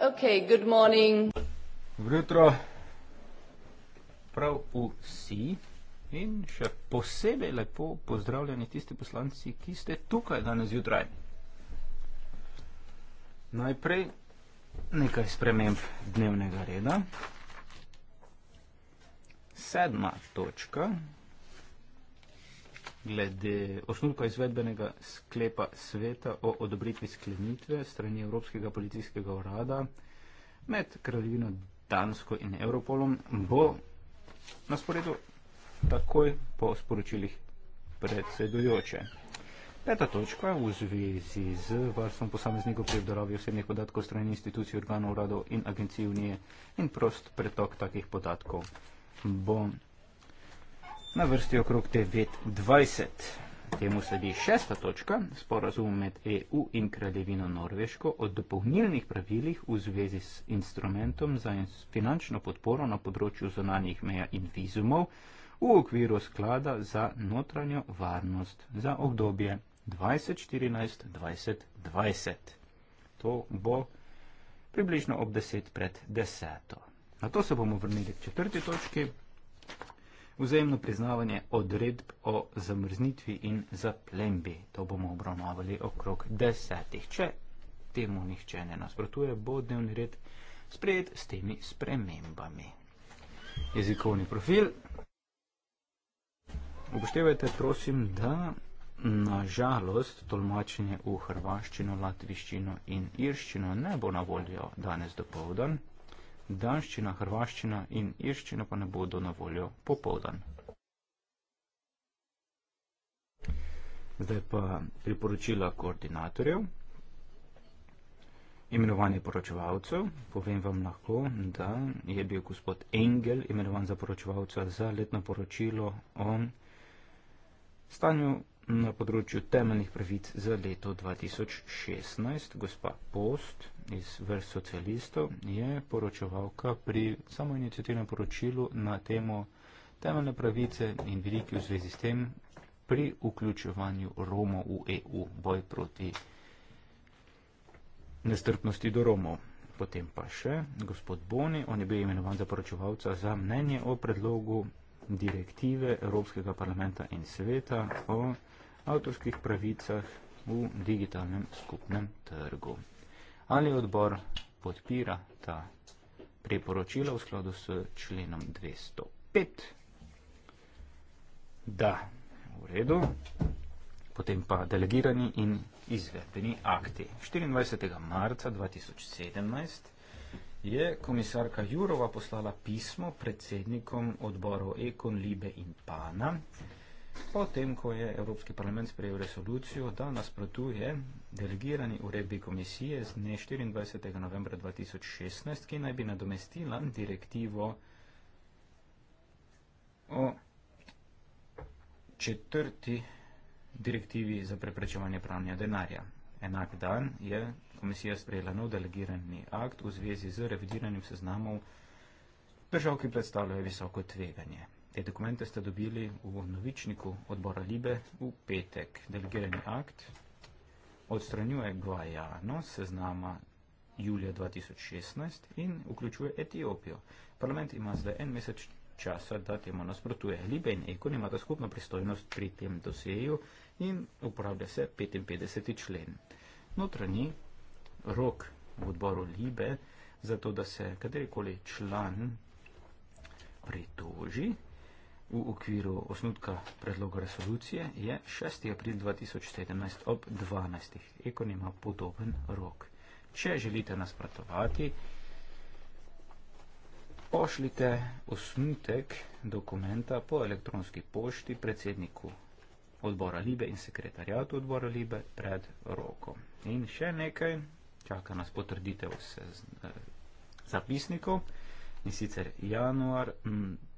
Okay, good morning. Dobro jutro. Prav vsi in še posebej lepo pozdravljeni tisti poslanci, ki ste tukaj danes zjutraj. Najprej nekaj sprememb dnevnega reda. Sedma točka glede osnutka izvedbenega sklepa sveta o odobritvi sklenitve strani Evropskega policijskega urada med kraljevino Dansko in Europolom bo na sporedu takoj po sporočilih predsedujoče. Peta točka v zvezi z varstvom posameznikov pri obdelavi osebnih podatkov strani institucij, organov, uradov in agencij Unije in prost pretok takih podatkov bo na vrsti okrog 920. Temu sledi šesta točka, sporazum med EU in kraljevino Norveško o dopolnilnih pravilih v zvezi s instrumentom za finančno podporo na področju zonanih meja in vizumov v okviru sklada za notranjo varnost za obdobje 2014-2020. To bo približno ob 10 pred 10. Na to se bomo vrnili k četrti točki vzajemno priznavanje odredb o zamrznitvi in zaplembi. To bomo obravnavali okrog desetih. Če temu nihče ne nasprotuje, bo dnevni red sprejet s temi spremembami. Jezikovni profil. Upoštevajte, prosim, da na žalost tolmačenje v hrvaščino, latviščino in irščino ne bo na voljo danes do povdan danščina, hrvaščina in irščina pa ne bodo na voljo popovdan. Zdaj pa priporočila koordinatorjev. Imenovanje poročevalcev. Povem vam lahko, da je bil gospod Engel imenovan za poročevalca za letno poročilo o stanju na področju temeljnih pravic za leto 2016. Gospa Post iz vrst socialistov je poročevalka pri samoinicijativnem poročilu na temo temeljne pravice in veliki v zvezi s tem pri vključevanju Romov v EU, boj proti nestrpnosti do Romov. Potem pa še gospod Boni, on je bil imenovan za poročevalca za mnenje o predlogu direktive Evropskega parlamenta in sveta o avtorskih pravicah v digitalnem skupnem trgu. Ali odbor podpira ta preporočila v skladu s členom 205? Da, v redu. Potem pa delegirani in izvedbeni akti. 24. marca 2017 je komisarka Jurova poslala pismo predsednikom odborov Ekon, Libe in Pana, Potem, ko je Evropski parlament sprejel resolucijo, da nasprotuje delegirani uredbi komisije z dne 24. novembra 2016, ki naj bi nadomestila direktivo o četrti direktivi za preprečevanje pravnja denarja. Enak dan je komisija sprejela nov delegirani akt v zvezi z revidiranjem seznamov držav, ki predstavljajo visoko tveganje. Te dokumente ste dobili v novičniku odbora Libe v petek. Delegirani akt odstranjuje Gvajano seznama julija 2016 in vključuje Etiopijo. Parlament ima zdaj en mesec časa, da temu nasprotuje. Libe in Ekon imata skupno pristojnost pri tem doseju in uporablja se 55. člen. Notranji rok v odboru Libe, zato da se katerikoli član pritoži, v okviru osnutka predloga resolucije je 6. april 2017 ob 12. Ekon ima podoben rok. Če želite nasprotovati, pošljite osnutek dokumenta po elektronski pošti predsedniku odbora Libe in sekretarjatu odbora Libe pred rokom. In še nekaj, čaka nas potrditev eh, zapisnikov, in sicer januar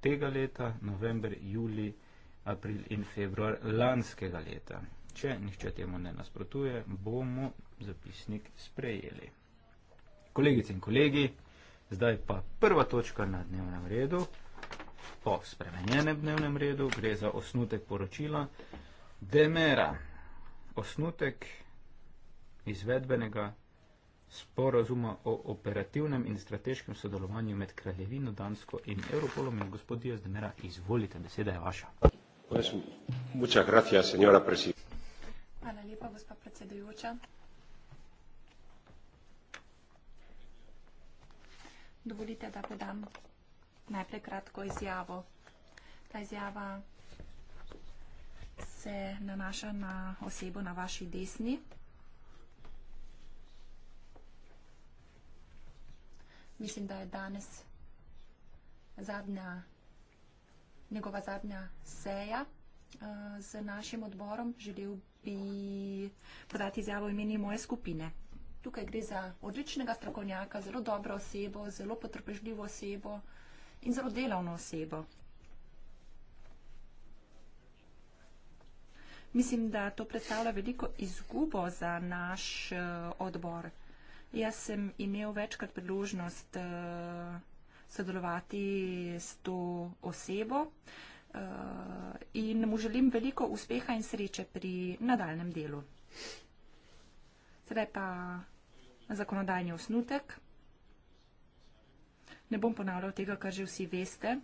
tega leta, november, julij, april in februar lanskega leta. Če nihče temu ne nasprotuje, bomo zapisnik sprejeli. Kolegice in kolegi, zdaj pa prva točka na dnevnem redu. Po spremenjenem dnevnem redu gre za osnutek poročila Demera. Osnutek izvedbenega sporazuma o operativnem in strateškem sodelovanju med Kraljevino Dansko in Europolom. In gospod Dijas Demera, izvolite, beseda je vaša. Hvala lepa, gospod predsedujoča. Dovolite, da podam najprej kratko izjavo. Ta izjava se nanaša na osebo na vaši desni. mislim, da je danes zadnja, njegova zadnja seja eh, z našim odborom. Želel bi podati izjavo imeni moje skupine. Tukaj gre za odličnega strokovnjaka, zelo dobro osebo, zelo potrpežljivo osebo in zelo delavno osebo. Mislim, da to predstavlja veliko izgubo za naš eh, odbor, Jaz sem imel večkrat priložnost uh, sodelovati s to osebo uh, in mu želim veliko uspeha in sreče pri nadaljem delu. Sedaj pa zakonodajni osnutek. Ne bom ponavljal tega, kar že vsi veste.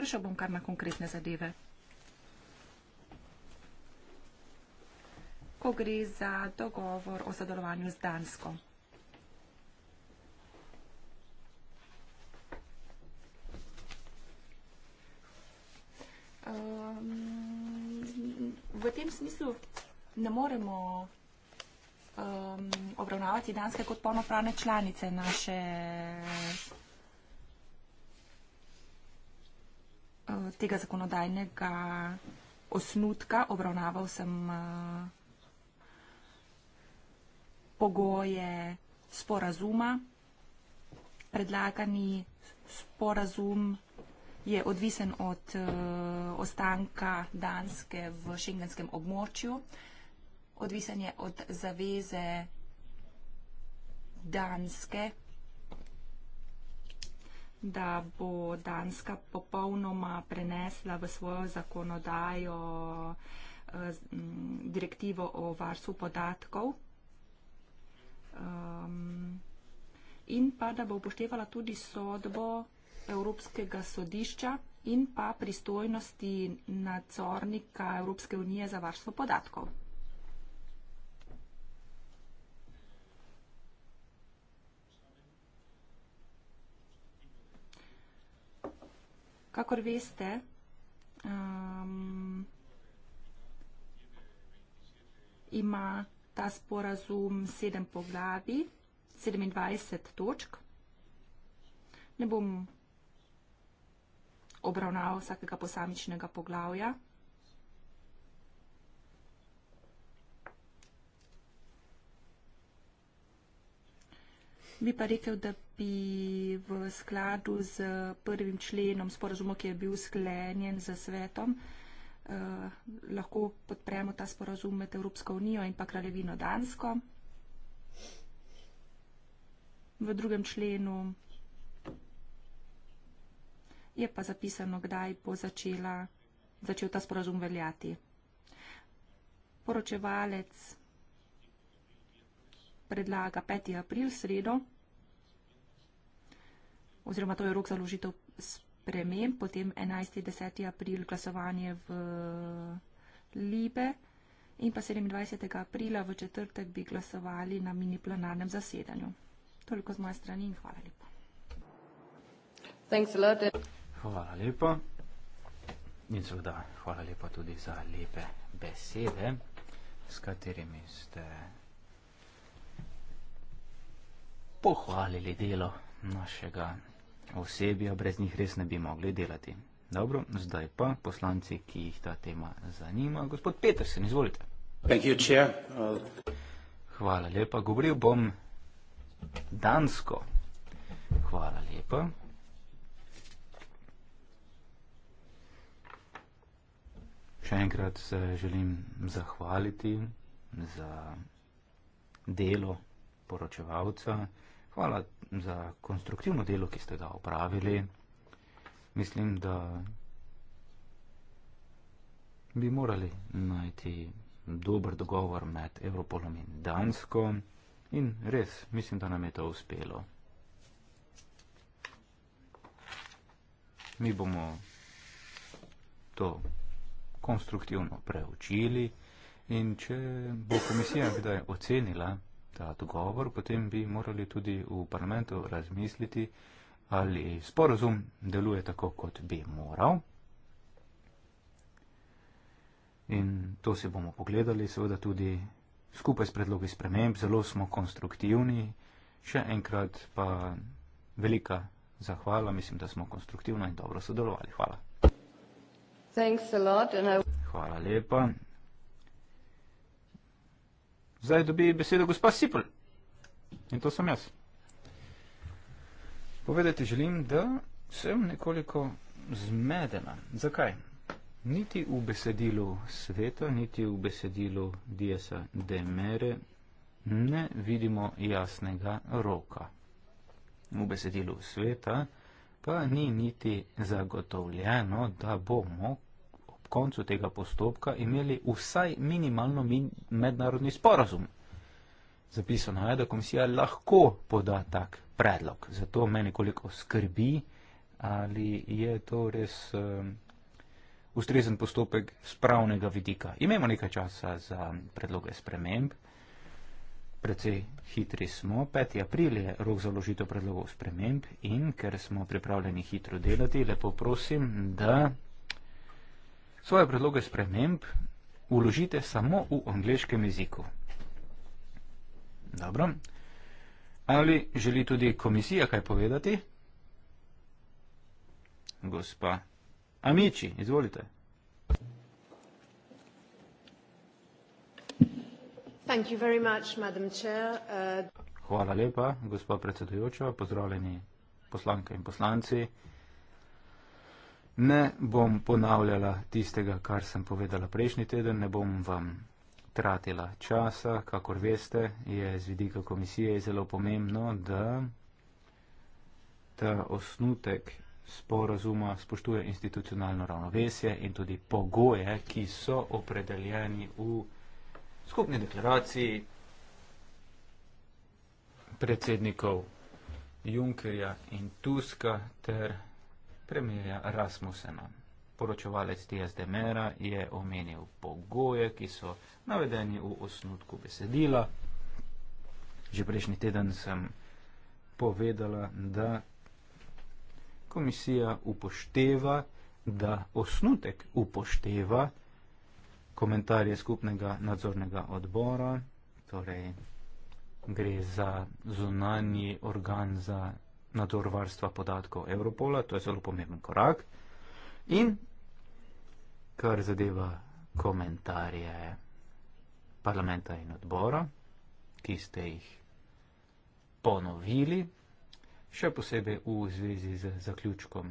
Prišel bom kar na konkretne zadeve. ko gre za dogovor o sodelovanju z Dansko. Um, v tem smislu ne moremo um, obravnavati Danske kot polnopravne članice naše uh, tega zakonodajnega osnutka. Obravnaval sem uh, pogoje sporazuma. Predlagani sporazum je odvisen od eh, ostanka Danske v šengenskem območju. Odvisen je od zaveze Danske, da bo Danska popolnoma prenesla v svojo zakonodajo eh, direktivo o varstvu podatkov um, in pa da bo upoštevala tudi sodbo Evropskega sodišča in pa pristojnosti nadzornika Evropske unije za varstvo podatkov. Kakor veste, um, ima ta sporazum 7 poglavi, 27 točk. Ne bom obravnaval vsakega posamičnega poglavja. Bi pa rekel, da bi v skladu z prvim členom sporazumov, ki je bil sklenjen za svetom, Eh, lahko podpremo ta sporazum med Evropsko unijo in pa Kraljevino Dansko. V drugem členu je pa zapisano, kdaj bo začela, začel ta sporazum veljati. Poročevalec predlaga 5. april, sredo, oziroma to je rok za ložitev sporazum sprememb, potem 11. 10. april glasovanje v Libe in pa 27. aprila v četrtek bi glasovali na mini plenarnem zasedanju. Toliko z moje strani in hvala lepa. Hvala lepa. In seveda hvala lepa tudi za lepe besede, s katerimi ste pohvalili delo našega osebja brez njih res ne bi mogli delati. Dobro, zdaj pa poslanci, ki jih ta tema zanima. Gospod Petersen, izvolite. You, uh... Hvala lepa. Govoril bom dansko. Hvala lepa. Še enkrat se želim zahvaliti za delo poročevalca. Hvala za konstruktivno delo, ki ste ga upravili. Mislim, da bi morali najti dober dogovor med Evropolom in Dansko in res mislim, da nam je to uspelo. Mi bomo to konstruktivno preučili in če bo komisija kdaj ocenila, ta dogovor, potem bi morali tudi v parlamentu razmisliti, ali sporozum deluje tako, kot bi moral. In to si bomo pogledali, seveda tudi skupaj s predlogi sprememb, zelo smo konstruktivni. Še enkrat pa velika zahvala, mislim, da smo konstruktivno in dobro sodelovali. Hvala. Hvala lepa. Zdaj dobi besedo gospa Sipl. In to sem jaz. Povedati želim, da sem nekoliko zmedena. Zakaj? Niti v besedilu sveta, niti v besedilu Diesa Demere ne vidimo jasnega roka. V besedilu sveta pa ni niti zagotovljeno, da bomo, koncu tega postopka imeli vsaj minimalno min mednarodni sporazum. Zapisano je, da komisija lahko poda tak predlog. Zato me nekoliko skrbi, ali je to res uh, ustrezen postopek z pravnega vidika. Imamo nekaj časa za predloge sprememb. Predvsej hitri smo. 5. april je rok za ložitev predlogov sprememb in ker smo pripravljeni hitro delati, lepo prosim, da Svoje predloge sprememb uložite samo v angliškem jeziku. Dobro. Ali želi tudi komisija kaj povedati? Gospa. Amici, izvolite. Thank you very much, Chair. Uh... Hvala lepa, gospod predsedujoča, pozdravljeni poslanke in poslanci. Ne bom ponavljala tistega, kar sem povedala prejšnji teden, ne bom vam tratila časa, kakor veste, je z vidika komisije zelo pomembno, da ta osnutek sporazuma spoštuje institucionalno ravnovesje in tudi pogoje, ki so opredeljeni v skupni deklaraciji predsednikov Junkerja in Tuska ter premijeja Rasmusena. Poročevalec T.S. Demera je omenil pogoje, ki so navedeni v osnutku besedila. Že prejšnji teden sem povedala, da komisija upošteva, da osnutek upošteva komentarje skupnega nadzornega odbora, torej gre za zunanji organ za nadzor varstva podatkov Evropola, to je zelo pomemben korak. In kar zadeva komentarje parlamenta in odbora, ki ste jih ponovili, še posebej v zvezi z zaključkom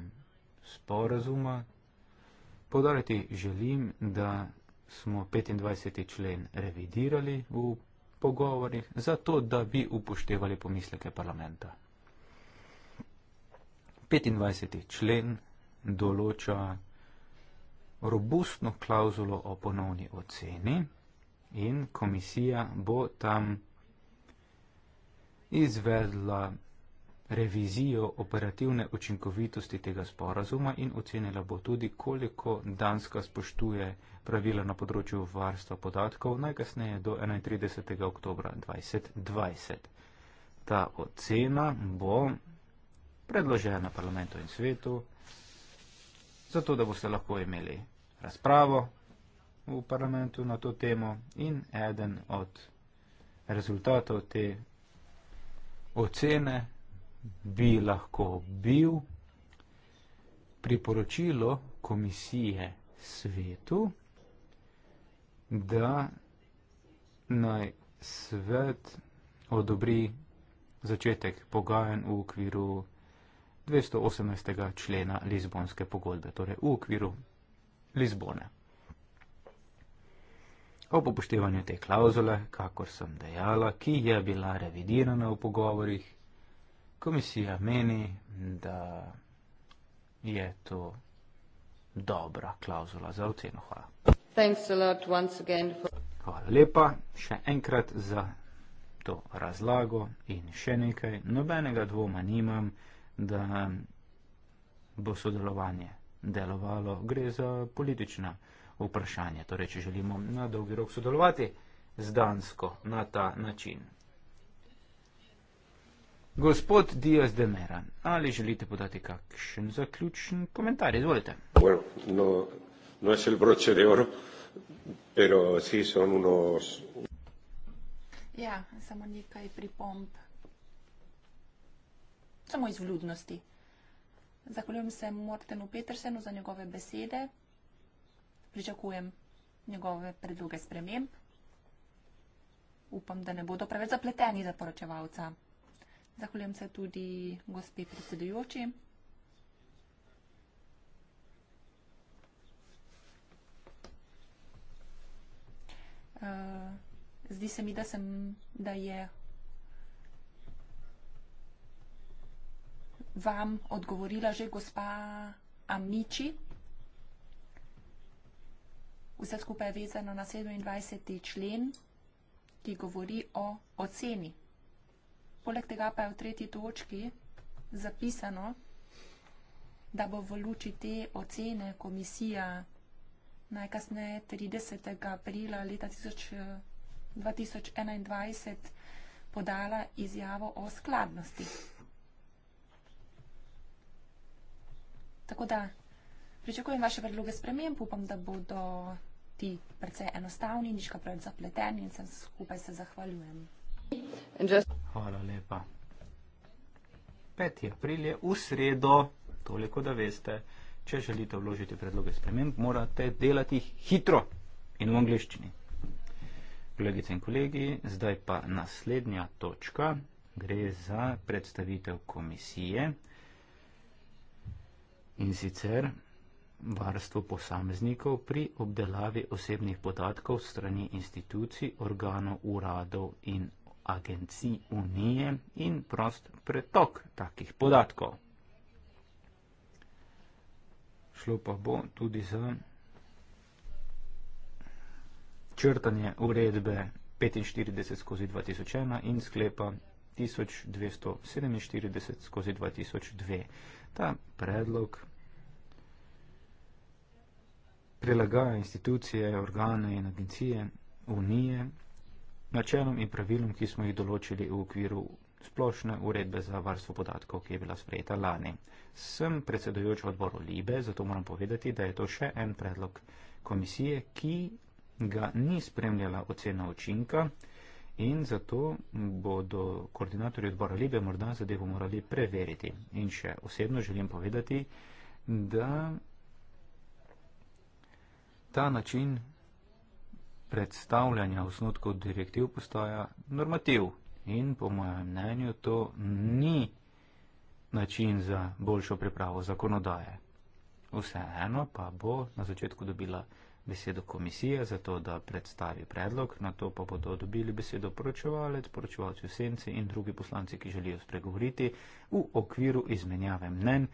sporazuma, podariti želim, da smo 25. člen revidirali v pogovorih, zato da bi upoštevali pomisleke parlamenta. 25. člen določa robustno klauzulo o ponovni oceni in komisija bo tam izvedla revizijo operativne učinkovitosti tega sporazuma in ocenila bo tudi, koliko Danska spoštuje pravila na področju varstva podatkov najkasneje do 31. oktobra 2020. Ta ocena bo predložena parlamentu in svetu, zato da boste lahko imeli razpravo v parlamentu na to temo in eden od rezultatov te ocene bi lahko bil priporočilo komisije svetu, da naj svet odobri začetek pogajanj v okviru 218. člena Lizbonske pogodbe, torej v okviru Lizbone. Ob upoštevanju te klauzule, kakor sem dejala, ki je bila revidirana v pogovorih, komisija meni, da je to dobra klauzula za oceno. Hvala. Hvala lepa še enkrat za to razlago in še nekaj. Nobenega dvoma nimam da bo sodelovanje delovalo. Gre za politična vprašanja, torej če želimo na dolgi rok sodelovati z Dansko na ta način. Gospod Dias de Meran, ali želite podati kakšen zaključen komentar? Izvolite. Bueno, no, no es el broche de oro, pero sí son unos... Ja, samo nekaj pripomb samo iz vljudnosti. Zahvaljujem se Mortenu Petersenu za njegove besede. Pričakujem njegove predloge sprememb. Upam, da ne bodo preveč zapleteni za poročevalca. Zahvaljujem se tudi gospe predsedujoči. Eh, zdi se mi, da, sem, da je vam odgovorila že gospa Amiči. Vse skupaj je vezano na 27. člen, ki govori o oceni. Poleg tega pa je v tretji točki zapisano, da bo v luči te ocene komisija najkasneje 30. aprila leta 2021 podala izjavo o skladnosti. Tako da pričakujem vaše predloge sprememb, upam, da bodo ti precej enostavni, nič kaj preveč zapleteni in sem skupaj se zahvaljujem. Hvala lepa. 5. april je v sredo, toliko da veste, če želite vložiti predloge sprememb, morate delati hitro in v angliščini. Kolegice in kolegi, zdaj pa naslednja točka. Gre za predstavitev komisije, in sicer varstvo posameznikov pri obdelavi osebnih podatkov strani institucij, organov, uradov in agencij Unije in prost pretok takih podatkov. Šlo pa bo tudi za črtanje uredbe 45 skozi 2001 in sklepa 1247 skozi 2002. Ta predlog prilagaja institucije, organe in agencije Unije načelom in pravilom, ki smo jih določili v okviru splošne uredbe za varstvo podatkov, ki je bila sprejeta lani. Sem predsedujoč odboru Libe, zato moram povedati, da je to še en predlog komisije, ki ga ni spremljala ocena učinka in zato bodo koordinatorji odbora Libe morda zadevo morali preveriti. In še osebno želim povedati, da ta način predstavljanja osnotkov direktiv postaja normativ. In po mojem mnenju to ni način za boljšo pripravo zakonodaje. Vseeno pa bo na začetku dobila besedo komisije za to, da predstavi predlog, na to pa bodo dobili besedo poročevalec, poročevalci v senci in drugi poslanci, ki želijo spregovoriti v okviru izmenjave mnen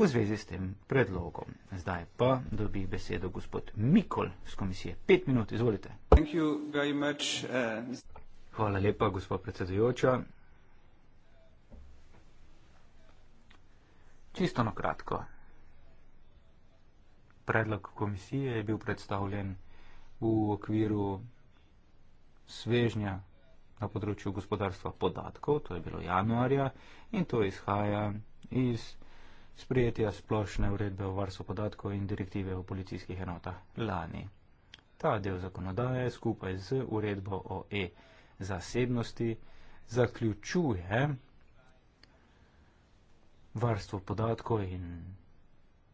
v zvezi s tem predlogom. Zdaj pa dobi besedo gospod Mikol z komisije. Pet minut, izvolite. Much, uh... Hvala lepa, gospod predsedujoča. Čisto na kratko. Predlog komisije je bil predstavljen v okviru svežnja na področju gospodarstva podatkov, to je bilo januarja in to izhaja iz sprejetja splošne uredbe o varstvu podatkov in direktive o policijskih enotah lani. Ta del zakonodaje skupaj z uredbo o e-zasebnosti zaključuje varstvo podatkov in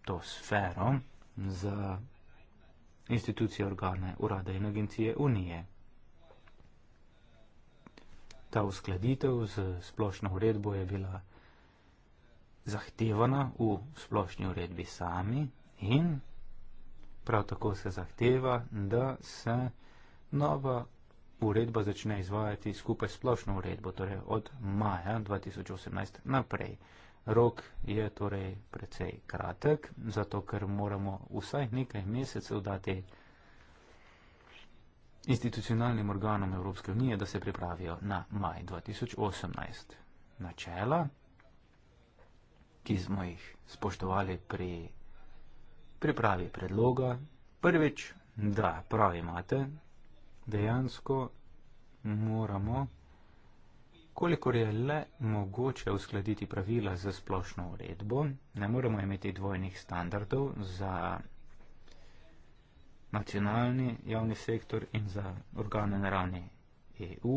to sfero za institucije, organe, urade in agencije Unije. Ta uskladitev z splošno uredbo je bila vsega, zahtevana v splošni uredbi sami in prav tako se zahteva, da se nova uredba začne izvajati skupaj splošno uredbo, torej od maja 2018 naprej. Rok je torej precej kratek, zato ker moramo vsaj nekaj mesecev dati institucionalnim organom Evropske unije, da se pripravijo na maj 2018. Načela ki smo jih spoštovali pri pripravi predloga. Prvič, da pravi imate, dejansko moramo, kolikor je le mogoče uskladiti pravila za splošno uredbo, ne moramo imeti dvojnih standardov za nacionalni javni sektor in za organe na ravni EU,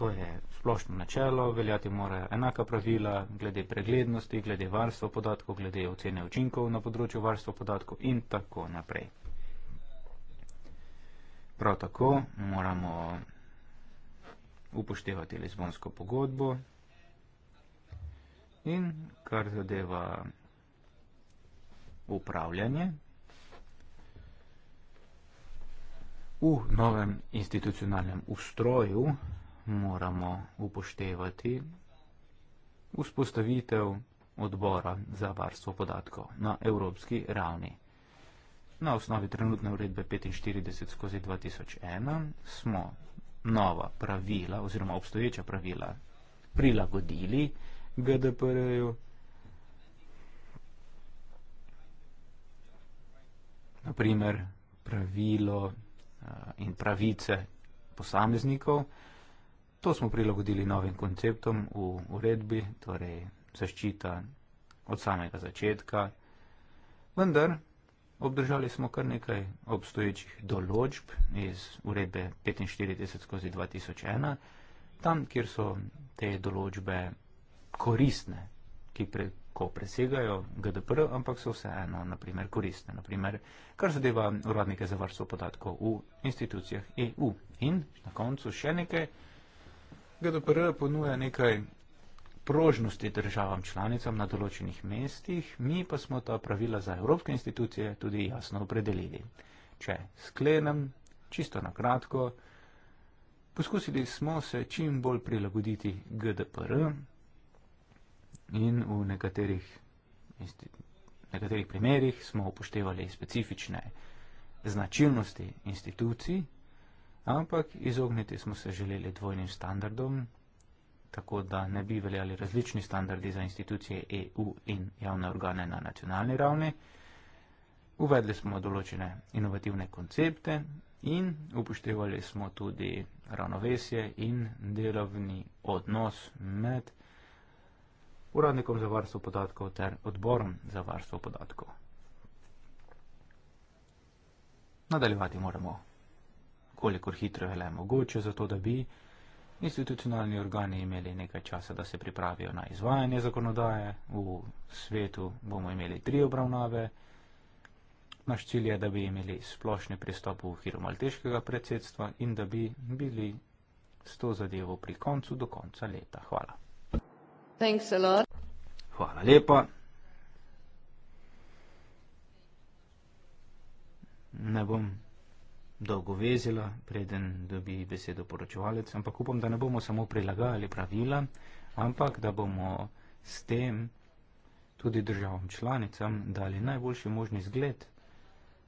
To je splošno načelo, veljati morajo enaka pravila glede preglednosti, glede varstva podatkov, glede ocene učinkov na področju varstva podatkov in tako naprej. Prav tako moramo upoštevati lezbonsko pogodbo in kar zadeva upravljanje. V novem institucionalnem ustroju moramo upoštevati vzpostavitev odbora za varstvo podatkov na evropski ravni. Na osnovi trenutne uredbe 45 skozi 2001 smo nova pravila oziroma obstoječa pravila prilagodili GDPR-ju. Naprimer, pravilo eh, in pravice posameznikov, To smo prilagodili novim konceptom v uredbi, torej zaščita od samega začetka, vendar obdržali smo kar nekaj obstoječih določb iz uredbe 45 skozi 2001, tam, kjer so te določbe koristne, ki preko presegajo GDPR, ampak so vseeno, naprimer, koristne, naprimer, kar zadeva uradnike za varstvo podatkov v institucijah EU. In na koncu še nekaj, GDPR ponuja nekaj prožnosti državam članicam na določenih mestih, mi pa smo ta pravila za evropske institucije tudi jasno opredelili. Če sklenem, čisto na kratko, poskusili smo se čim bolj prilagoditi GDPR in v nekaterih, nekaterih primerih smo upoštevali specifične značilnosti institucij, Ampak izogniti smo se želeli dvojnim standardom, tako da ne bi veljali različni standardi za institucije EU in javne organe na nacionalni ravni. Uvedli smo določene inovativne koncepte in upoštevali smo tudi ravnovesje in delovni odnos med uradnikom za varstvo podatkov ter odborom za varstvo podatkov. Nadaljevati moramo kolikor hitro je le mogoče, zato da bi institucionalni organi imeli nekaj časa, da se pripravijo na izvajanje zakonodaje. V svetu bomo imeli tri obravnave. Naš cilj je, da bi imeli splošni pristop v hiru malteškega predsedstva in da bi bili s to zadevo pri koncu do konca leta. Hvala. Hvala lepa. Ne bom dolgovezila, preden dobi besedo poročevalec, ampak upam, da ne bomo samo prilagajali pravila, ampak da bomo s tem tudi državam članicam dali najboljši možni zgled,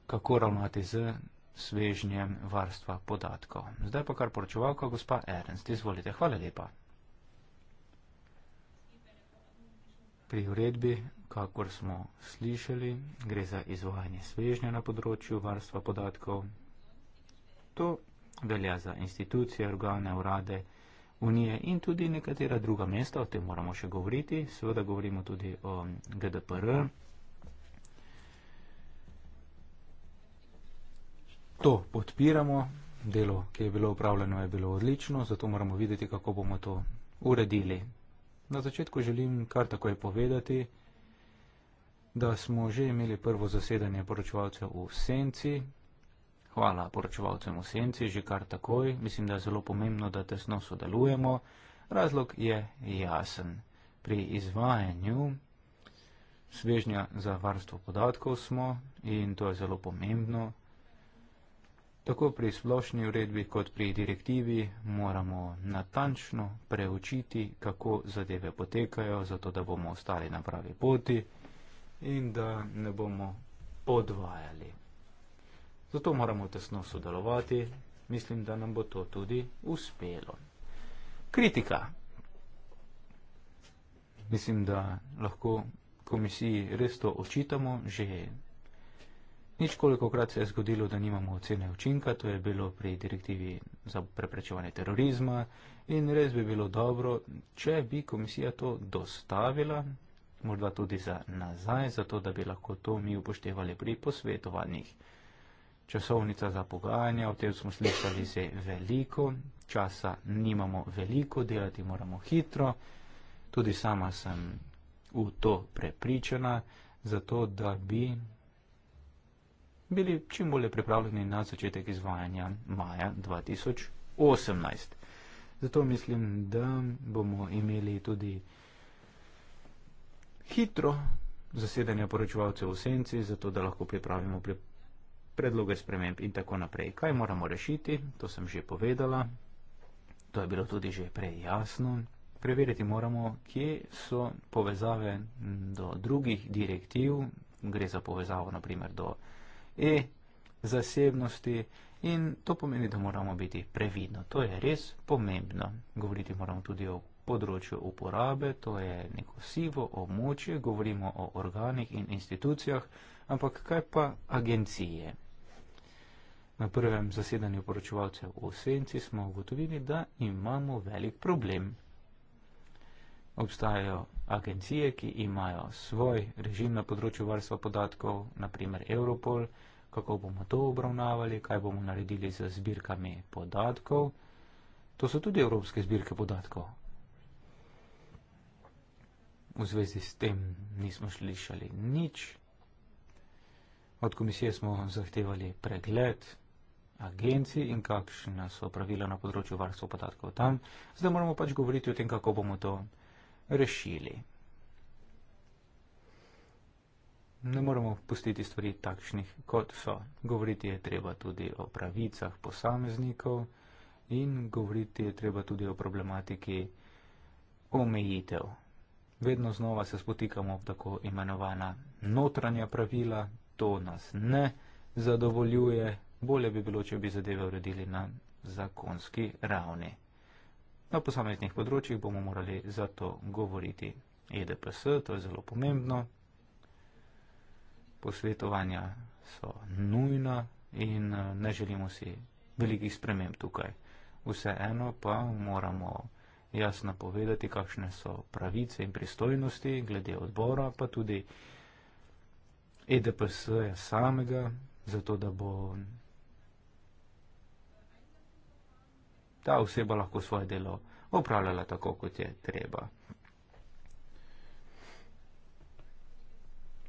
kako ravnati z svežnjem varstva podatkov. Zdaj pa kar poročevalka, gospa Ernst, izvolite. Hvala lepa. Pri uredbi, kakor smo slišali, gre za izvajanje svežnja na področju varstva podatkov. To velja za institucije, organe, urade Unije in tudi nekatera druga mesta, o tem moramo še govoriti. Seveda govorimo tudi o GDPR. To podpiramo, delo, ki je bilo upravljeno, je bilo odlično, zato moramo videti, kako bomo to uredili. Na začetku želim kar takoj povedati, da smo že imeli prvo zasedanje poročevalcev v Senci, Hvala poročevalcem v senci že kar takoj. Mislim, da je zelo pomembno, da tesno sodelujemo. Razlog je jasen. Pri izvajanju svežnja za varstvo podatkov smo in to je zelo pomembno. Tako pri splošni uredbi kot pri direktivi moramo natančno preučiti, kako zadeve potekajo, zato da bomo ostali na pravi poti in da ne bomo podvajali. Zato moramo tesno sodelovati. Mislim, da nam bo to tudi uspelo. Kritika. Mislim, da lahko komisiji res to očitamo. Že nič koliko krat se je zgodilo, da nimamo ocene učinka. To je bilo pri direktivi za preprečevanje terorizma. In res bi bilo dobro, če bi komisija to dostavila, morda tudi za nazaj, zato da bi lahko to mi upoštevali pri posvetovanjih časovnica za pogajanja, o tem smo slišali že veliko, časa nimamo veliko, delati moramo hitro. Tudi sama sem v to prepričana, zato da bi bili čim bolje pripravljeni na začetek izvajanja maja 2018. Zato mislim, da bomo imeli tudi hitro zasedanje poročevalcev v senci, zato da lahko pripravimo pripravljeno predloge sprememb in tako naprej. Kaj moramo rešiti, to sem že povedala, to je bilo tudi že prej jasno. Preveriti moramo, kje so povezave do drugih direktiv, gre za povezavo naprimer do E zasebnosti in to pomeni, da moramo biti previdno. To je res pomembno. Govoriti moramo tudi o področju uporabe, to je neko sivo območje, govorimo o organih in institucijah, ampak kaj pa agencije? Na prvem zasedanju poročevalcev v Senci smo ugotovili, da imamo velik problem. Obstajajo agencije, ki imajo svoj režim na področju varstva podatkov, naprimer Europol, kako bomo to obravnavali, kaj bomo naredili z zbirkami podatkov. To so tudi evropske zbirke podatkov, v zvezi s tem nismo slišali nič. Od komisije smo zahtevali pregled agencij in kakšna so pravila na področju varstva podatkov tam. Zdaj moramo pač govoriti o tem, kako bomo to rešili. Ne moramo pustiti stvari takšnih, kot so. Govoriti je treba tudi o pravicah posameznikov in govoriti je treba tudi o problematiki omejitev vedno znova se spotikamo v tako imenovana notranja pravila, to nas ne zadovoljuje, bolje bi bilo, če bi zadeve uredili na zakonski ravni. Na posameznih področjih bomo morali zato govoriti EDPS, to je zelo pomembno. Posvetovanja so nujna in eh, ne želimo si velikih sprememb tukaj. Vseeno pa moramo jasno povedati, kakšne so pravice in pristojnosti glede odbora, pa tudi EDPS-ja samega, zato da bo ta oseba lahko svoje delo opravljala tako, kot je treba.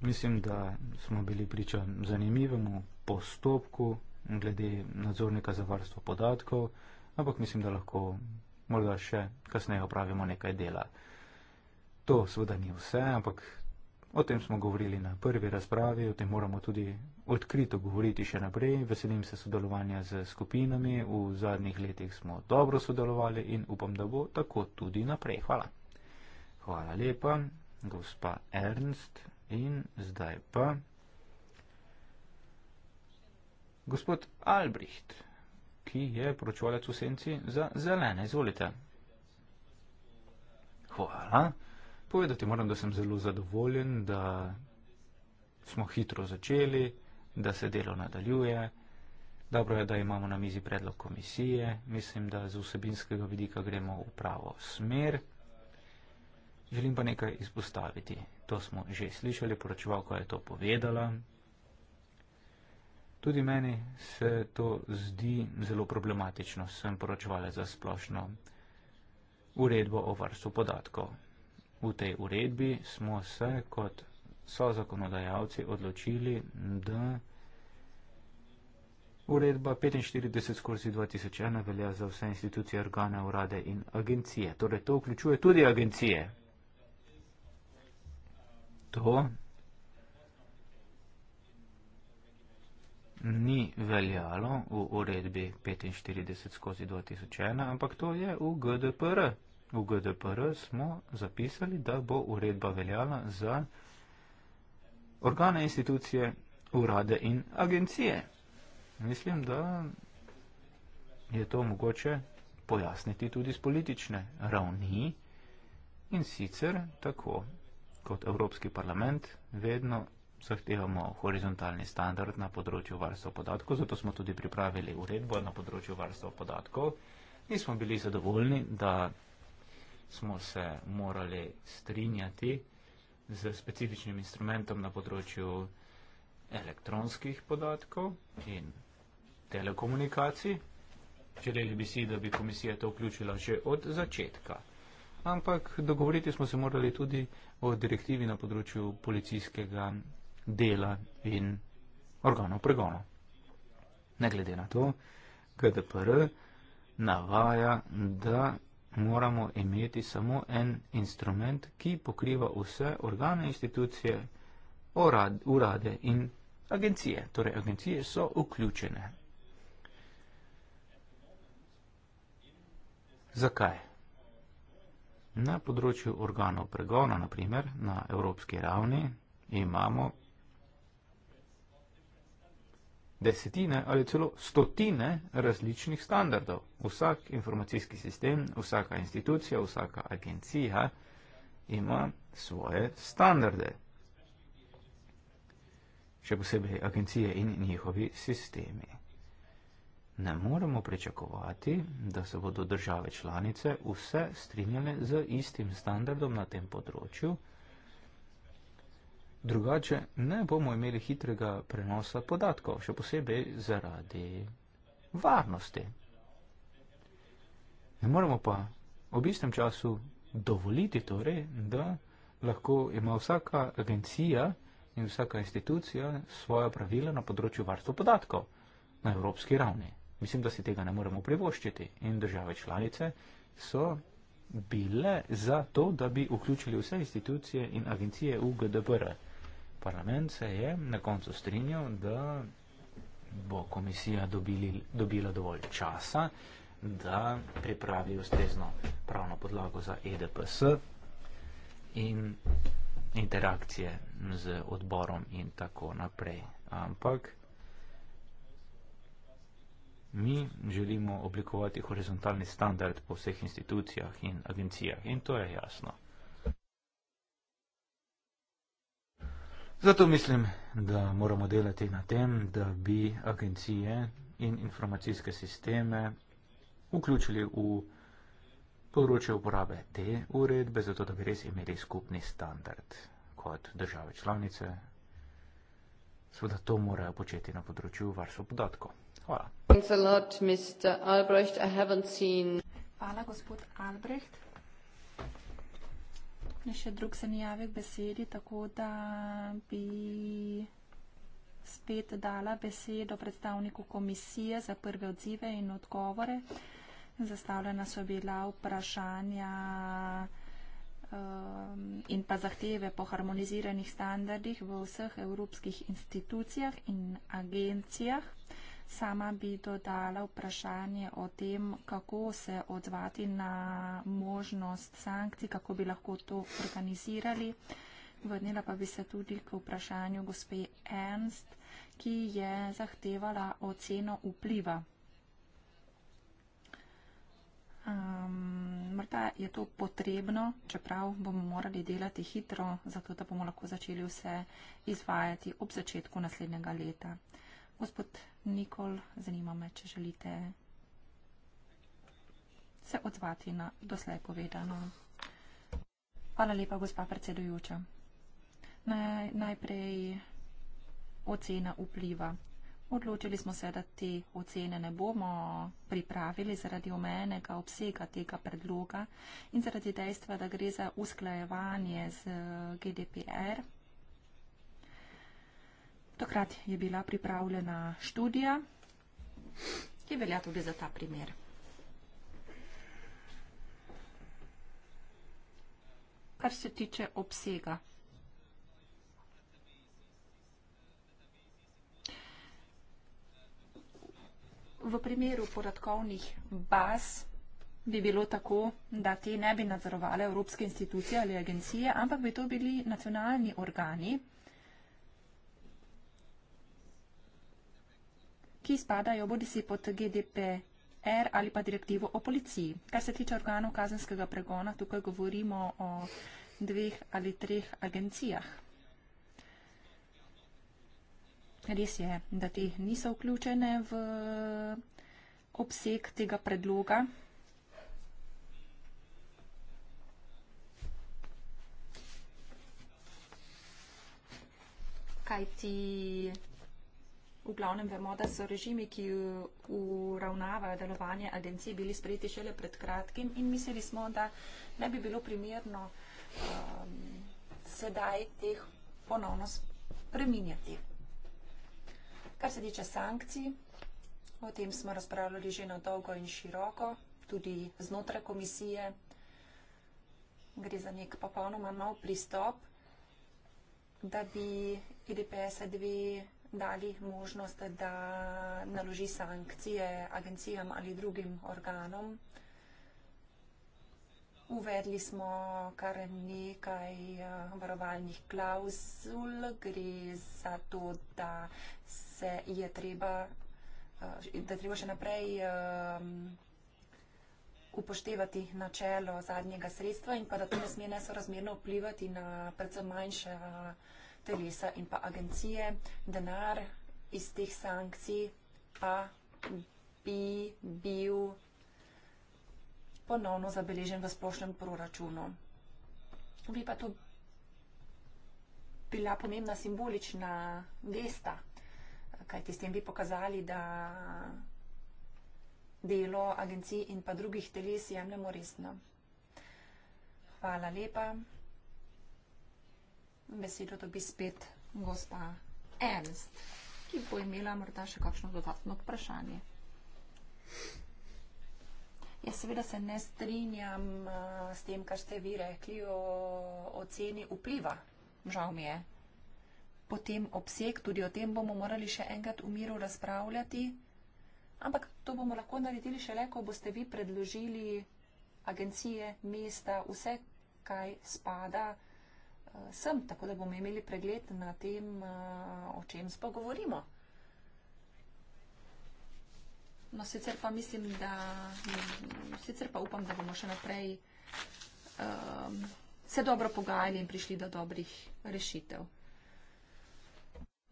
Mislim, da smo bili priča zanimivemu postopku glede nadzornika za varstvo podatkov, ampak mislim, da lahko morda še kasneje opravimo nekaj dela. To seveda ni vse, ampak o tem smo govorili na prvi razpravi, o tem moramo tudi odkrito govoriti še naprej. Veselim se sodelovanja z skupinami, v zadnjih letih smo dobro sodelovali in upam, da bo tako tudi naprej. Hvala. Hvala lepa, gospa Ernst. In zdaj pa. Gospod Albrecht ki je pročvalec v senci za zelene. Izvolite. Hvala. Povedati moram, da sem zelo zadovoljen, da smo hitro začeli, da se delo nadaljuje. Dobro je, da imamo na mizi predlog komisije. Mislim, da z vsebinskega vidika gremo v pravo smer. Želim pa nekaj izpostaviti. To smo že slišali, poročevalka je to povedala. Tudi meni se to zdi zelo problematično. Sem poročevala za splošno uredbo o varstvu podatkov. V tej uredbi smo se kot so zakonodajalci odločili, da uredba 45 skozi 2001 velja za vse institucije, organe, urade in agencije. Torej to vključuje tudi agencije. To ni veljalo v uredbi 45 skozi 2001, ampak to je v GDPR. V GDPR smo zapisali, da bo uredba veljala za organe, institucije, urade in agencije. Mislim, da je to mogoče pojasniti tudi z politične ravni in sicer tako kot Evropski parlament vedno zahtevamo horizontalni standard na področju varstva podatkov, zato smo tudi pripravili uredbo na področju varstva podatkov. Nismo bili zadovoljni, da smo se morali strinjati z specifičnim instrumentom na področju elektronskih podatkov in telekomunikacij. Želeli bi si, da bi komisija to vključila že od začetka. Ampak dogovoriti smo se morali tudi o direktivi na področju policijskega dela in organov pregona. Ne glede na to, GDPR navaja, da moramo imeti samo en instrument, ki pokriva vse organe, institucije, orad, urade in agencije. Torej, agencije so vključene. Zakaj? Na področju organov pregona, naprimer na evropski ravni, imamo desetine ali celo stotine različnih standardov. Vsak informacijski sistem, vsaka institucija, vsaka agencija ima svoje standarde. Še posebej agencije in njihovi sistemi. Ne moremo pričakovati, da se bodo države članice vse strinjale z istim standardom na tem področju, Drugače ne bomo imeli hitrega prenosa podatkov, še posebej zaradi varnosti. Ne moremo pa ob istem času dovoliti torej, da lahko ima vsaka agencija in vsaka institucija svoja pravila na področju varstva podatkov na evropski ravni. Mislim, da si tega ne moremo privoščiti in države članice so bile za to, da bi vključili vse institucije in agencije v GDPR. -e parlament se je na koncu strinjal, da bo komisija dobili, dobila dovolj časa, da pripravi ustrezno pravno podlago za EDPS in interakcije z odborom in tako naprej. Ampak mi želimo oblikovati horizontalni standard po vseh institucijah in agencijah in to je jasno. Zato mislim, da moramo delati na tem, da bi agencije in informacijske sisteme vključili v področje uporabe te uredbe, zato da bi res imeli skupni standard kot države članice. Sveda to morajo početi na področju varstva podatkov. Hvala. Hvala, gospod Albrecht. Je še drug se mi javil k besedi, tako da bi spet dala besedo predstavniku komisije za prve odzive in odgovore. Zastavljena so bila vprašanja um, in pa zahteve po harmoniziranih standardih v vseh evropskih institucijah in agencijah. Sama bi dodala vprašanje o tem, kako se odzvati na možnost sankcij, kako bi lahko to organizirali. Vrnila pa bi se tudi k vprašanju gospe Ernst, ki je zahtevala oceno vpliva. Um, morda je to potrebno, čeprav bomo morali delati hitro, zato da bomo lahko začeli vse izvajati ob začetku naslednjega leta. Gospod Nikol, zanima me, če želite se odzvati na doslej povedano. Hvala lepa, gospa predsedujoča. Najprej ocena vpliva. Odločili smo se, da te ocene ne bomo pripravili zaradi omejenega obsega tega predloga in zaradi dejstva, da gre za usklajevanje z GDPR. Takrat je bila pripravljena študija, ki velja tudi za ta primer. Kar se tiče obsega. V primeru podatkovnih baz bi bilo tako, da te ne bi nadzorovali evropske institucije ali agencije, ampak bi to bili nacionalni organi, ki spadajo bodi si pod GDP. R ali pa direktivo o policiji. Kar se tiče organov kazenskega pregona, tukaj govorimo o dveh ali treh agencijah. Res je, da te niso vključene v obseg tega predloga. Kaj ti V glavnem vemo, da so režimi, ki uravnavajo delovanje agencije, bili sprejeti šele pred kratkim in mislili smo, da ne bi bilo primerno um, sedaj teh ponovno spreminjati. Kar se tiče sankcij, o tem smo razpravljali že na dolgo in široko, tudi znotraj komisije. Gre za nek popolnoma nov pristop, da bi IDPS-a e dve dali možnost, da naloži sankcije agencijam ali drugim organom. Uvedli smo kar nekaj eh, varovalnih klauzul, gre za to, da se je treba, eh, da treba še naprej eh, upoštevati načelo zadnjega sredstva in pa da to ne sme nesorazmerno vplivati na predvsem manjša telesa in pa agencije. Denar iz teh sankcij pa bi bil ponovno zabeležen v splošnem proračunu. Bi pa to bila pomembna simbolična gesta, kajti s tem bi pokazali, da delo agencij in pa drugih teles jemljemo resno. Hvala lepa besedo dobi spet gospa Ernst, ki bo imela morda še kakšno dodatno vprašanje. Jaz seveda se ne strinjam eh, s tem, kar ste vi rekli o oceni vpliva. Žal mi je. Potem obseg, tudi o tem bomo morali še enkrat v miru razpravljati, ampak to bomo lahko naredili šele, ko boste vi predložili agencije, mesta, vse, kaj spada. Eh, sem, tako da bomo imeli pregled na tem, eh, o čem spogovorimo. No, sicer pa mislim, da, sicer pa upam, da bomo še naprej um, se dobro pogajali in prišli do dobrih rešitev.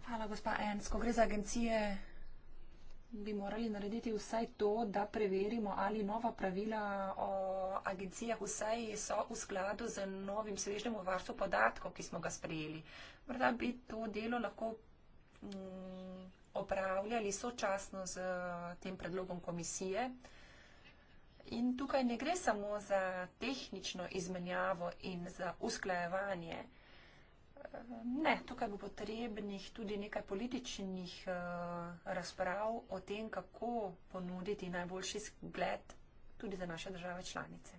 Hvala, gospa Ensko. Gre za agencije bi morali narediti vsaj to, da preverimo, ali nova pravila o agencijah vsaj so v skladu z novim svežnjem o varstvu podatkov, ki smo ga sprejeli. Morda bi to delo lahko mm, opravljali sočasno z tem predlogom komisije. In tukaj ne gre samo za tehnično izmenjavo in za usklajevanje. Ne, tukaj bo potrebnih tudi nekaj političnih eh, razprav o tem, kako ponuditi najboljši zgled tudi za naše države članice.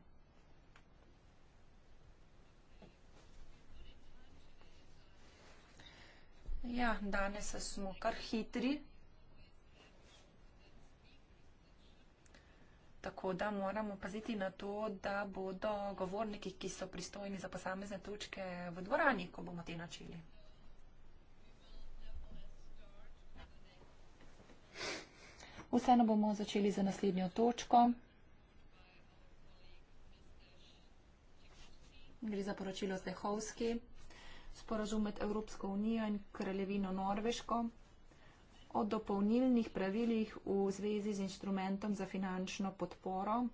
Ja, danes smo kar hitri, Tako da moramo paziti na to, da bodo govorniki, ki so pristojni za posamezne točke v dvorani, ko bomo te načeli. Vseeno bomo začeli za naslednjo točko. Gre za poročilo Zdehovski, sporazum med Evropsko unijo in kraljevino Norveško o dopolnilnih pravilih v zvezi z instrumentom za finančno podporo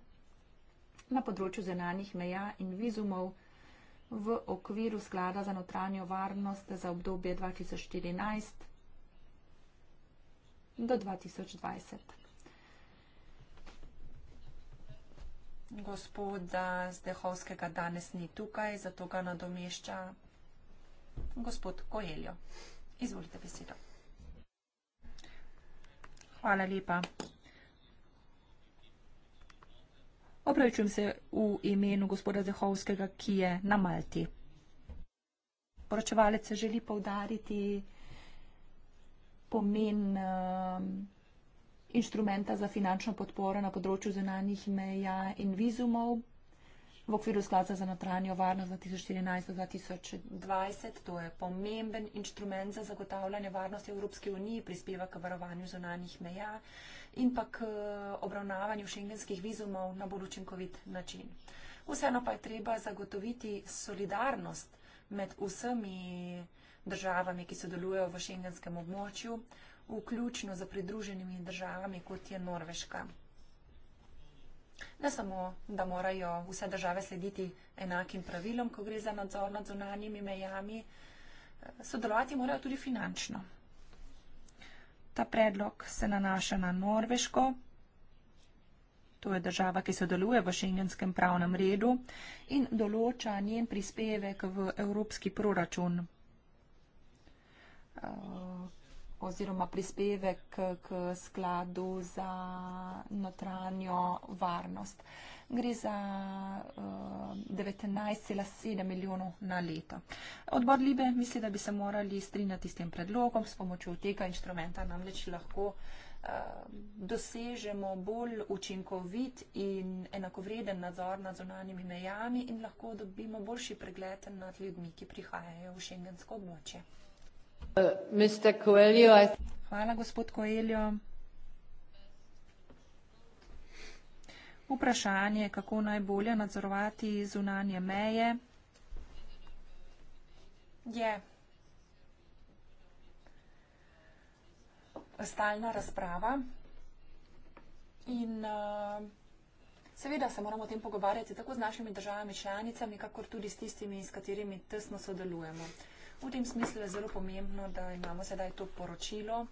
na področju zenanih meja in vizumov v okviru sklada za notranjo varnost za obdobje 2014 do 2020. Gospoda Zdehovskega danes ni tukaj, zato ga nadomešča gospod Koeljo. Izvolite besedo. Hvala lepa. Opravičujem se v imenu gospoda Zahovskega, ki je na Malti. Poročevalec se želi povdariti pomen uh, inštrumenta za finančno podporo na področju zunanjih meja in vizumov v okviru sklada za notranjo varnost 2014-2020. To je pomemben inštrument za zagotavljanje varnosti Evropske unije, prispeva k varovanju zonanih meja in pa k eh, obravnavanju šengenskih vizumov na bolj učinkovit način. Vseeno pa je treba zagotoviti solidarnost med vsemi državami, ki sodelujejo v šengenskem območju, vključno z pridruženimi državami, kot je Norveška. Ne samo, da morajo vse države slediti enakim pravilom, ko gre za nadzor nad zunanjimi mejami, eh, sodelovati morajo tudi finančno. Ta predlog se nanaša na Norveško. To je država, ki sodeluje v šengenskem pravnem redu in določa njen prispevek v evropski proračun. Eh, oziroma prispevek k, k skladu za notranjo varnost. Gre za uh, eh, 19,7 milijonov na leto. Odbor Libe misli, da bi se morali strinjati s tem predlogom, s pomočjo tega inštrumenta namreč lahko eh, dosežemo bolj učinkovit in enakovreden nadzor nad zonanimi mejami in lahko dobimo boljši pregled nad ljudmi, ki prihajajo v šengensko območje. Hvala, gospod Coelho. Vprašanje, kako najbolje nadzorovati zunanje meje, je stalna razprava. In uh, seveda se moramo o tem pogovarjati tako z našimi državami članicami, kakor tudi s tistimi, s katerimi tesno sodelujemo. V tem smislu je zelo pomembno, da imamo sedaj to poročilo.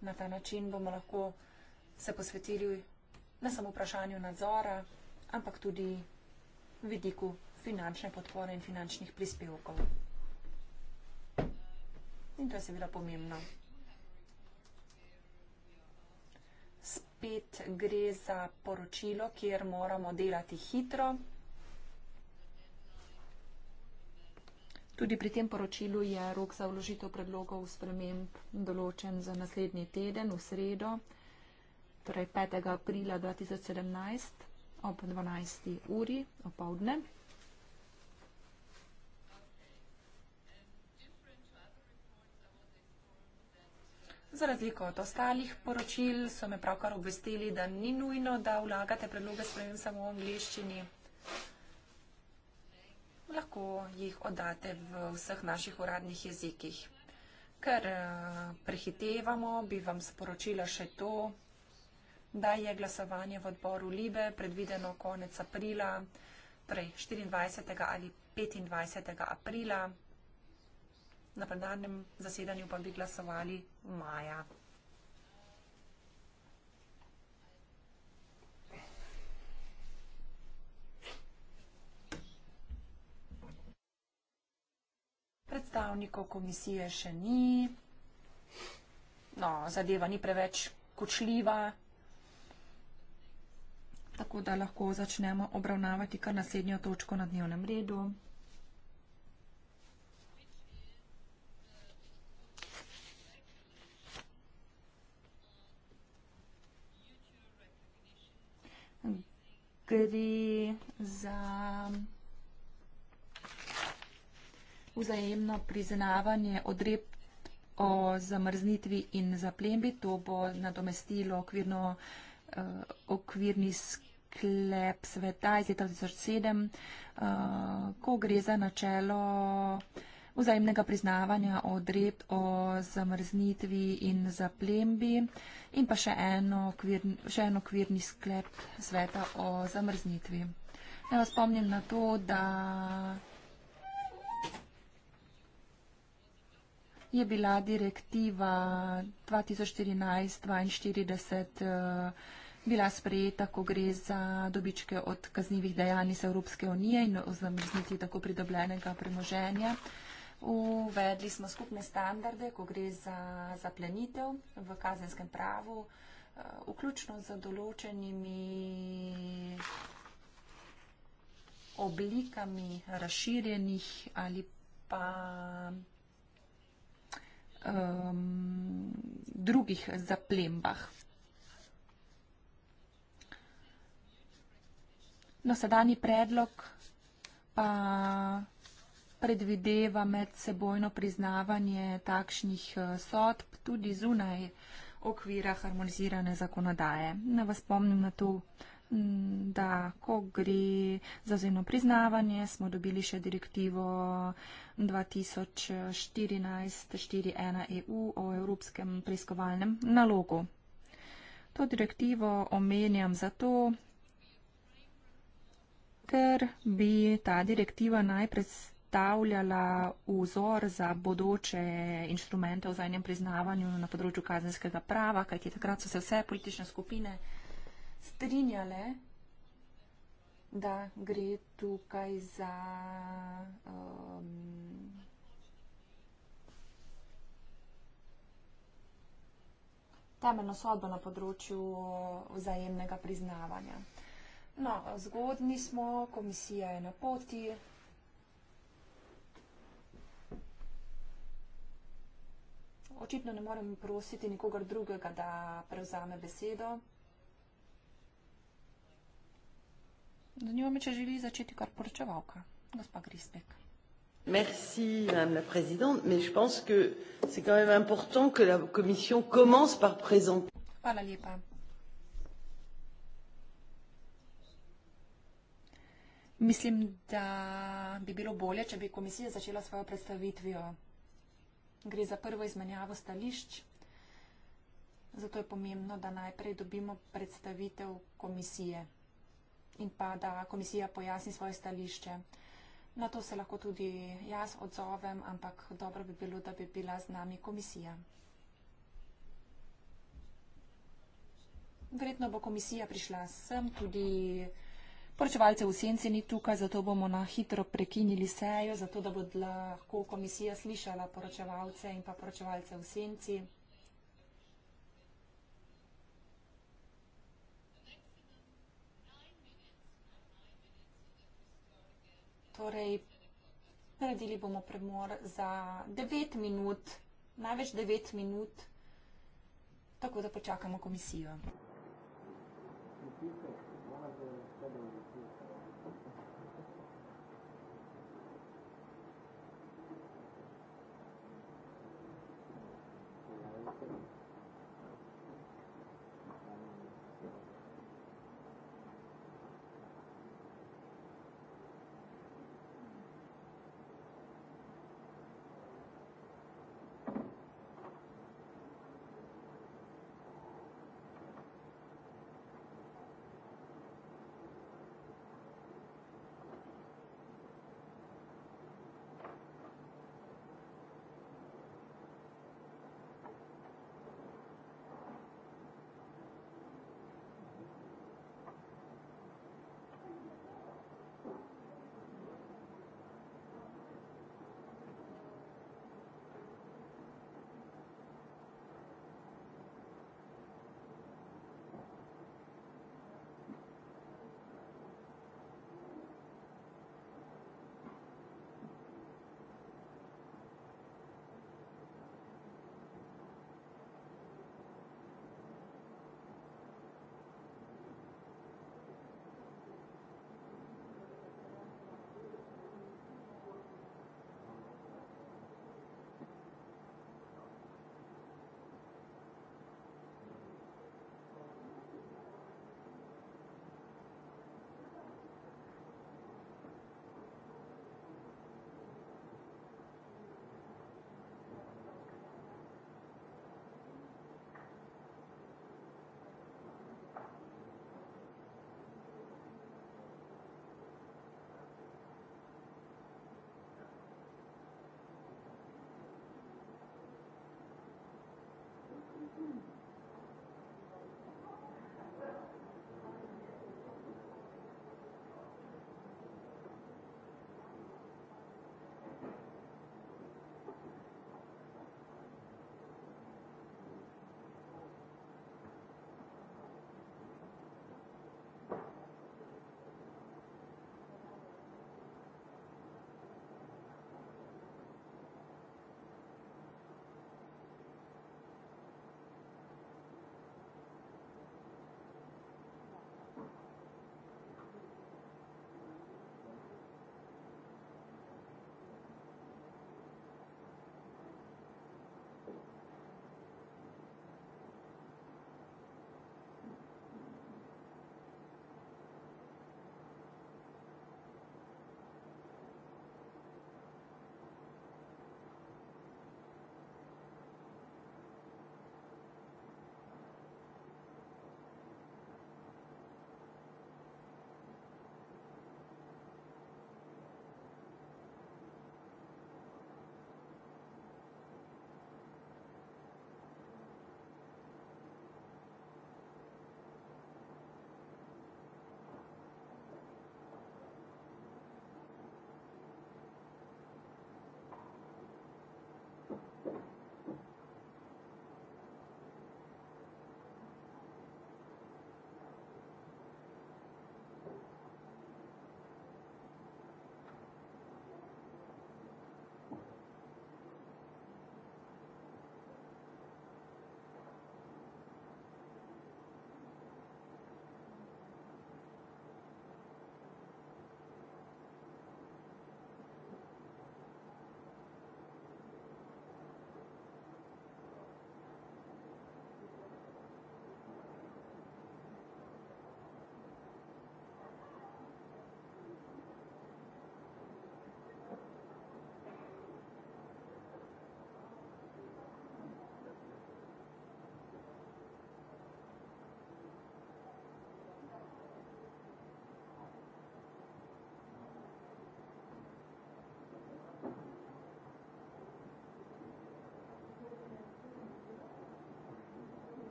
Na ta način bomo lahko se posvetili ne samo vprašanju nadzora, ampak tudi vidiku finančne podpore in finančnih prispevkov. In to je seveda pomembno. Spet gre za poročilo, kjer moramo delati hitro. Tudi pri tem poročilu je rok za vložitev predlogov sprememb določen za naslednji teden, v sredo, torej 5. aprila 2017 ob 12. uri opovdne. Za razliko od ostalih poročil so me pravkar obvestili, da ni nujno, da vlagate predloge sprememb samo v angliščini lahko jih oddate v vseh naših uradnih jezikih. Ker eh, prehitevamo, bi vam sporočila še to, da je glasovanje v odboru Libe predvideno konec aprila, torej 24. ali 25. aprila. Na plenarnem zasedanju pa bi glasovali v maju. predstavnikov komisije še ni, no, zadeva ni preveč kočljiva, tako da lahko začnemo obravnavati kar naslednjo točko na dnevnem redu. Gre za vzajemno priznavanje odreb o zamrznitvi in zaplembi. To bo nadomestilo okvirno, eh, okvirni sklep sveta iz leta 2007, eh, ko gre za načelo vzajemnega priznavanja odreb o zamrznitvi in zaplembi in pa še, eno, še en okvirni sklep sveta o zamrznitvi. Ja, spomnim na to, da je bila direktiva 2014-42 eh, bila sprejeta, ko gre za dobičke od kaznjivih dejanj iz Evropske unije in o zamrznitvi tako pridobljenega premoženja. Uvedli smo skupne standarde, ko gre za zaplenitev v kazenskem pravu, eh, vključno z določenimi oblikami razširjenih ali pa um, drugih zaplembah. No, sedani predlog pa predvideva medsebojno priznavanje takšnih uh, sodb tudi zunaj okvira harmonizirane zakonodaje. Ne vas spomnim na to da ko gre za zemno priznavanje, smo dobili še direktivo 2014-41 EU e o Evropskem preiskovalnem nalogu. To direktivo omenjam zato, ker bi ta direktiva najprej predstavljala vzor za bodoče inštrumente o zajnem priznavanju na področju kazenskega prava, kajti takrat so se vse politične skupine strinjale, da gre tukaj za um, temeljno sodbo na področju vzajemnega priznavanja. No, zgodni smo, komisija je na poti. Očitno ne morem prositi nikogar drugega, da prevzame besedo. Zanima me, če želi začeti kar poročevalka, gospa Grisbek. Merci, madame la présidente, mais je pense que c'est quand même important que la commission commence par présenter. Mislim, da bi bilo bolje, če bi komisija začela svojo predstavitvijo. Gre za prvo izmenjavo stališč, zato je pomembno, da najprej dobimo predstavitev komisije in pa da komisija pojasni svoje stališče. Na to se lahko tudi jaz odzovem, ampak dobro bi bilo, da bi bila z nami komisija. Verjetno bo komisija prišla sem, tudi poročevalce v senci ni tukaj, zato bomo na hitro prekinili sejo, zato da bo lahko komisija slišala poročevalce in pa poročevalce v senci. torej naredili bomo premor za 9 minut, največ 9 minut, tako da počakamo komisijo. Thank you.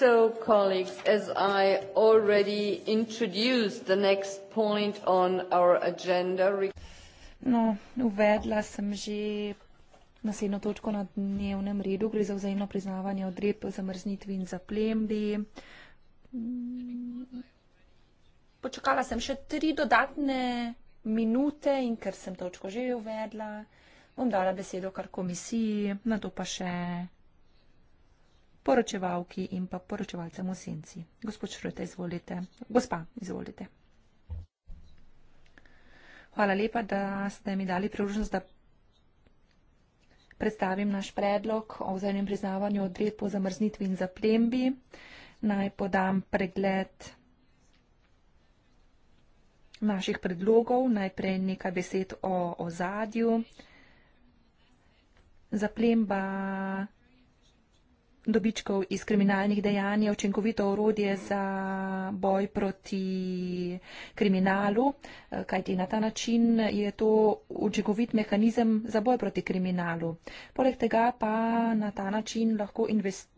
So, colleagues, as I already introduced the next point on our agenda... No, uvedla sem že naslednjo točko na dnevnem redu. Gre za vzajemno priznavanje odredb o zamrznitvi in zaplembi. Počakala sem še tri dodatne minute in ker sem točko že uvedla, bom dala besedo kar komisiji, na to pa še poročevalki in pa poročevalcem v senci. Gospod Šrojta, izvolite. Gospa, izvolite. Hvala lepa, da ste mi dali priložnost, da predstavim naš predlog o vzajemnem priznavanju odred po zamrznitvi in zaplembi. Naj podam pregled naših predlogov, najprej nekaj besed o ozadju. Zaplemba dobičkov iz kriminalnih dejanj je očinkovito orodje za boj proti kriminalu, eh, kajti na ta način je to učinkovit mehanizem za boj proti kriminalu. Poleg tega pa na ta način lahko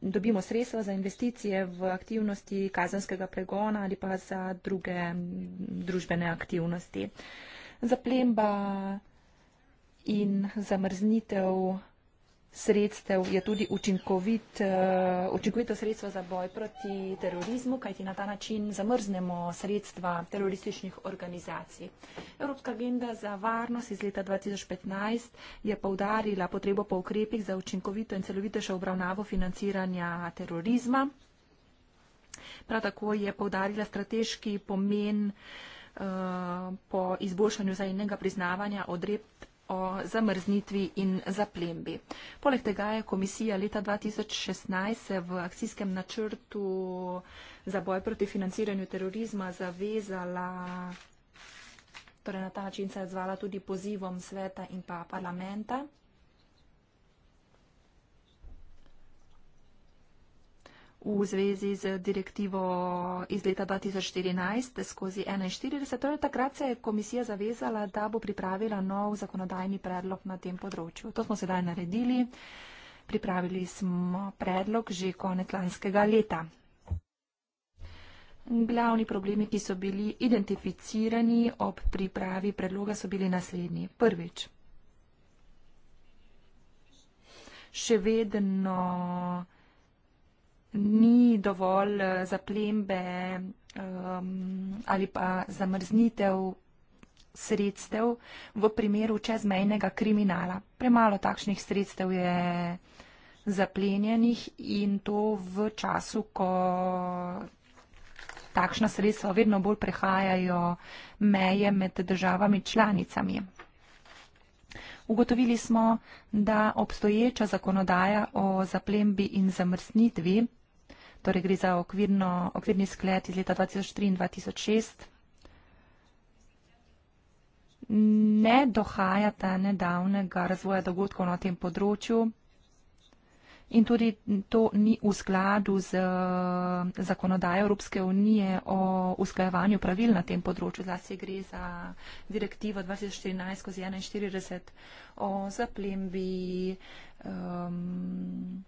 dobimo sredstva za investicije v aktivnosti kazanskega pregona ali pa za druge mm, družbene aktivnosti. Zaplemba in zamrznitev sredstev je tudi učinkovit, eh, učinkovito sredstvo za boj proti terorizmu, kajti na ta način zamrznemo sredstva terorističnih organizacij. Evropska agenda za varnost iz leta 2015 je povdarila potrebo po ukrepih za učinkovito in celovitejšo obravnavo financiranja terorizma. Prav tako je povdarila strateški pomen uh, po izboljšanju zajednega priznavanja odreb o zamrznitvi in zaplembi. Poleg tega je komisija leta 2016 v akcijskem načrtu za boj proti financiranju terorizma zavezala, torej na ta način se je odzvala tudi pozivom sveta in pa parlamenta. v zvezi z direktivo iz leta 2014 skozi 41. Torej, takrat se je komisija zavezala, da bo pripravila nov zakonodajni predlog na tem področju. To smo sedaj naredili. Pripravili smo predlog že konec lanskega leta. Glavni problemi, ki so bili identificirani ob pripravi predloga, so bili naslednji. Prvič. Še vedno ni dovolj eh, zaplembe um, ali pa zamrznitev sredstev v primeru čezmejnega kriminala. Premalo takšnih sredstev je zaplenjenih in to v času, ko takšna sredstva vedno bolj prehajajo meje med državami članicami. Ugotovili smo, da obstoječa zakonodaja o zaplembi in zamrznitvi Torej gre za okvirno, okvirni sklet iz leta 2003 in 2006. Ne dohaja ta nedavnega razvoja dogodkov na tem področju in tudi to ni v skladu z zakonodajo Evropske unije o usklajevanju pravil na tem področju. Zlasti gre za direktivo 2014-41 o zaplembi. Um,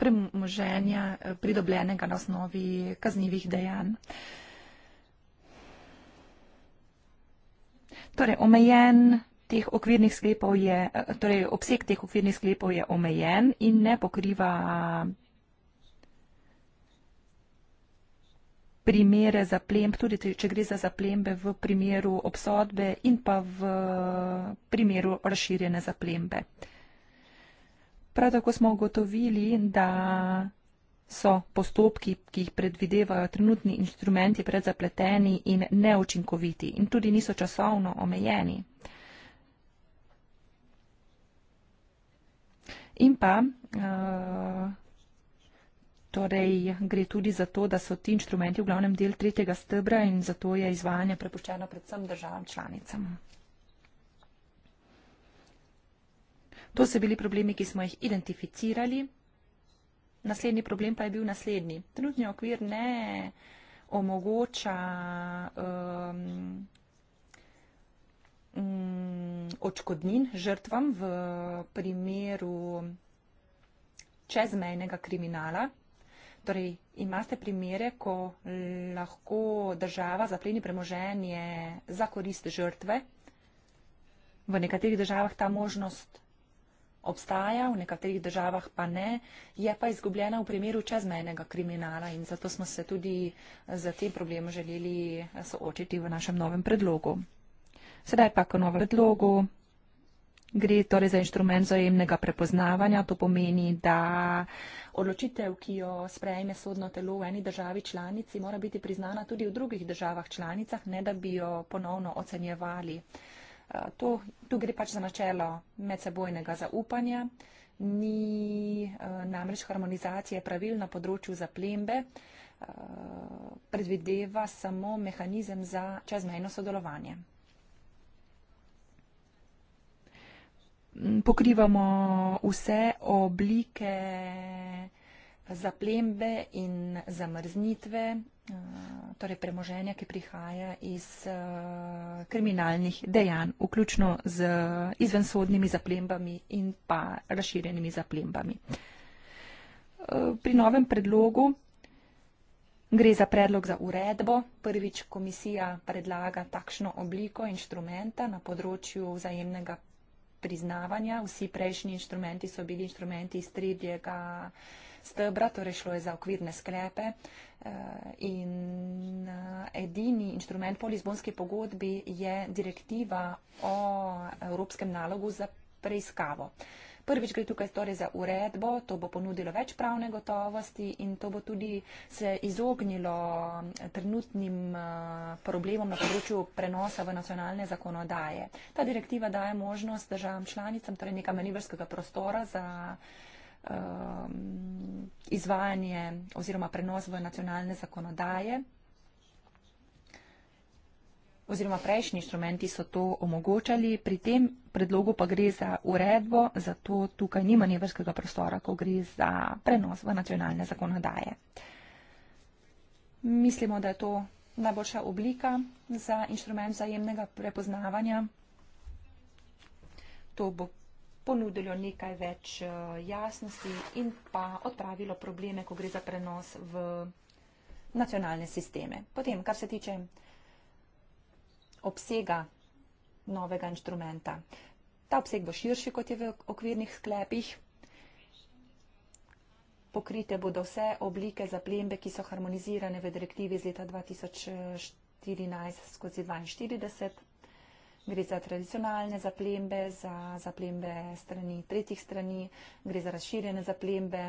premoženja eh, pridobljenega na osnovi kaznjivih dejanj. Torej, omejen teh okvirnih sklepov je, eh, torej obseg teh okvirnih sklepov je omejen in ne pokriva primere za plemb, tudi če gre za zaplembe v primeru obsodbe in pa v primeru razširjene zaplembe. Prav tako smo ugotovili, da so postopki, ki jih predvidevajo trenutni inštrumenti, predzapleteni in neučinkoviti in tudi niso časovno omejeni. In pa, eh, torej gre tudi za to, da so ti inštrumenti v glavnem del tretjega stebra in zato je izvajanje prepuščeno predvsem državam članicam. To so bili problemi, ki smo jih identificirali. Naslednji problem pa je bil naslednji. Trenutni okvir ne omogoča um, mm, očkodnin žrtvam v primeru čezmejnega kriminala. Torej, imate primere, ko lahko država zapleni premoženje za korist žrtve. V nekaterih državah ta možnost obstaja, v nekaterih državah pa ne, je pa izgubljena v primeru čezmejnega kriminala in zato smo se tudi za te probleme želeli soočiti v našem novem predlogu. Sedaj pa k novem predlogu. Gre torej za inštrument zajemnega prepoznavanja. To pomeni, da odločitev, ki jo sprejme sodno telo v eni državi članici, mora biti priznana tudi v drugih državah članicah, ne da bi jo ponovno ocenjevali to, tu gre pač za načelo medsebojnega zaupanja, ni eh, namreč harmonizacije pravil na področju zaplembe, eh, predvideva samo mehanizem za čezmejno sodelovanje. Pokrivamo vse oblike zaplembe in zamrznitve, eh, torej premoženja, ki prihaja iz eh, kriminalnih dejanj, vključno z izvensodnimi zaplembami in pa razširjenimi zaplembami. Eh, pri novem predlogu gre za predlog za uredbo. Prvič komisija predlaga takšno obliko inštrumenta na področju vzajemnega priznavanja. Vsi prejšnji inštrumenti so bili inštrumenti iz tredjega stebra, torej šlo je za okvirne sklepe. Eh, in eh, edini inštrument po Lizbonski pogodbi je direktiva o evropskem nalogu za preiskavo. Prvič gre tukaj torej za uredbo, to bo ponudilo več pravne gotovosti in to bo tudi se izognilo eh, trenutnim problemom na področju prenosa v nacionalne zakonodaje. Ta direktiva daje možnost državam članicam, torej neka manjverskega prostora za Um, izvajanje oziroma prenos v nacionalne zakonodaje. Oziroma prejšnji inštrumenti so to omogočali, pri tem predlogu pa gre za uredbo, zato tukaj nima nevrskega prostora, ko gre za prenos v nacionalne zakonodaje. Mislimo, da je to najboljša oblika za inštrument zajemnega prepoznavanja. To bo ponudilo nekaj več eh, jasnosti in pa odpravilo probleme, ko gre za prenos v nacionalne sisteme. Potem, kar se tiče obsega novega inštrumenta. Ta obseg bo širši, kot je v okvirnih sklepih. Pokrite bodo vse oblike za plembe, ki so harmonizirane v direktivi z leta 2014 skozi 42. Gre za tradicionalne zaplembe, za zaplembe strani tretjih strani, gre za razširjene zaplembe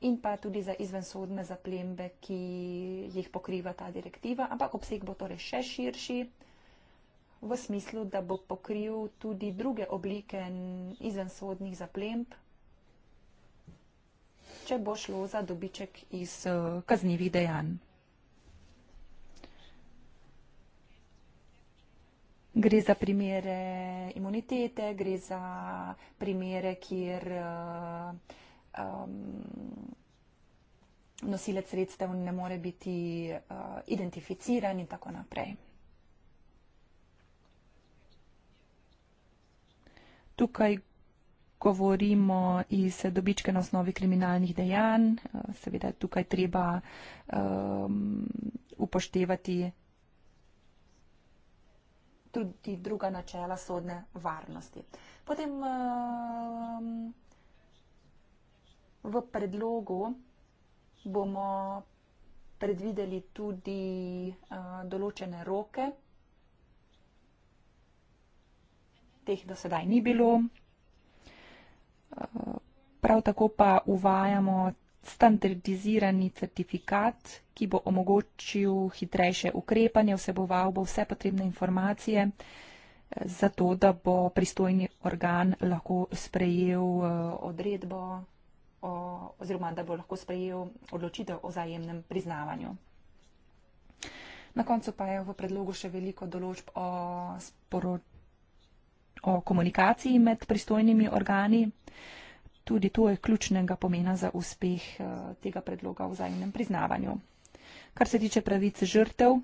in pa tudi za izvensodne zaplembe, ki jih pokriva ta direktiva, ampak obseg bo torej še širši v smislu, da bo pokril tudi druge oblike izvensodnih zaplemb, če bo šlo za dobiček iz eh, kaznjivih dejanj. Gre za primere imunitete, gre za primere, kjer um, nosilec sredstev ne more biti uh, identificiran in tako naprej. Tukaj govorimo iz dobičke na osnovi kriminalnih dejanj. Eh, seveda tukaj treba um, upoštevati tudi druga načela sodne varnosti. Potem ehm, v predlogu bomo predvideli tudi eh, določene roke, teh do sedaj ni bilo. Eh, prav tako pa uvajamo standardizirani certifikat, ki bo omogočil hitrejše ukrepanje, vseboval bo vse potrebne informacije eh, za to, da bo pristojni organ lahko sprejel eh, odredbo o, oziroma da bo lahko sprejel odločitev o zajemnem priznavanju. Na koncu pa je v predlogu še veliko določb o, sporo, o komunikaciji med pristojnimi organi tudi to je ključnega pomena za uspeh eh, tega predloga v zajemnem priznavanju. Kar se tiče pravic žrtev,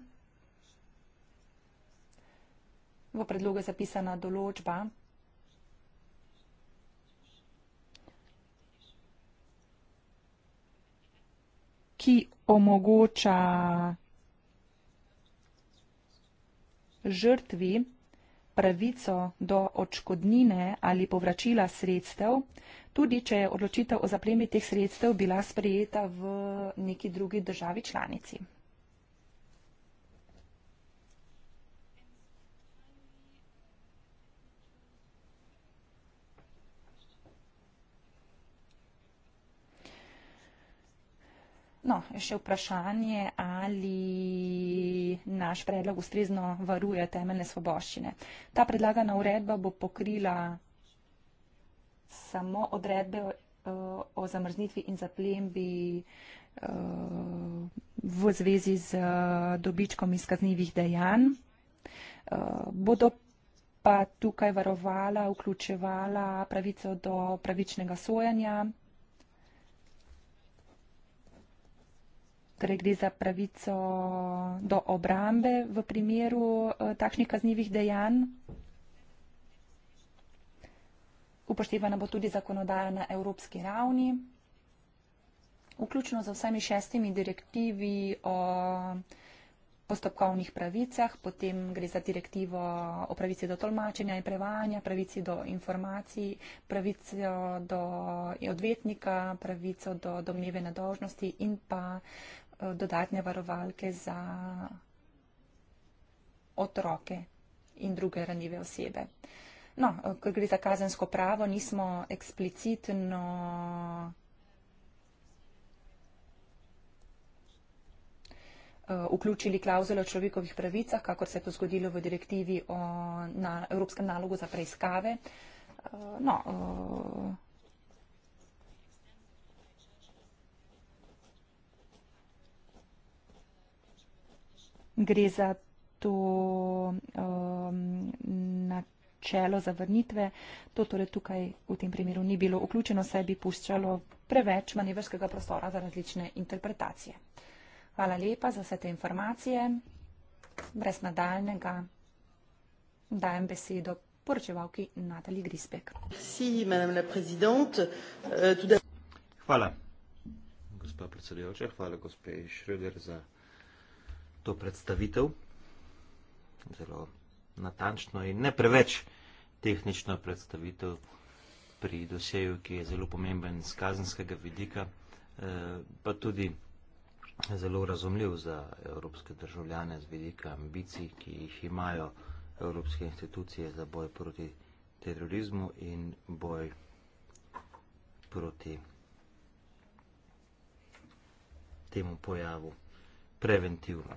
v predlogu je zapisana določba, ki omogoča žrtvi pravico do odškodnine ali povračila sredstev, tudi če je odločitev o zaplembi teh sredstev bila sprejeta v neki drugi državi članici. No, še vprašanje, ali naš predlog ustrezno varuje temeljne svoboščine. Ta predlagana uredba bo pokrila samo odredbe o, eh, o zamrznitvi in zaplembi eh, v zvezi z eh, dobičkom iz kaznjivih dejanj. Bodo pa tukaj varovala, vključevala pravico do pravičnega sojanja. Torej gre za pravico do obrambe v primeru takšnih kaznjivih dejanj. Upoštevana bo tudi zakonodaja na evropski ravni, vključno z vsemi šestimi direktivi o postopkovnih pravicah, potem gre za direktivo o pravici do tolmačenja in prevajanja, pravici do informacij, pravico do odvetnika, pravico do domneve nadožnosti in pa eh, dodatne varovalke za otroke in druge ranive osebe. No, ko gre za kazensko pravo, nismo eksplicitno. vključili klauzule o človekovih pravicah, kakor se je to zgodilo v direktivi o na Evropskem nalogu za preiskave. No, uh, gre za to um, na načelo zavrnitve. To torej tukaj v tem primeru ni bilo vključeno, saj bi puščalo preveč manevrskega prostora za različne interpretacije. Hvala lepa za vse te informacije. Brez nadaljnega dajem besedo poročevalki Natalji Grisbek. Euh, hvala, gospa predsedujoča, hvala gospe Šreder za to predstavitev. Zelo natančno in ne preveč tehnično predstavitev pri doseju, ki je zelo pomemben z kazenskega vidika, eh, pa tudi zelo razumljiv za evropske državljane z vidika ambicij, ki jih imajo evropske institucije za boj proti terorizmu in boj proti temu pojavu preventivno.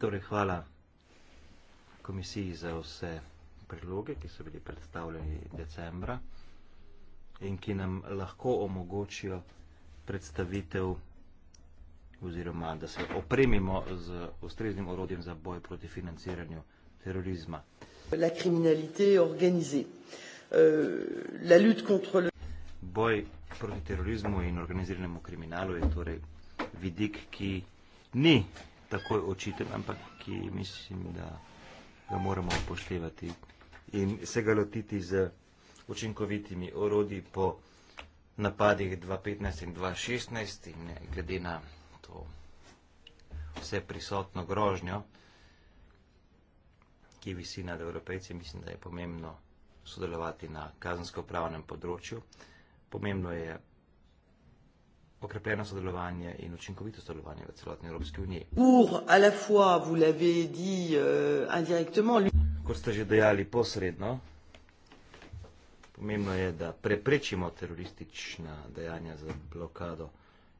Torej, hvala komisiji za vse priloge, ki so bili predstavljeni decembra in ki nam lahko omogočijo predstavitev oziroma, da se opremimo z ustreznim orodjem za boj proti financiranju terorizma. La criminalité organizée. Euh, la lutte contre le... Boj proti terorizmu in organiziranemu kriminalu je torej vidik, ki ni takoj očiten, ampak ki mislim, da ga moramo upoštevati in se ga lotiti z učinkovitimi orodji po napadih 2.15 in 2.16 in glede na to vse prisotno grožnjo, ki visi nad evropejci, mislim, da je pomembno sodelovati na kazensko-pravnem področju. Pomembno je okrepljeno sodelovanje in učinkovito sodelovanje v celotni Evropski uniji. Pour à la fois, vous l'avez dit euh, indirectement, kot ste že dejali posredno, pomembno je, da preprečimo teroristična dejanja za blokado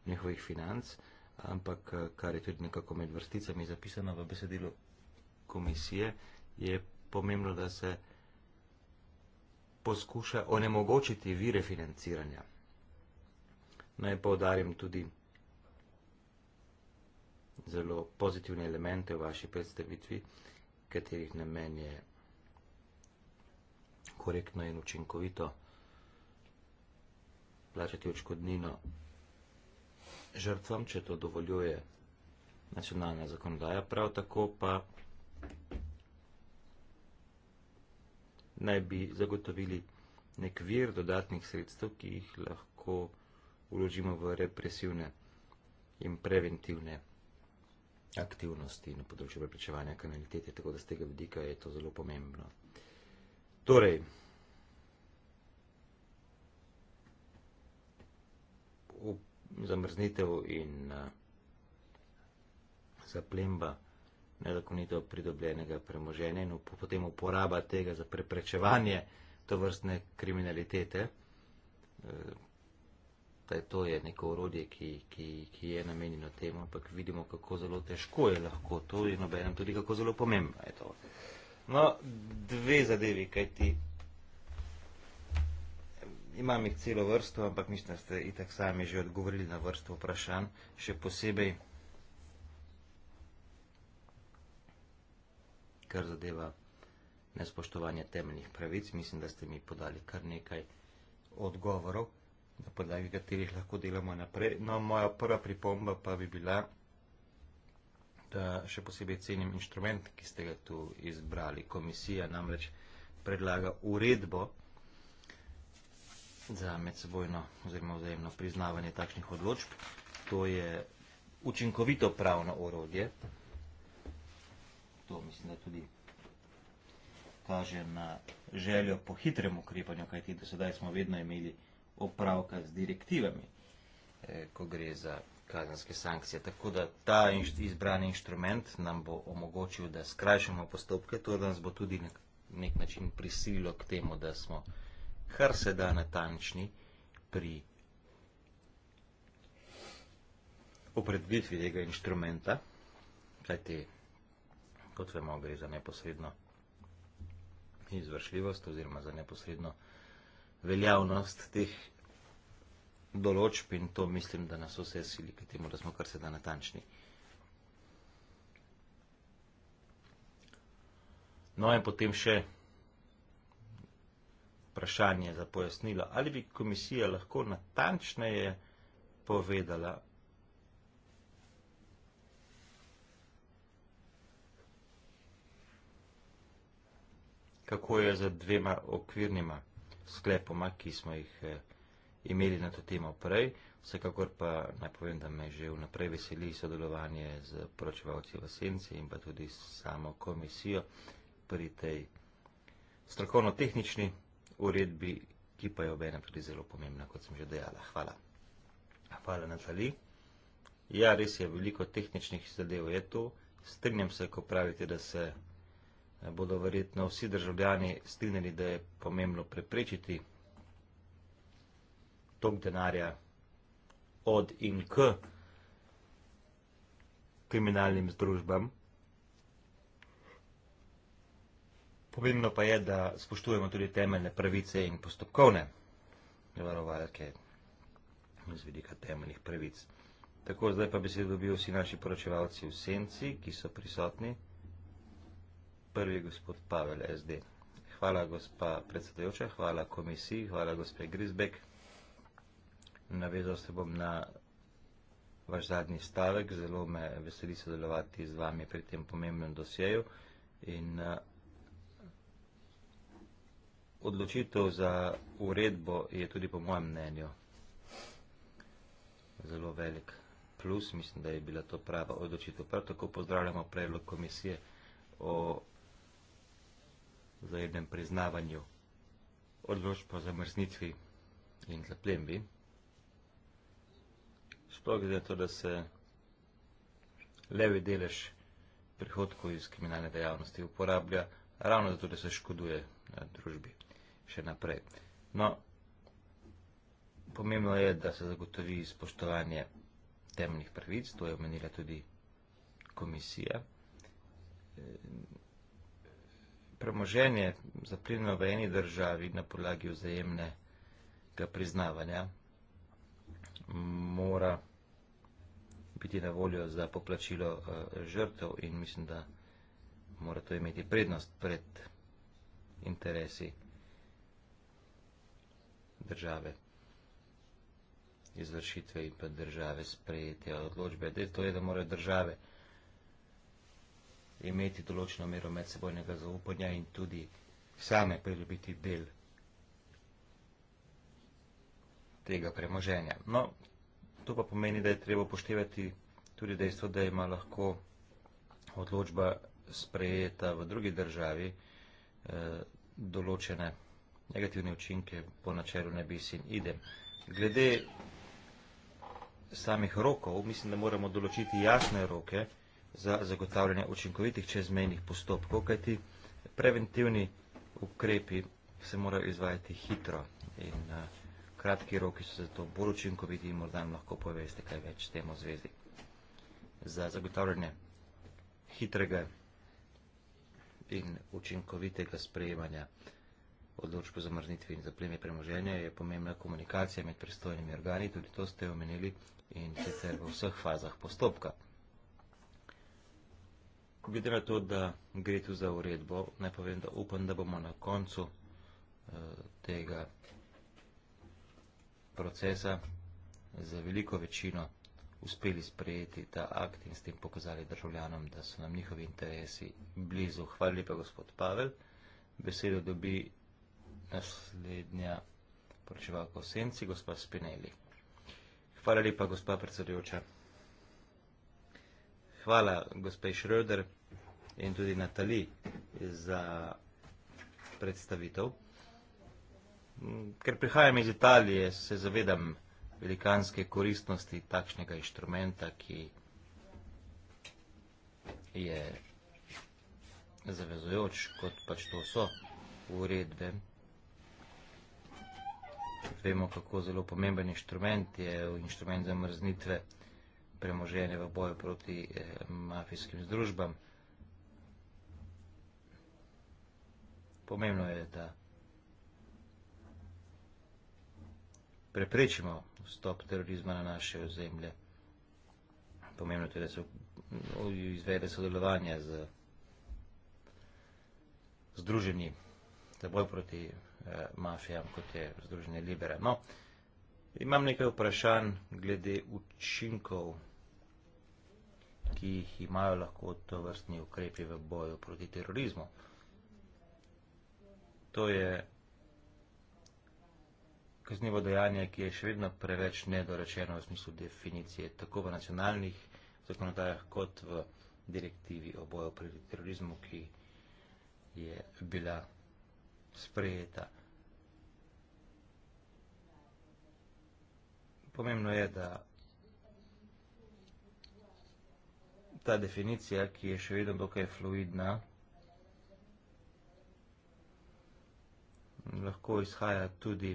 njihovih financ, ampak eh, kar je tudi nekako med vrsticami zapisano v besedilu komisije, je pomembno, da se poskuša onemogočiti vire financiranja. Naj povdarim tudi zelo pozitivne elemente v vaši predstavitvi, katerih namen je korektno in učinkovito plačati očkodnino žrtvam, če to dovoljuje nacionalna zakonodaja. Prav tako pa naj bi zagotovili nek vir dodatnih sredstev, ki jih lahko vsega uložimo v represivne in preventivne aktivnosti na področju preprečevanja kanalitete, tako da z tega vidika je to zelo pomembno. Torej, zamrznitev in zaplemba nezakonito pridobljenega premoženja in potem uporaba tega za preprečevanje tovrstne kriminalitete, e, da je to je neko urodje, ki, ki, ki je namenjeno temu, ampak vidimo, kako zelo težko je lahko to in obenem tudi, kako zelo pomembno je to. No, dve zadevi, kaj ti. Imam jih celo vrsto, ampak mislim, da ste itak sami že odgovorili na vrsto vprašanj, še posebej, kar zadeva nespoštovanje temeljnih pravic. Mislim, da ste mi podali kar nekaj odgovorov na podlagi katerih lahko delamo naprej. No, moja prva pripomba pa bi bila, da še posebej cenim inštrument, ki ste ga tu izbrali. Komisija namreč predlaga uredbo za medsebojno oziroma vzajemno priznavanje takšnih odločb. To je učinkovito pravno orodje. To mislim, da tudi kaže na željo po hitrem ukrepanju, kajti do sedaj smo vedno imeli opravka z direktivami, eh, ko gre za kazenske sankcije. Tako da ta izbrani inštrument nam bo omogočil, da skrajšamo postopke, to nas bo tudi nek, nek način prisililo k temu, da smo kar se da natančni pri opredvitvi tega inštrumenta, kajti, kot vemo, gre za neposredno izvršljivost oziroma za neposredno veljavnost teh določb in to mislim, da nas vse sili k temu, da smo kar se da natančni. No in potem še vprašanje za pojasnilo, ali bi komisija lahko natančneje povedala, kako je za dvema okvirnima sklepoma, ki smo jih eh, imeli na to temo prej. Vsekakor pa naj povem, da me že vnaprej veseli sodelovanje z poročevalci v Senci in pa tudi s samo komisijo pri tej strokovno-tehnični uredbi, ki pa je obenem tudi zelo pomembna, kot sem že dejala. Hvala. Hvala, Natali. Ja, res je, veliko tehničnih zadev je tu. Strinjam se, ko pravite, da se Eh, bodo verjetno vsi državljani strinjali, da je pomembno preprečiti tok denarja od in k kriminalnim združbam. Pomembno pa je, da spoštujemo tudi temeljne pravice in postopkovne varovalke z vidika temeljnih pravic. Tako, zdaj pa bi se dobil vsi naši poročevalci v Senci, ki so prisotni prvi gospod Pavel SD. Hvala gospa predsedajoča, hvala komisiji, hvala gospe Grisbek. Navezal se bom na vaš zadnji stavek, zelo me veseli sodelovati z vami pri tem pomembnem dosjeju in eh, odločitev za uredbo je tudi po mojem mnenju zelo velik plus, mislim, da je bila to prava odločitev. Prav tako pozdravljamo predlog komisije o vzajemnem priznavanju odločb o zamrznitvi in zaplembi. Sploh glede to, da se levi delež prihodkov iz kriminalne dejavnosti uporablja, ravno zato, da se škoduje na eh, družbi še naprej. No, pomembno je, da se zagotovi spoštovanje temeljnih pravic, to je omenila tudi komisija. Eh, premoženje zaplinjeno v eni državi na podlagi vzajemnega priznavanja mora biti na voljo za poplačilo eh, žrtev in mislim, da mora to imeti prednost pred interesi države izvršitve in pa države sprejetja odločbe. Dej, to je, da morajo države imeti določeno mero medsebojnega zaupanja in tudi same pridobiti del tega premoženja. No, to pa pomeni, da je treba upoštevati tudi dejstvo, da ima lahko odločba sprejeta v drugi državi eh, določene negativne učinke po načelu ne bi sin idem. Glede samih rokov, mislim, da moramo določiti jasne roke, eh, za zagotavljanje učinkovitih čezmejnih postopkov, kajti preventivni ukrepi se morajo izvajati hitro in eh, kratki roki so zato bolj učinkoviti in morda nam lahko poveste kaj več s tem o zvezdi. Za zagotavljanje hitrega in učinkovitega sprejemanja odločb o zamrznitvi in zaplemi premoženja je pomembna komunikacija med pristojnimi organi, tudi to ste omenili in sicer v vseh fazah postopka glede na to, da gre tu za uredbo, naj povem, da upam, da bomo na koncu eh, tega procesa za veliko večino uspeli sprejeti ta akt in s tem pokazali državljanom, da so nam njihovi interesi blizu. Hvala lepa, gospod Pavel. Besedo dobi naslednja poročevalka v senci, gospod Spinelli. Hvala lepa, gospod predsedujoča hvala gospe Šröder in tudi Natali za predstavitev. Ker prihajam iz Italije, se zavedam velikanske koristnosti takšnega inštrumenta, ki je zavezujoč, kot pač to so uredbe. Vemo, kako zelo pomemben inštrument je inštrument za mrznitve vsega premoženje v boju proti eh, mafijskim združbam. Pomembno je, da preprečimo vstop terorizma na naše ozemlje. Pomembno je, da se izvede sodelovanje z združeni za boj proti eh, mafijam, kot je združeni libera. No, imam nekaj vprašanj glede učinkov ki jih imajo lahko to vrstni ukrepi v boju proti terorizmu. To je kaznivo dejanje, ki je še vedno preveč nedorečeno v smislu definicije tako v nacionalnih zakonodajah kot v direktivi o boju proti terorizmu, ki je bila sprejeta. Pomembno je, da ta definicija, ki je še vedno dokaj fluidna, lahko izhaja tudi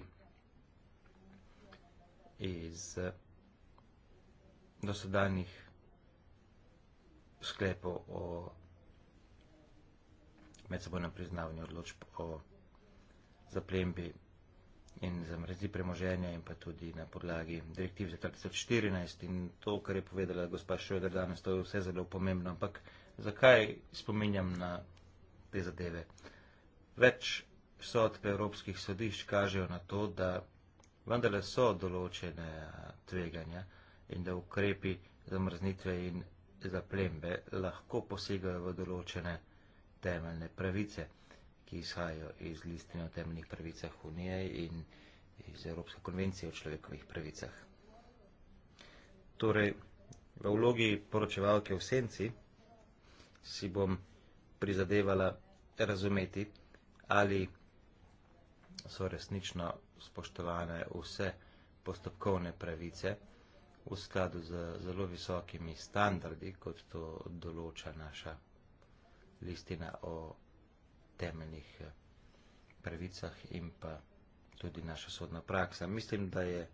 iz dosedanjih sklepov o medsebojnem priznavanju odločb o zaplembi in zamrzi premoženja in pa tudi na podlagi direktiv za 2014 in to, kar je povedala gospa Šeder danes, to je vse zelo pomembno. Ampak zakaj spominjam na te zadeve? Več sodb evropskih sodišč kažejo na to, da vendarle so določene tveganja in da ukrepi zamrznitve in zaplembe lahko posegajo v določene temeljne pravice ki izhajajo iz listine o temeljnih pravicah Unije in iz Evropske konvencije o človekovih pravicah. Torej, v vlogi poročevalke v senci si bom prizadevala razumeti, ali so resnično spoštovane vse postopkovne pravice v skladu z zelo visokimi standardi, kot to določa naša listina o temeljnih eh, pravicah in pa tudi naša sodna praksa. Mislim, da je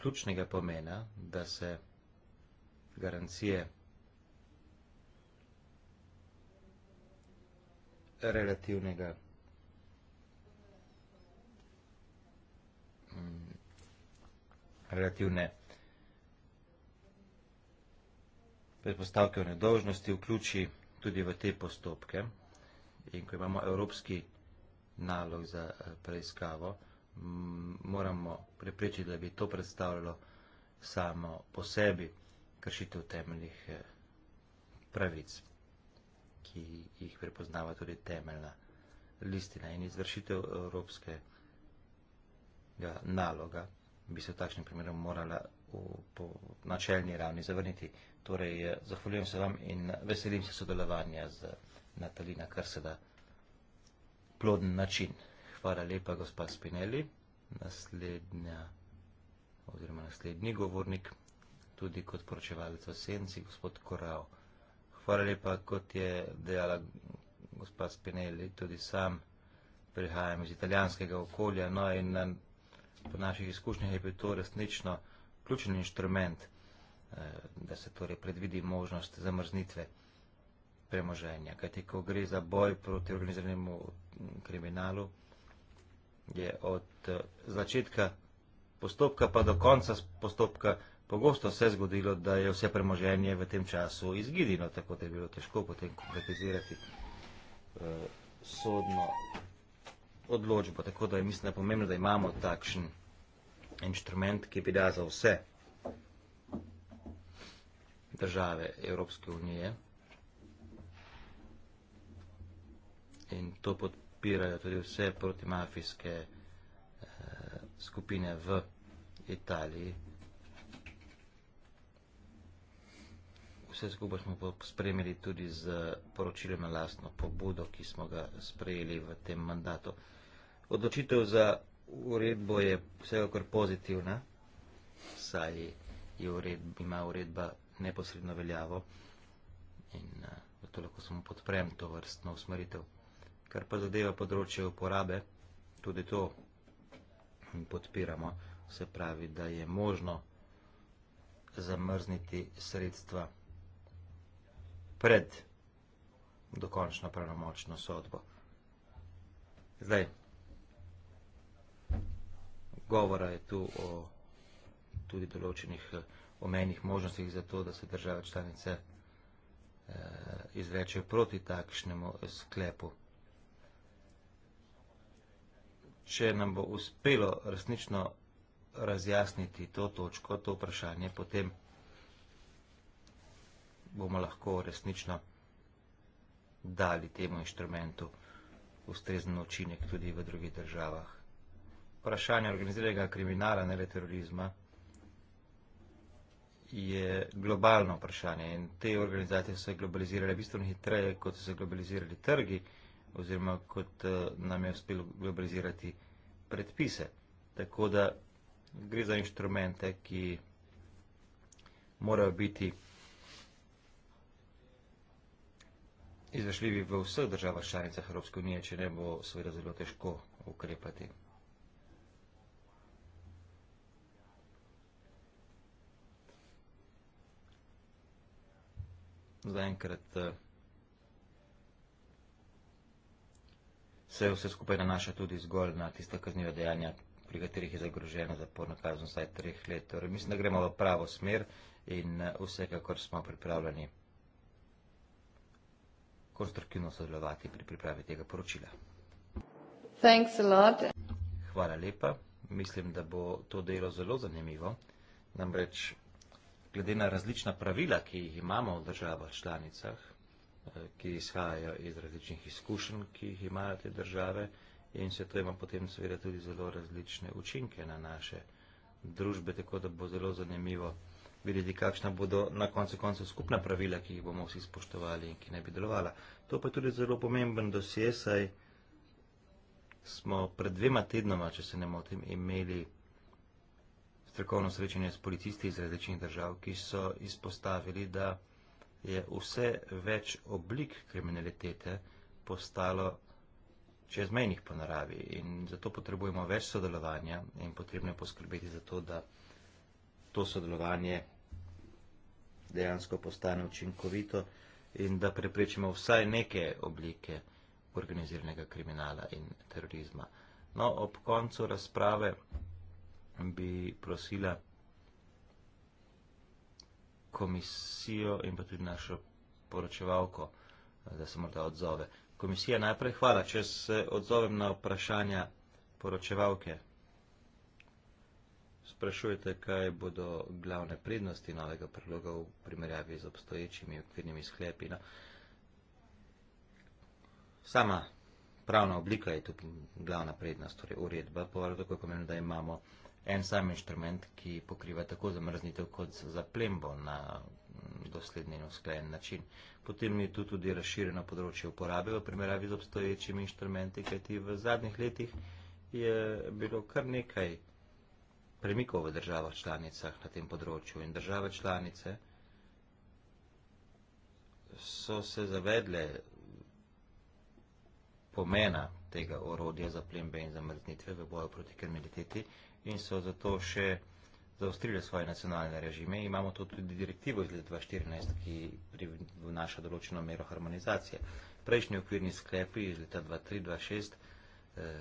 ključnega pomena, da se garancije relativnega mm, relativne predpostavke o nedožnosti vključi tudi v te postopke in ko imamo evropski nalog za eh, preiskavo, mm, moramo preprečiti, da bi to predstavljalo samo po sebi kršitev temeljnih eh, pravic, ki jih prepoznava tudi temeljna listina in izvršitev evropske naloga bi se v takšnem primeru morala v, po načelni ravni zavrniti. Torej, eh, zahvaljujem se vam in veselim se sodelovanja z Natalina, kar se da ploden način. Hvala lepa, gospa Spinelli. Naslednja, oziroma naslednji govornik, tudi kot poročevalec o senci, gospod Korao. Hvala lepa, kot je dejala gospa Spinelli, tudi sam prihajam iz italijanskega okolja, no in na, po naših izkušnjah je bil to resnično ključen inštrument, eh, da se torej predvidi možnost zamrznitve premoženja. Kajti, ko gre za boj proti organiziranemu kriminalu, je od eh, začetka postopka pa do konca postopka pogosto se zgodilo, da je vse premoženje v tem času izgidilo, tako da je bilo težko potem konkretizirati eh, sodno odločbo. Tako da je mislim, da je pomembno, da imamo takšen inštrument, ki bi da za vse države Evropske unije. in to podpirajo tudi vse protimafijske eh, skupine v Italiji. Vse skupaj smo spremili tudi z poročilem na lastno pobudo, ki smo ga sprejeli v tem mandatu. Odločitev za uredbo je vsekakor pozitivna, saj je uredb, ima uredba neposredno veljavo in eh, zato lahko samo podprem to vrstno usmeritev. Kar pa zadeva področje uporabe, tudi to podpiramo, se pravi, da je možno zamrzniti sredstva pred dokončno pravnomočno sodbo. Zdaj, govora je tu o tudi določenih eh, omenjih možnostih za to, da se države članice eh, izrečejo proti takšnemu sklepu če nam bo uspelo resnično razjasniti to točko, to vprašanje, potem bomo lahko resnično dali temu inštrumentu ustrezen učinek tudi v drugih državah. Vprašanje organiziranega kriminala, ne le terorizma, je globalno vprašanje in te organizacije so se globalizirale bistveno hitreje, kot so se globalizirali trgi oziroma kot eh, nam je uspelo globalizirati predpise. Tako da gre za inštrumente, ki morajo biti izvešljivi v vseh državah članicah Evropske unije, če ne bo seveda zelo težko ukrepati. Zaenkrat. Uh, se vse skupaj nanaša tudi zgolj na tiste kaznive dejanja, pri katerih je zagrožena zaporna kazen vsaj treh let. Torej, mislim, da gremo v pravo smer in eh, vsekakor smo pripravljeni konstruktivno sodelovati pri pripravi tega poročila. Hvala lepa. Mislim, da bo to delo zelo zanimivo. Namreč, glede na različna pravila, ki jih imamo v državah članicah, ki izhajajo iz različnih izkušenj, ki jih imajo te države in se to ima potem seveda tudi zelo različne učinke na naše družbe, tako da bo zelo zanimivo videti, kakšna bodo na koncu koncev skupna pravila, ki jih bomo vsi spoštovali in ki ne bi delovala. To pa je tudi zelo pomemben dosje, saj smo pred dvema tednoma, če se ne motim, imeli strokovno srečanje s policisti iz različnih držav, ki so izpostavili, da je vse več oblik kriminalitete postalo čezmejnih po naravi in zato potrebujemo več sodelovanja in potrebno je poskrbeti za to, da to sodelovanje dejansko postane učinkovito in da preprečimo vsaj neke oblike organiziranega kriminala in terorizma. No, ob koncu razprave bi prosila komisijo in pa tudi našo poročevalko, da se morda odzove. Komisija najprej hvala, če se odzovem na vprašanja poročevalke. Sprašujete, kaj bodo glavne prednosti novega predloga v primerjavi z obstoječimi okvirnimi sklepi. No. Sama pravna oblika je tu glavna prednost, torej uredba, povrlo tako pomeni, da imamo uh, en sam inštrument, ki pokriva tako zamrznitev kot zaplembo na dosledni in usklajen način. Potem je tu tudi razširjeno področje uporabe v primerjavi z obstoječimi inštrumenti, kajti v zadnjih letih je bilo kar nekaj premikov v državah članicah na tem področju in države članice so se zavedle pomena tega orodja za plembe in zamrznitve v boju proti kriminaliteti in so zato še zaostrili svoje nacionalne režime. Imamo to tudi direktivo iz leta 2014, ki vnaša določeno mero harmonizacije. Prejšnji okvirni sklepi iz leta 2003-2006 eh,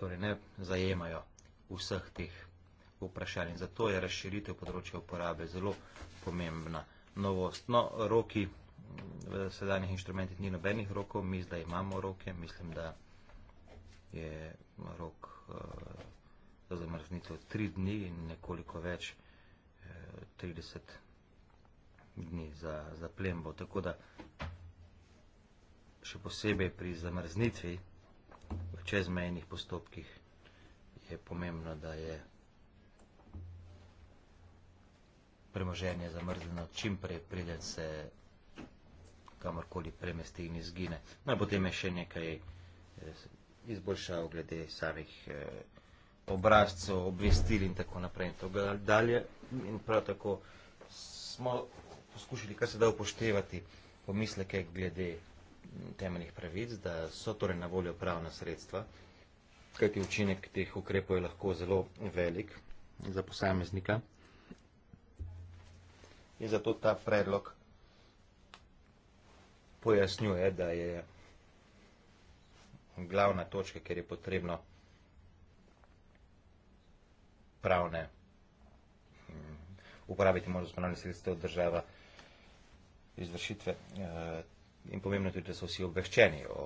torej ne zajemajo vseh teh vprašanj. Zato je razširitev področja uporabe zelo pomembna novost. No, roki v sedanjih inštrumentih ni nobenih rokov, mi zdaj imamo roke, mislim, da je rok eh, za zamrznitev tri dni in nekoliko več 30 eh, dni za, za plembo. Tako da še posebej pri zamrznitvi v čezmejnih postopkih je pomembno, da je premoženje zamrzeno čim prej pride se kamorkoli premesti in izgine. No, potem je še nekaj eh, izboljšav glede samih eh, obrazcev, obvestil in tako naprej in tako dalje. In prav tako smo poskušali kar se da upoštevati pomisleke glede mm, temeljnih pravic, da so torej na voljo pravna sredstva, kajti učinek teh ukrepov je lahko zelo velik za posameznika. In zato ta predlog pojasnjuje, da je glavna točka, ker je potrebno pravne, hm, uporabiti možnost pravne sredstva od država izvršitve eh, in pomembno je tudi, da so vsi obveščeni o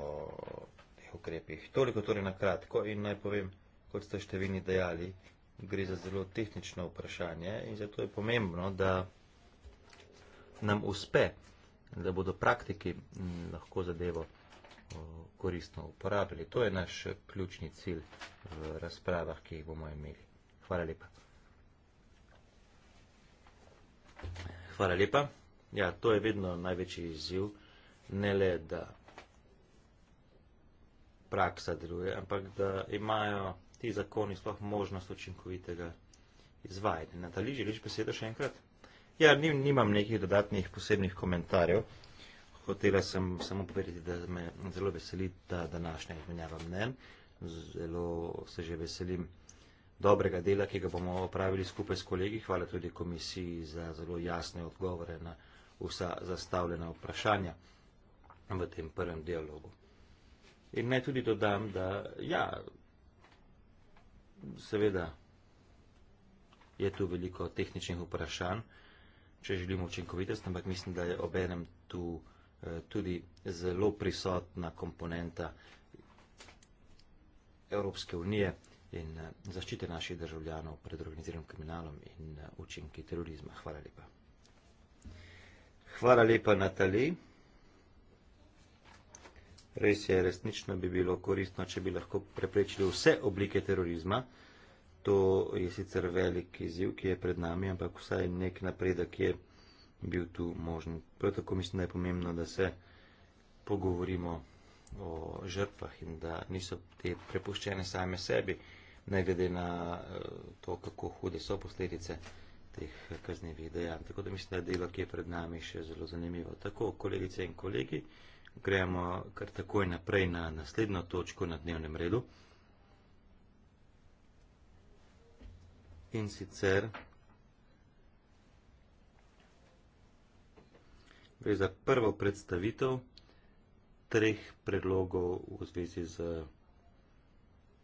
teh ukrepih. Toliko torej na kratko in naj povem, kot ste številni dejali, gre za zelo tehnično vprašanje in zato je pomembno, da nam uspe, da bodo praktiki hm, lahko zadevo vprašali koristno uporabili. To je naš ključni cilj v razpravah, ki jih bomo imeli. Hvala lepa. Hvala lepa. Ja, to je vedno največji izziv. Ne le, da praksa deluje, ampak da imajo ti zakoni sploh možnost učinkovitega izvajanja. Nataliži, reč besedo še enkrat. Ja, nimam nekih dodatnih posebnih komentarjev. Hotela sem samo povedati, da me zelo veseli ta današnja izmenjava mnen. Zelo se že veselim dobrega dela, ki ga bomo opravili skupaj s kolegi. Hvala tudi komisiji za zelo jasne odgovore na vsa zastavljena vprašanja v tem prvem dialogu. In naj tudi dodam, da ja, seveda je tu veliko tehničnih vprašanj, če želimo učinkovitost, ampak mislim, da je obenem tu. Eh, tudi zelo prisotna komponenta Evropske unije in eh, zaščite naših državljanov pred organiziranim kriminalom in eh, učinki terorizma. Hvala lepa. Hvala lepa, Natali. Res je, resnično bi bilo koristno, če bi lahko preprečili vse oblike terorizma. To je sicer velik izziv, ki je pred nami, ampak vsaj nek napredek je bil tu možen. Prav tako mislim, da je pomembno, da se pogovorimo o žrtvah in da niso te prepuščene same sebi, ne glede na eh, to, kako hude so posledice teh kaznevih dejanj. Tako da mislim, da je delo, ki je pred nami, še zelo zanimivo. Tako, kolegice in kolegi, gremo kar takoj naprej na naslednjo točko na dnevnem redu. In sicer Gre za prvo predstavitev treh predlogov v zvezi z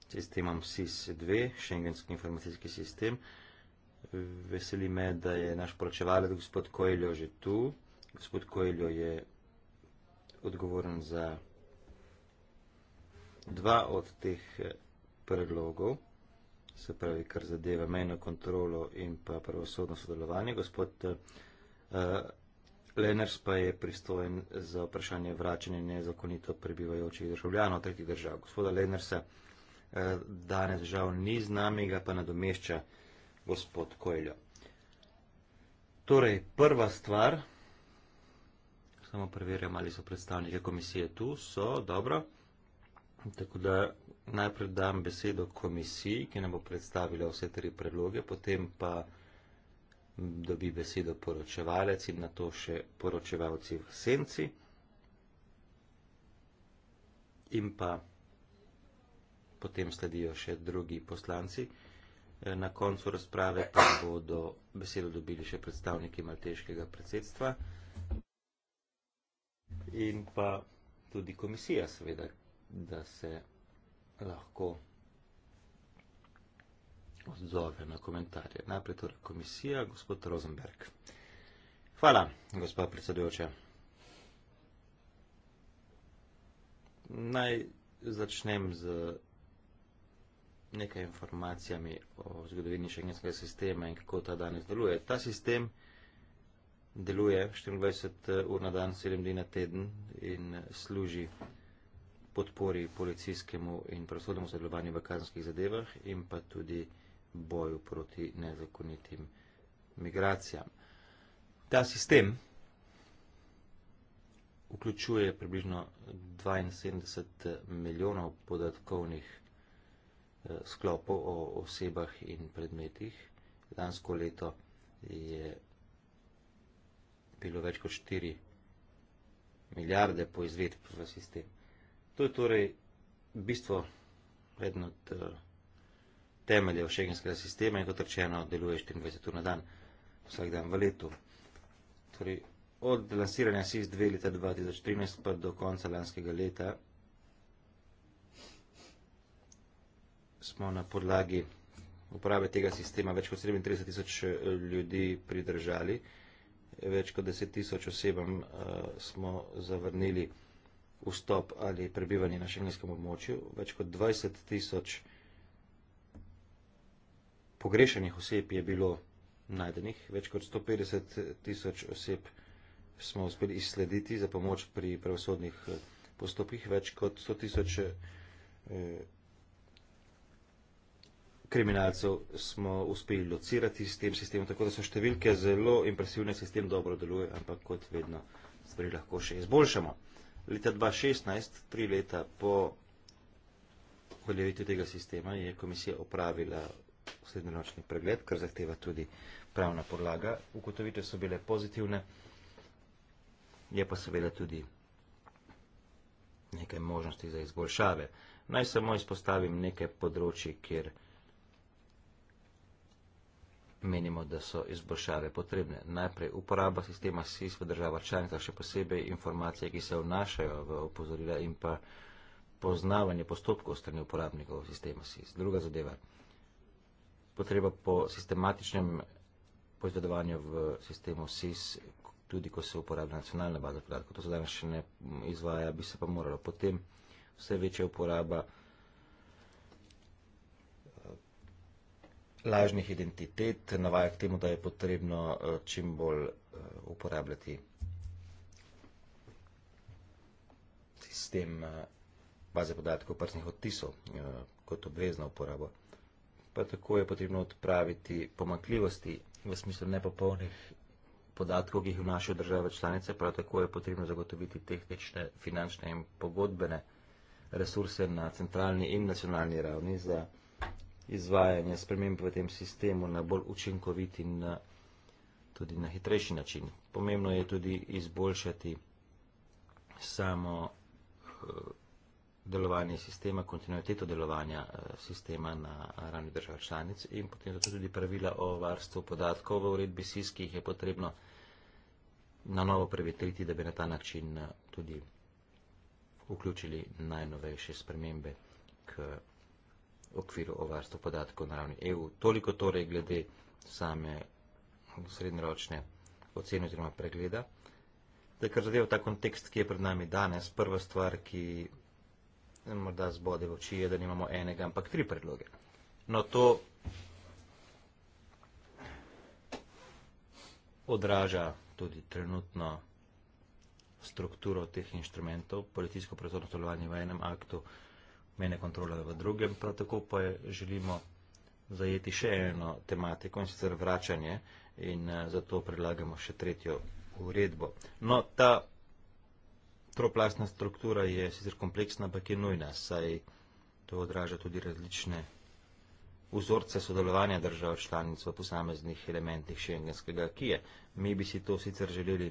sistemom SIS-2, šengenski informacijski sistem. Veseli me, da je naš poročevalec gospod Koeljo že tu. Gospod Koeljo je odgovoren za dva od teh eh, predlogov, se pravi, kar zadeva mejno kontrolo in pa pravosodno sodelovanje. Gospod uh, Leners pa je pristojen za vprašanje vračanja nezakonito prebivajočih državljanov tretjih držav. Gospoda Lenersa eh, danes žal ni z nami, ga pa nadomešča gospod Koeljo. Torej, prva stvar, samo preverjam, ali so predstavniki komisije tu, so, dobro. Tako da najprej dam besedo komisiji, ki nam bo predstavila vse tri predloge, potem pa dobi besedo poročevalec in na to še poročevalci v senci. In pa potem sledijo še drugi poslanci. Eh, na koncu razprave pa bodo besedo dobili še predstavniki malteškega predsedstva in pa tudi komisija, seveda, da se lahko odzove na komentarje. Najprej torej komisija, gospod Rosenberg. Hvala, gospod predsedujoče. Naj začnem z nekaj informacijami o zgodovini šengenskega sistema in kako ta danes deluje. Ta sistem deluje 24 ur na dan, 7 dni na teden in služi podpori policijskemu in prosodnemu sodelovanju v kazanskih zadevah in pa tudi boju proti nezakonitim migracijam. Ta sistem vključuje približno 72 milijonov podatkovnih eh, sklopov o osebah in predmetih. Lansko leto je bilo več kot 4 milijarde poizvedb v sistem. To je torej bistvo prednot uh, eh, temeljev šengenskega sistema in kot rečeno deluje 24 ur na dan, vsak dan v letu. Torej, od lansiranja SIS 2 leta 2013 pa do konca lanskega leta smo na podlagi uprave tega sistema več kot 37 tisoč eh, ljudi pridržali, več kot 10 tisoč osebam uh, smo zavrnili vstop ali prebivanje na šengenskem območju, več kot 20 tisoč ljudi pogrešenih oseb je bilo najdenih, več kot 150 tisoč oseb smo uspeli izslediti za pomoč pri pravosodnih eh, postopkih, več kot 100 tisoč eh, kriminalcev smo uspeli locirati s tem sistemom, tako da so številke zelo impresivne, sistem dobro deluje, ampak kot vedno stvari lahko še izboljšamo. Leta 2016, tri leta po uveljavitvi tega sistema, je komisija opravila srednjeročni pregled, kar zahteva tudi pravna podlaga. Ugotovitve so bile pozitivne, je pa seveda tudi nekaj možnosti za izboljšave. Naj samo izpostavim nekaj področji, kjer menimo, da so izboljšave potrebne. Najprej uporaba sistema SIS v država članica, še posebej informacije, ki se vnašajo v opozorila in pa poznavanje postopkov strani uporabnikov sistema SIS. Druga zadeva je, potreba po sistematičnem poizvedovanju v sistemu SIS, tudi ko se uporablja nacionalna baza podatkov. To se danes še ne izvaja, bi se pa moralo. Potem vse večja uporaba eh, lažnih identitet navaja k temu, da je potrebno eh, čim bolj eh, uporabljati sistem baze podatkov prstnih odtisov kot obvezno uporabo pa tako je potrebno odpraviti pomakljivosti v smislu nepopolnih podatkov, ki jih vnašajo države članice, prav tako je potrebno zagotoviti tehnične, finančne in pogodbene resurse na centralni in nacionalni ravni za izvajanje sprememb v tem sistemu na bolj učinkovit in na, tudi na hitrejši način. Pomembno je tudi izboljšati samo uh, delovanje sistema, kontinuiteto delovanja eh, sistema na ravni držav članic in potem so tudi pravila o varstvu podatkov v uredbi SIS, ki jih je potrebno na novo prevetriti, da bi na ta način eh, tudi vključili najnovejše spremembe k okviru o varstvu podatkov na ravni EU. Toliko torej glede same srednjeročne ocene oziroma pregleda. Da, kar zadeva ta kontekst, ki je pred nami danes, prva stvar, ki morda zbode v oči, je, da nimamo enega, ampak tri predloge. No, to odraža tudi trenutno strukturo teh inštrumentov, politijsko prezorno delovanje v enem aktu, mene kontrola v drugem, prav tako pa je, želimo zajeti še eno tematiko in sicer vračanje in eh, zato predlagamo še tretjo uredbo. No, ta troplastna struktura je sicer kompleksna, ampak je nujna, saj to odraža tudi različne vzorce sodelovanja držav članic v posameznih elementih šengenskega akije. Mi bi si to sicer želeli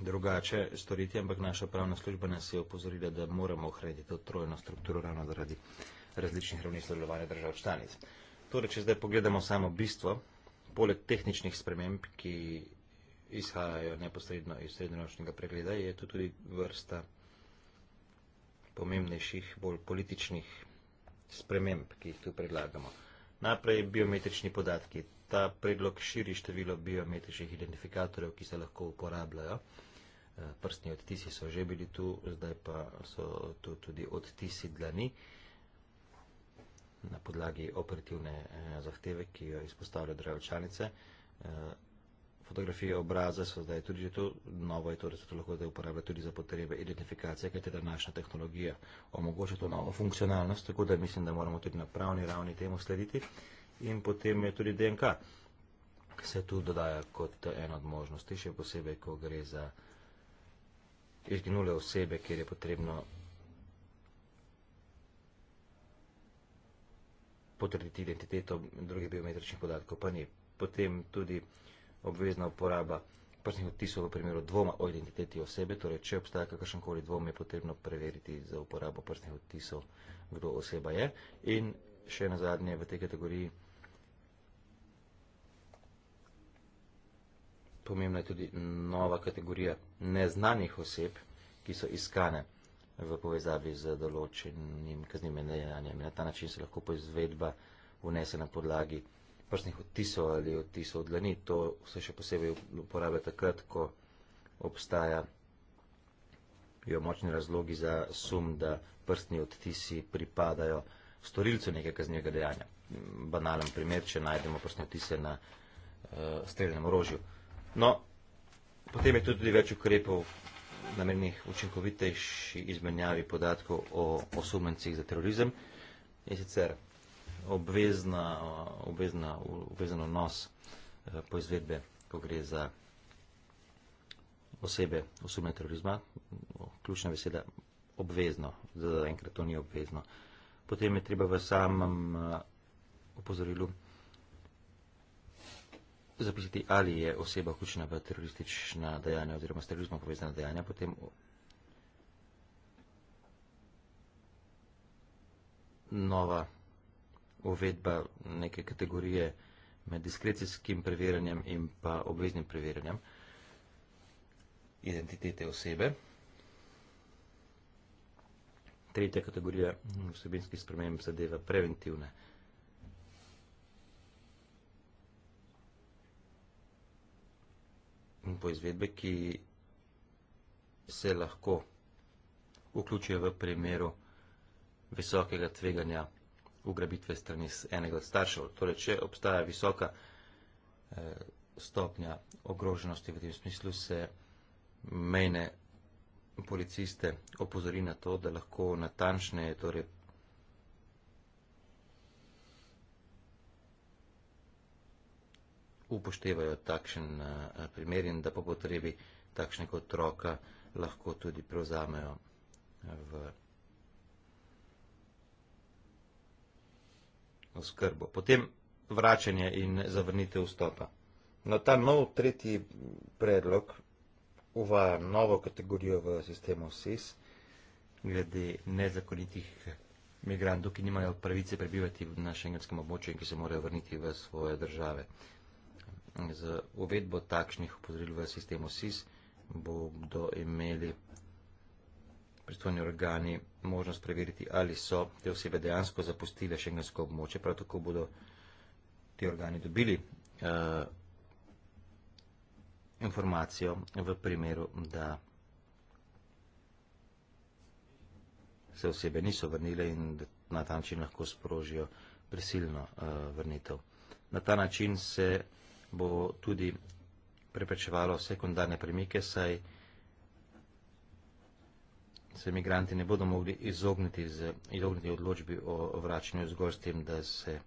drugače storiti, ampak naša pravna služba nas je opozorila, da moramo ohraniti to trojno strukturo ravno zaradi različnih ravni sodelovanja držav članic. Torej, če zdaj pogledamo samo bistvo, poleg tehničnih sprememb, ki izhajajo neposredno iz srednjeročnega pregleda, je to tudi vrsta pomembnejših, bolj političnih sprememb, ki jih tu predlagamo. Najprej biometrični podatki. Ta predlog širi število biometričnih identifikatorjev, ki se lahko uporabljajo. Eh, prstni odtisi so že bili tu, zdaj pa so tu tudi odtisi dlani na podlagi operativne eh, zahteve, ki jo izpostavljajo državčanice. Eh, fotografije, obraze, so zdaj tudi že to novo, je, torej se to lahko zdaj uporablja tudi za potrebe identifikacije, kajte današnja tehnologija omogoča to novo funkcionalnost, tako da mislim, da moramo tudi na pravni ravni temu slediti. In potem je tudi DNK, ki se tu dodaja kot ena od možnosti, še posebej, ko gre za izginule osebe, kjer je potrebno potrditi identiteto drugih biometričnih podatkov, pa ni. Potem tudi obvezna uporaba prstnih odtisov v primeru dvoma o identiteti osebe, torej če obstaja kakršenkoli dvom, je potrebno preveriti za uporabo prstnih odtisov, kdo oseba je. In še na zadnje v tej kategoriji pomembna je tudi nova kategorija neznanih oseb, ki so iskane v povezavi z določenim kaznim dejanjem. Na ta način se lahko poizvedba vnese na podlagi prstnih odtisov ali odtisov dlani. To se še posebej uporablja takrat, ko obstajajo močni razlogi za sum, da prstni odtisi pripadajo storilcu nekega kaznjega dejanja. Banalen primer, če najdemo prstne odtise na uh, eh, streljenem orožju. No, potem je tudi več ukrepov namenjenih učinkovitejši izmenjavi podatkov o osumencih za terorizem. In sicer obvezna, obvezna, obvezen odnos eh, po izvedbe, ko gre za osebe osumne terorizma. Ključna beseda obvezno, za enkrat to ni obvezno. Potem je treba v samem eh, opozorilu zapisati, ali je oseba vključena v teroristična dejanja oziroma s terorizmom povezana dejanja, potem nova uvedba neke kategorije med diskrecijskim preverjanjem in pa obveznim preverjanjem identitete osebe. Tretja kategorija vsebinskih sprememb zadeva preventivne poizvedbe, ki se lahko vključijo v primeru visokega tveganja ugrabitve strani enega od staršev. Torej, če obstaja visoka eh, stopnja ogroženosti v tem smislu, se mejne policiste opozori na to, da lahko natančne, torej upoštevajo takšen eh, primer in da po potrebi takšnega otroka lahko tudi prevzamejo eh, v. Eh, oskrbo. Potem vračanje in zavrnitev vstopa. No, ta nov tretji predlog uvaja novo kategorijo v sistemu SIS glede nezakonitih migrantov, ki nimajo pravice prebivati na šengenskem območju in ki se morajo vrniti v svoje države. Z uvedbo takšnih upozoril v sistemu SIS bodo imeli pristojni organi možnost preveriti, ali so te osebe dejansko zapustile šengensko območje. Prav tako bodo ti organi dobili uh, informacijo v primeru, da se osebe niso vrnile in da na ta način lahko sprožijo prisilno uh, vrnitev. Na ta način se bo tudi preprečevalo sekundarne premike, saj se imigranti ne bodo mogli izogniti, z, izogniti odločbi o vračanju zgolj s tem, da se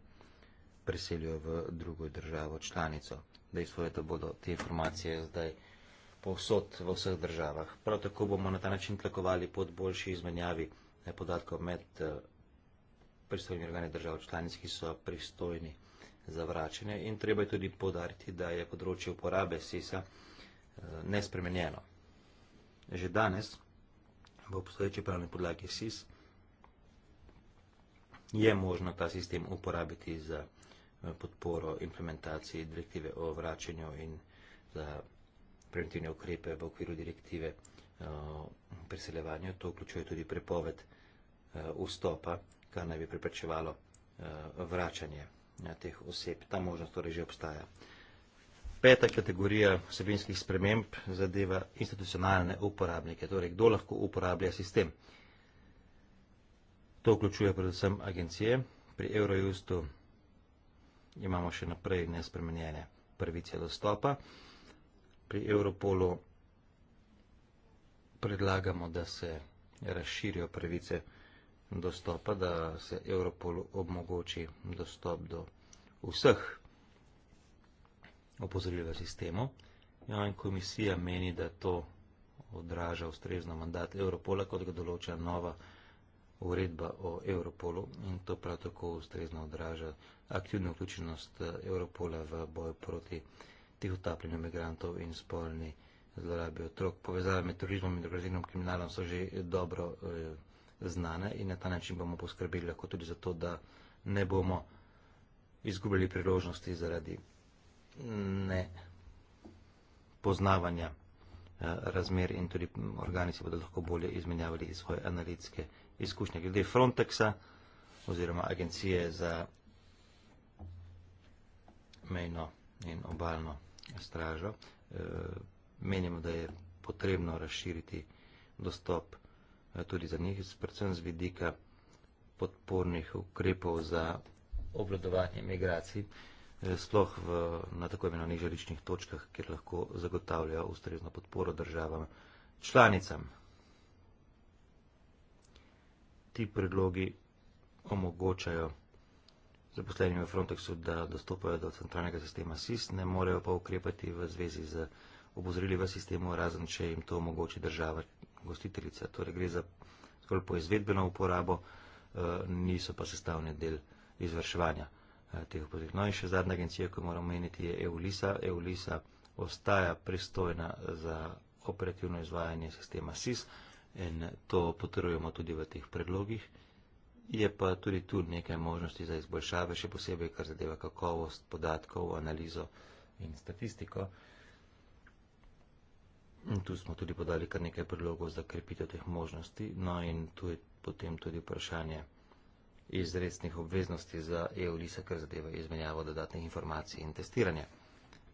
preselijo v drugo državo članico. Dejstvo je, da bodo te informacije zdaj povsod v vseh državah. Prav tako bomo na ta način tlakovali pod boljši izmenjavi eh, podatkov med eh, pristojni organi držav članic, ki so pristojni za vračanje. In treba je tudi podariti, da je področje uporabe SIS-a eh, nespremenjeno. Že danes v obstoječi pravni podlagi SIS, je možno ta sistem uporabiti za eh, podporo implementaciji direktive o vračanju in za preventivne ukrepe v okviru direktive eh, preseljevanju. To vključuje tudi prepoved eh, vstopa, kar naj bi preprečevalo vračanje teh oseb. Ta možnost torej že obstaja. Peta kategorija vsebinskih sprememb zadeva institucionalne uporabnike, torej kdo lahko uporablja sistem. To vključuje predvsem agencije. Pri Eurojustu imamo še naprej nespremenjene prvice dostopa. Pri Europolu predlagamo, da se razširijo prvice dostopa, da se Europolu omogoči dostop do vseh opozorilo sistemu. Javna komisija meni, da to odraža ustrezno mandat Europola, kot ga določa nova uredba o Europolu in to prav tako ustrezno odraža aktivno vključenost eh, Europola v boj proti tihotapljenju migrantov in spolni zlorabi otrok. Povezave med turizmom in organiziranim kriminalom so že dobro e, znane in na ta način bomo poskrbeli lahko tudi za to, da ne bomo izgubili priložnosti zaradi ne poznavanja eh, razmer in tudi organi se bodo lahko bolje izmenjavali iz svoje analitske izkušnje. Glede Frontexa oziroma Agencije za mejno in obalno stražo, eh, menimo, da je potrebno razširiti dostop eh, tudi za njih, predvsem z vidika podpornih ukrepov za obladovanje migracij. Eh, sploh v, na tako imenovanih žaličnih točkah, kjer lahko zagotavljajo ustrezno podporo državam članicam. Ti predlogi omogočajo zaposlenim v Frontexu, da dostopajo do centralnega sistema SIS, ne morejo pa ukrepati v zvezi z obozorili v sistemu, razen če jim to omogoči država gostiteljica. Torej gre za zgolj poizvedbeno uporabo, eh, niso pa sestavni del izvrševanja. Eh, teh opozoril. No in še zadnja agencija, ko moram omeniti, je EULISA. EULISA ostaja pristojna za operativno izvajanje sistema SIS in to potrjujemo tudi v teh predlogih. Je pa tudi tu nekaj možnosti za izboljšave, še posebej, kar zadeva kakovost podatkov, analizo in statistiko. In tu smo tudi podali kar nekaj predlogov za krepitev teh možnosti. No in tu je potem tudi vprašanje izrednih obveznosti za EULISA, kar zadeva izmenjavo dodatnih informacij in testiranja.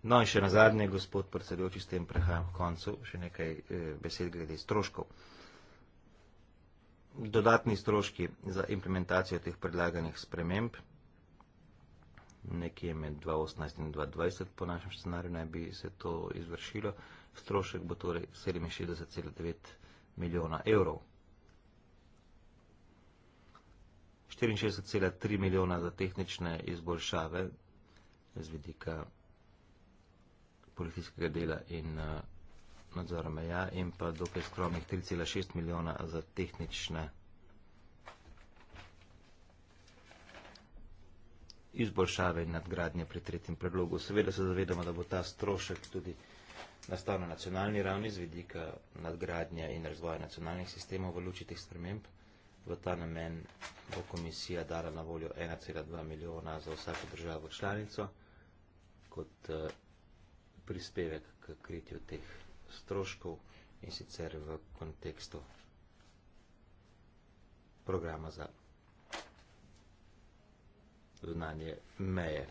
No in še na zadnje, gospod predsedujoči, s tem prehajam v koncu, še nekaj eh, besed glede stroškov. Dodatni stroški za implementacijo teh predlaganih sprememb, nekje med 2018 in 2020 po našem scenariju naj bi se to izvršilo, strošek bo torej 67,9 milijona evrov. 64,3 milijona za tehnične izboljšave z vidika policijskega dela in eh, nadzora meja in pa dokaj skromnih 3,6 milijona za tehnične izboljšave in nadgradnje pri tretjem predlogu. Seveda se zavedamo, da bo ta strošek tudi nastal na nacionalni ravni z vidika nadgradnja in razvoja nacionalnih sistemov v luči teh sprememb. V ta namen bo komisija dala na voljo 1,2 milijona za vsako državo članico kot eh, prispevek k kritju teh stroškov in sicer v kontekstu programa za zunanje meje.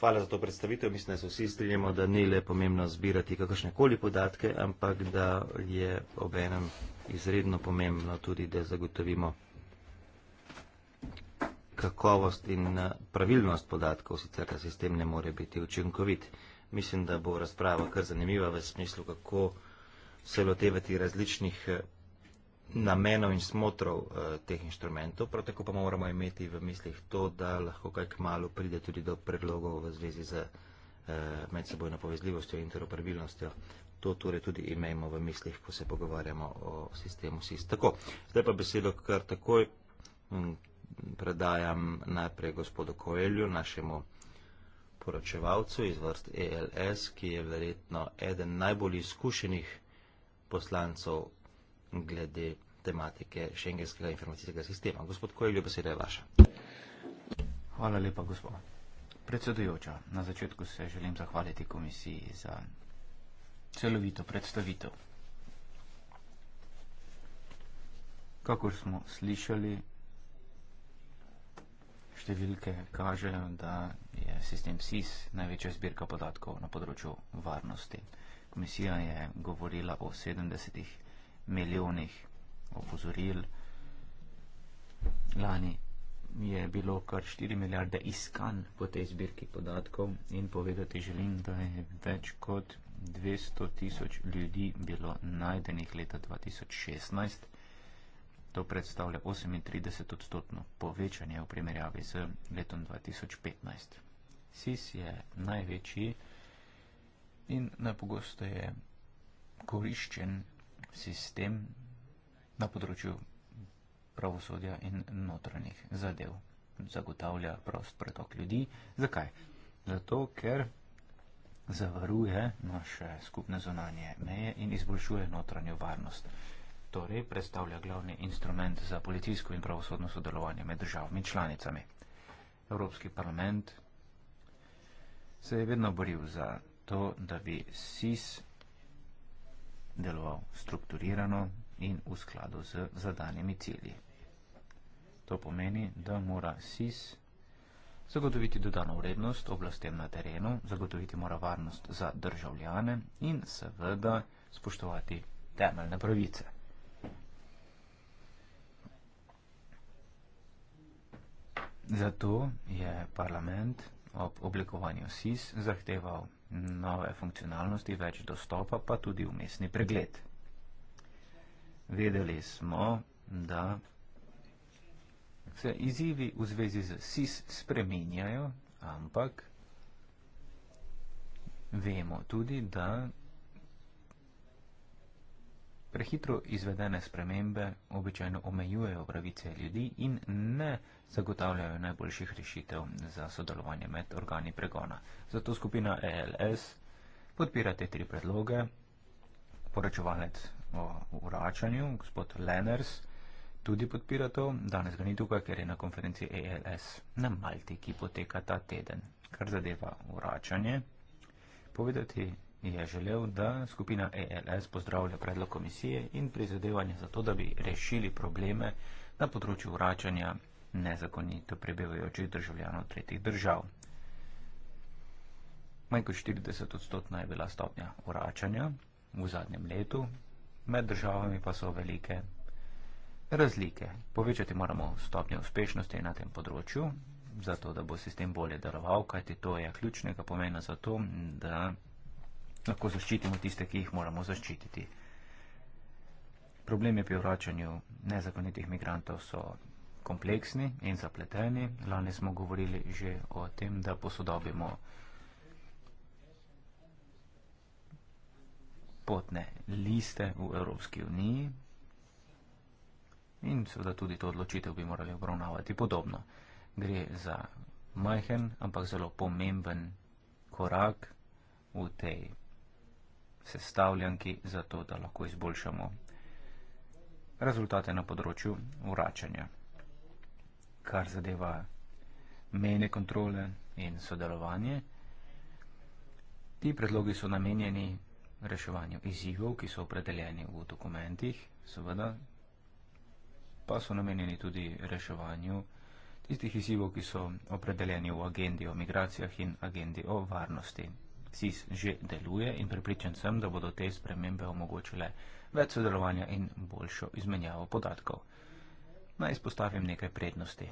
Hvala za to predstavitev. Mislim, da se vsi strinjamo, da ni le pomembno zbirati kakršne koli podatke, ampak da je ob enem izredno pomembno tudi, da zagotovimo kakovost in eh, pravilnost podatkov, sicer ta sistem ne more biti učinkovit. Mislim, da bo razprava kar zanimiva v smislu, kako se lotevati različnih eh, namenov in smotrov eh, teh inštrumentov. Prav tako pa moramo imeti v mislih to, da lahko kaj k malu pride tudi do predlogov v zvezi z medsebojno povezljivostjo in interoperabilnostjo To torej tudi imejmo v mislih, ko se pogovarjamo o sistemu SIS. Tako, zdaj pa besedo kar takoj predajam najprej gospodu Koelju, našemu poročevalcu iz vrst ELS, ki je verjetno eden najbolj izkušenih poslancov glede tematike šengenskega informacijskega sistema. Gospod Koelju, beseda je vaša. Hvala lepa, gospod. Predsedujoča, na začetku se želim zahvaliti komisiji za celovito predstavitev. Kakor smo slišali, številke kažejo, da je sistem SIS največja zbirka podatkov na področju varnosti. Komisija je govorila o 70 milijonih opozoril. Lani je bilo kar 4 milijarde iskanj po tej zbirki podatkov in povedati želim, da je več kot 200 tisoč ljudi bilo najdenih leta 2016. To predstavlja 38 odstotno povečanje v primerjavi z letom 2015. SIS je največji in najpogosteje koriščen sistem na področju pravosodja in notranjih zadev. Zagotavlja prost pretok ljudi. Zakaj? Zato, ker zavaruje naše skupne zonanje meje in izboljšuje notranjo varnost. Torej predstavlja glavni instrument za policijsko in pravosodno sodelovanje med državami članicami. Evropski parlament se je vedno boril za to, da bi SIS deloval strukturirano in v skladu z zadanimi cilji. To pomeni, da mora SIS zagotoviti dodano vrednost oblastem na terenu, zagotoviti mora varnost za državljane in seveda spoštovati temeljne pravice. Zato je parlament ob oblikovanju SIS zahteval nove funkcionalnosti, več dostopa, pa tudi umestni pregled. Vedeli smo, da se izzivi v zvezi z SIS spremenjajo, ampak vemo tudi, da prehitro izvedene spremembe običajno omejujejo pravice ljudi in ne zagotavljajo najboljših rešitev za sodelovanje med organi pregona. Zato skupina ELS podpira te tri predloge, poročevalec o vračanju, gospod Lenners, tudi podpira to, danes ga ni tukaj, ker je na konferenci ELS na Malti, ki poteka ta teden. Kar zadeva vračanje, povedati je želel, da skupina ELS pozdravlja predlog komisije in prizadevanje za to, da bi rešili probleme na področju vračanja nezakonito prebivajočih državljanov tretjih držav. Manj kot 40 odstotna je bila stopnja vračanja v zadnjem letu, med državami pa so velike razlike. Povečati moramo stopnje uspešnosti na tem področju, zato da bo sistem bolje deloval, kajti to je ključnega pomena za to, da lahko zaščitimo tiste, ki jih moramo zaščititi. Problemi pri vračanju nezakonitih migrantov so kompleksni in zapleteni. Lani smo govorili že o tem, da posodobimo potne liste v Evropski uniji, In seveda tudi to odločitev bi morali obravnavati podobno. Gre za majhen, ampak zelo pomemben korak v tej sestavljanki, zato da lahko izboljšamo rezultate na področju vračanja. Kar zadeva mejne kontrole in sodelovanje, ti predlogi so namenjeni reševanju izzivov, ki so opredeljeni v dokumentih, seveda pa so namenjeni tudi reševanju tistih izzivov, ki so opredeljeni v agendi o migracijah in agendi o varnosti. SIS že deluje in pripričan sem, da bodo te spremembe omogočile več sodelovanja in boljšo izmenjavo podatkov. Naj izpostavim nekaj prednosti.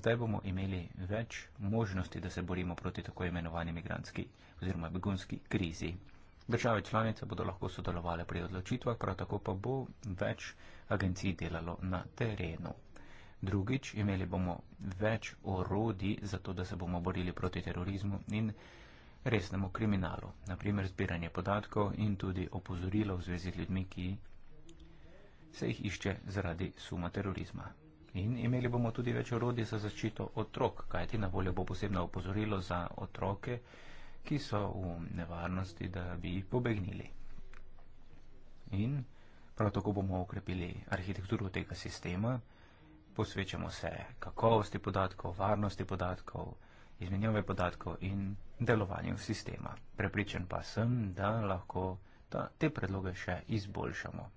Zdaj bomo imeli več možnosti, da se borimo proti tako imenovani migranski oziroma begunski krizi. Države članice bodo lahko sodelovali pri odločitvah, prav tako pa bo več agencij delalo na terenu. Drugič, imeli bomo več orodij za to, da se bomo borili proti terorizmu in resnemu kriminalu. Naprimer, zbiranje podatkov in tudi opozorilo v zvezi z ljudmi, ki se jih išče zaradi suma terorizma. In imeli bomo tudi več orodij za zaščito otrok, kajti na voljo bo posebno opozorilo za otroke, ki so v nevarnosti, da bi pobegnili. In prav tako bomo ukrepili arhitekturo tega sistema, posvečamo se kakovosti podatkov, varnosti podatkov, izmenjave podatkov in delovanju sistema. Prepričan pa sem, da lahko ta, te predloge še izboljšamo.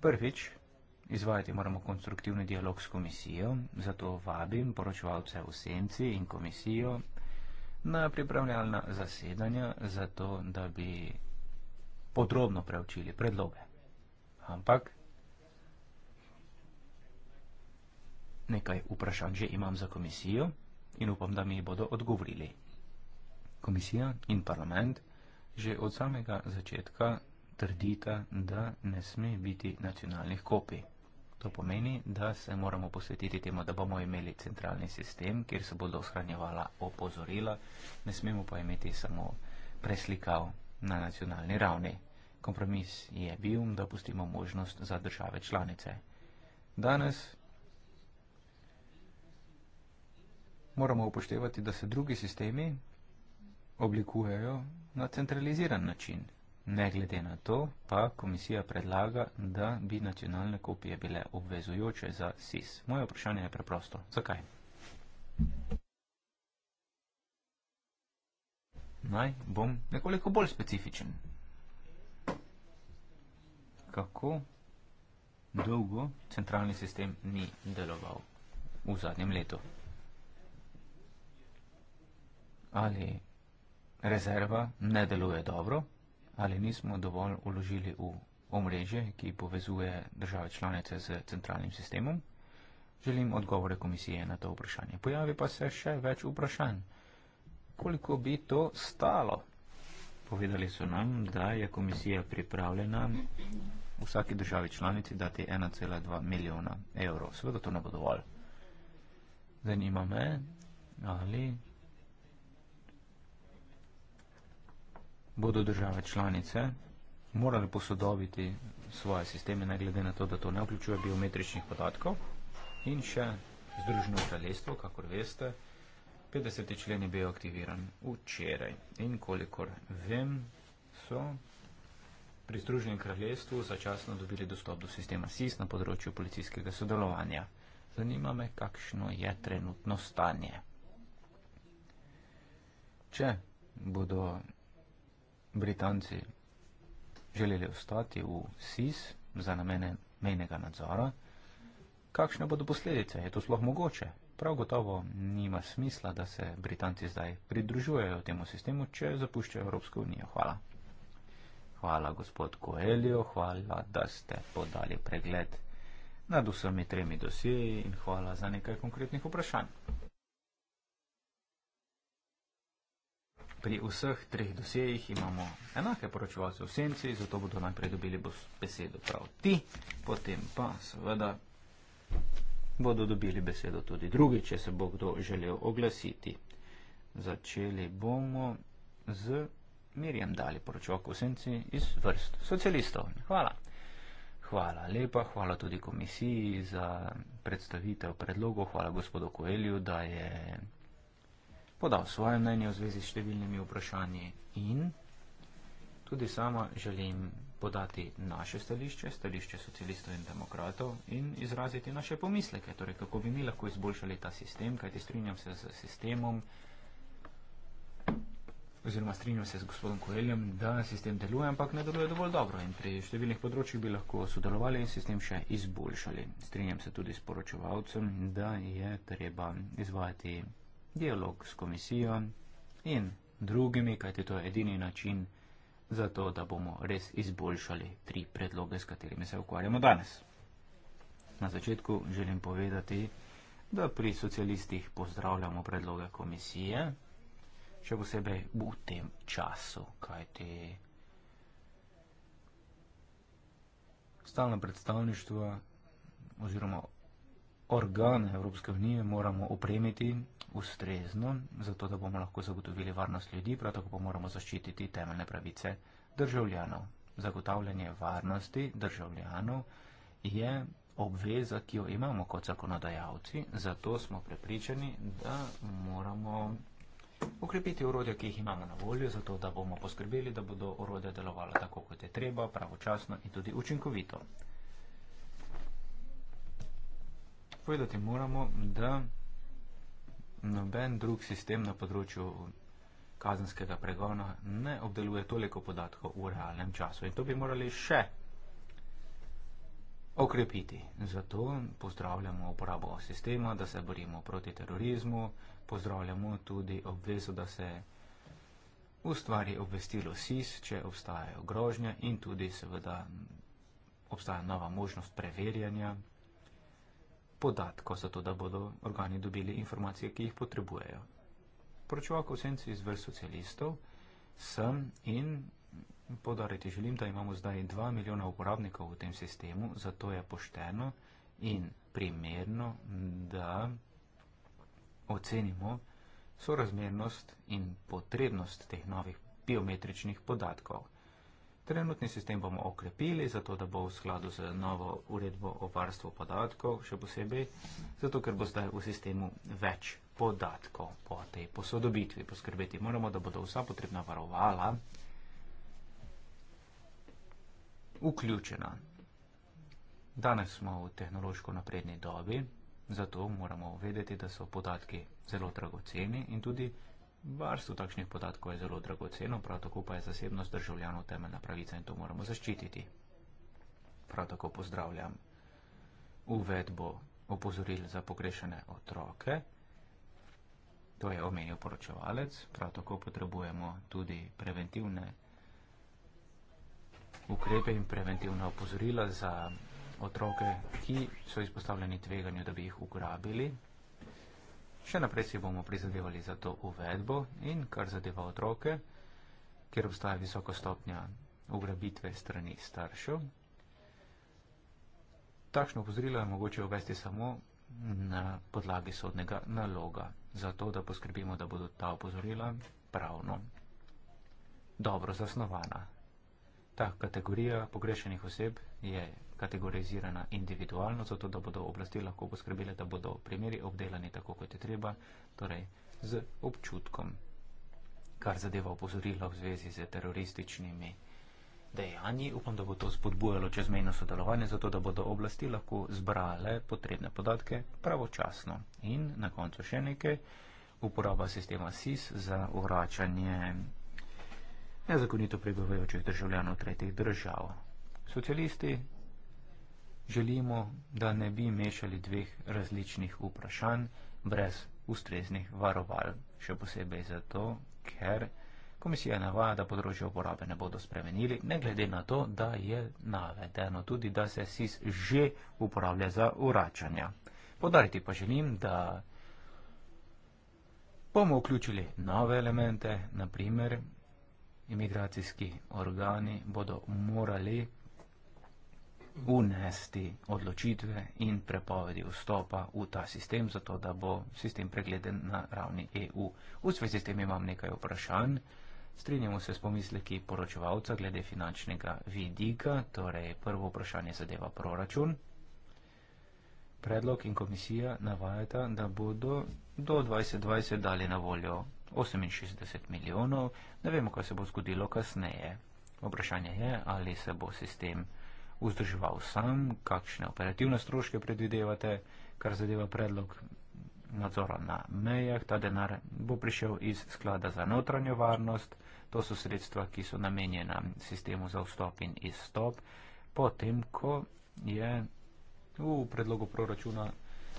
Prvič, izvajati moramo konstruktivni dialog s komisijo, zato vabim poročevalce v senci in komisijo na pripravljalna zasedanja, zato da bi podrobno preučili predloge. Ampak nekaj vprašanj že imam za komisijo in upam, da mi bodo odgovorili. Komisija in parlament že od samega začetka trdita, da ne sme biti nacionalnih kopij. To pomeni, da se moramo posvetiti temu, da bomo imeli centralni sistem, kjer se bodo ohranjevala opozorila, ne smemo pa imeti samo preslikav na nacionalni ravni. Kompromis je bil, da pustimo možnost za države članice. Danes moramo upoštevati, da se drugi sistemi oblikujejo na centraliziran način. Ne glede na to, pa komisija predlaga, da bi nacionalne kopije bile obvezujoče za SIS. Moje vprašanje je preprosto. Zakaj? Naj bom nekoliko bolj specifičen. Kako dolgo centralni sistem ni deloval v zadnjem letu? Ali rezerva ne deluje dobro? ali nismo dovolj uložili v omrežje, ki povezuje države članice z centralnim sistemom. Želim odgovore komisije na to vprašanje. Pojavi pa se še več vprašanj. Koliko bi to stalo? Povedali so nam, da je komisija pripravljena vsaki državi članici dati 1,2 milijona evrov. Seveda to ne bo dovolj. Zanima me, ali bodo države članice morali posodobiti svoje sisteme, ne glede na to, da to ne vključuje biometričnih podatkov in še združeno kraljestvo, kakor veste, 50. člen je bil aktiviran včeraj in kolikor vem, so pri združenem kraljestvu začasno dobili dostop do sistema SIS na področju policijskega sodelovanja. Zanima me, kakšno je trenutno stanje. Če bodo Britanci želeli ostati v SIS za namene mejnega nadzora. Kakšne bodo posledice? Je to sploh mogoče? Prav gotovo nima smisla, da se Britanci zdaj pridružujejo temu sistemu, če zapuščajo Evropsko unijo. Hvala. Hvala, gospod Koelijo, hvala, da ste podali pregled nad vsemi tremi dosjeji in hvala za nekaj konkretnih vprašanj. pri vseh treh dosejih imamo enake poročevalce v senci, zato bodo najprej dobili besedo prav ti, potem pa seveda bodo dobili besedo tudi drugi, če se bo kdo želel oglasiti. Začeli bomo z Mirjam Dali, poročevalko v senci iz vrst socialistov. Hvala. Hvala lepa, hvala tudi komisiji za predstavitev predlogov, hvala gospodu Koelju, da je podal svoje mnenje v zvezi s številnimi vprašanji in tudi sama želim podati naše stališče, stališče socialistov in demokratov in izraziti naše pomisleke, torej kako bi mi lahko izboljšali ta sistem, kajti strinjam se z sistemom oziroma strinjam se z gospodom Koeljem, da sistem deluje, ampak ne deluje dovolj dobro in pri številnih področjih bi lahko sodelovali in sistem še izboljšali. Strinjam se tudi s poročevalcem, da je treba izvajati dialog s komisijo in drugimi, kajte to je edini način za to, da bomo res izboljšali tri predloge, s katerimi se ukvarjamo danes. Na začetku želim povedati, da pri socialistih pozdravljamo predloge komisije, še posebej v tem času, kajte stalna predstavništva oziroma organe Evropske unije moramo opremiti ustrezno, zato da bomo lahko zagotovili varnost ljudi, prav tako pa moramo zaščititi temeljne pravice državljanov. Zagotavljanje varnosti državljanov je obveza, ki jo imamo kot zakonodajalci, zato smo prepričani, da moramo ukrepiti urodja, ki jih imamo na voljo, zato da bomo poskrbeli, da bodo urodja delovala tako, kot je treba, pravočasno in tudi učinkovito. povedati moramo, da noben drug sistem na področju kazenskega pregona ne obdeluje toliko podatkov v realnem času. In to bi morali še okrepiti. Zato pozdravljamo uporabo sistema, da se borimo proti terorizmu, pozdravljamo tudi obvezo, da se ustvari obvestilo SIS, če obstajajo grožnje in tudi seveda obstaja nova možnost preverjanja podatkov, zato da bodo organi dobili informacije, ki jih potrebujejo. Poročevalko v senci iz vrst socialistov sem in podariti želim, da imamo zdaj 2 milijona uporabnikov v tem sistemu, zato je pošteno in primerno, da ocenimo sorazmernost in potrebnost teh novih biometričnih podatkov. Trenutni sistem bomo okrepili, zato da bo v skladu z novo uredbo o varstvu podatkov, še posebej, zato ker bo zdaj v sistemu več podatkov po tej posodobitvi. Poskrbeti moramo, da bodo vsa potrebna varovala vključena. Danes smo v tehnološko napredni dobi, zato moramo vedeti, da so podatki zelo dragoceni in tudi vsega. Varstvo takšnih podatkov je zelo dragoceno, prav tako pa je zasebnost državljanov temeljna pravica in to moramo zaščititi. Prav tako pozdravljam uvedbo opozoril za pogrešene otroke. To je omenil poročevalec. Prav tako potrebujemo tudi preventivne ukrepe in preventivna opozorila za otroke, ki so izpostavljeni tveganju, da bi jih ugrabili. Še naprej si bomo prizadevali za to uvedbo in kar zadeva otroke, kjer obstaja visoka stopnja ugrabitve strani staršev. Takšno upozorilo je mogoče uvesti samo na podlagi sodnega naloga, zato da poskrbimo, da bodo ta upozorila pravno dobro zasnovana. Ta kategorija pogrešenih oseb je kategorizirana individualno, zato da bodo oblasti lahko poskrbele, da bodo primeri obdelani tako, kot je treba, torej z občutkom, kar zadeva opozorila v zvezi z terorističnimi dejanji. Upam, da bo to spodbujalo čezmejno sodelovanje, zato da bodo oblasti lahko zbrale potrebne podatke pravočasno. In na koncu še nekaj, uporaba sistema SIS za vračanje nezakonito prebivajočih državljanov tretjih držav. Socialisti želimo, da ne bi mešali dveh različnih vprašanj brez ustreznih varoval. Še posebej zato, ker komisija navaja, da področje uporabe ne bodo spremenili, ne glede na to, da je navedeno tudi, da se SIS že uporablja za uračanja. Podariti pa želim, da bomo vključili nove elemente, naprimer, imigracijski organi bodo morali unesti odločitve in prepovedi vstopa v ta sistem, zato da bo sistem pregleden na ravni EU. V svoj sistem imam nekaj vprašanj. Strinjamo se s pomisleki poročevalca glede finančnega vidika, torej prvo vprašanje zadeva proračun. Predlog in komisija navajata, da bodo do 2020 dali na voljo 68 milijonov, ne vemo, kaj se bo zgodilo kasneje. Vprašanje je, ali se bo sistem vzdrževal sam, kakšne operativne stroške predvidevate, kar zadeva predlog nadzora na mejah. Ta denar bo prišel iz sklada za notranjo varnost, to so sredstva, ki so namenjena sistemu za vstop in izstop, potem, ko je v predlogu proračuna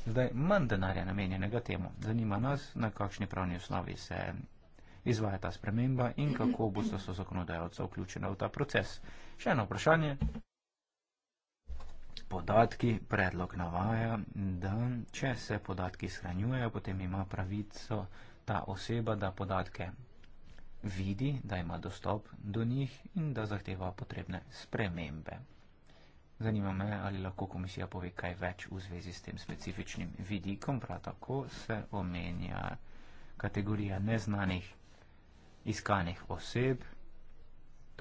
zdaj manj denarja namenjenega temu. Zanima nas, na kakšni pravni osnovi se izvaja ta sprememba in kako bosta so zakonodajalca vključena v ta proces. Še eno vprašanje podatki, predlog navaja, da če se podatki shranjujejo, potem ima pravico ta oseba, da podatke vidi, da ima dostop do njih in da zahteva potrebne spremembe. Zanima me, ali lahko komisija pove kaj več v zvezi s tem specifičnim vidikom, prav tako se omenja kategorija neznanih iskanih oseb.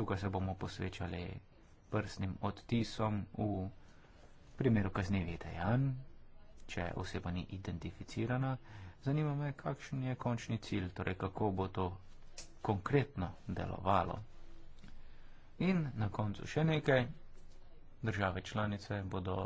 Tukaj se bomo posvečali prsnim odtisom v primeru kaznevih dejanj, če oseba ni identificirana, zanima me, kakšen je končni cilj, torej kako bo to konkretno delovalo. In na koncu še nekaj, države članice bodo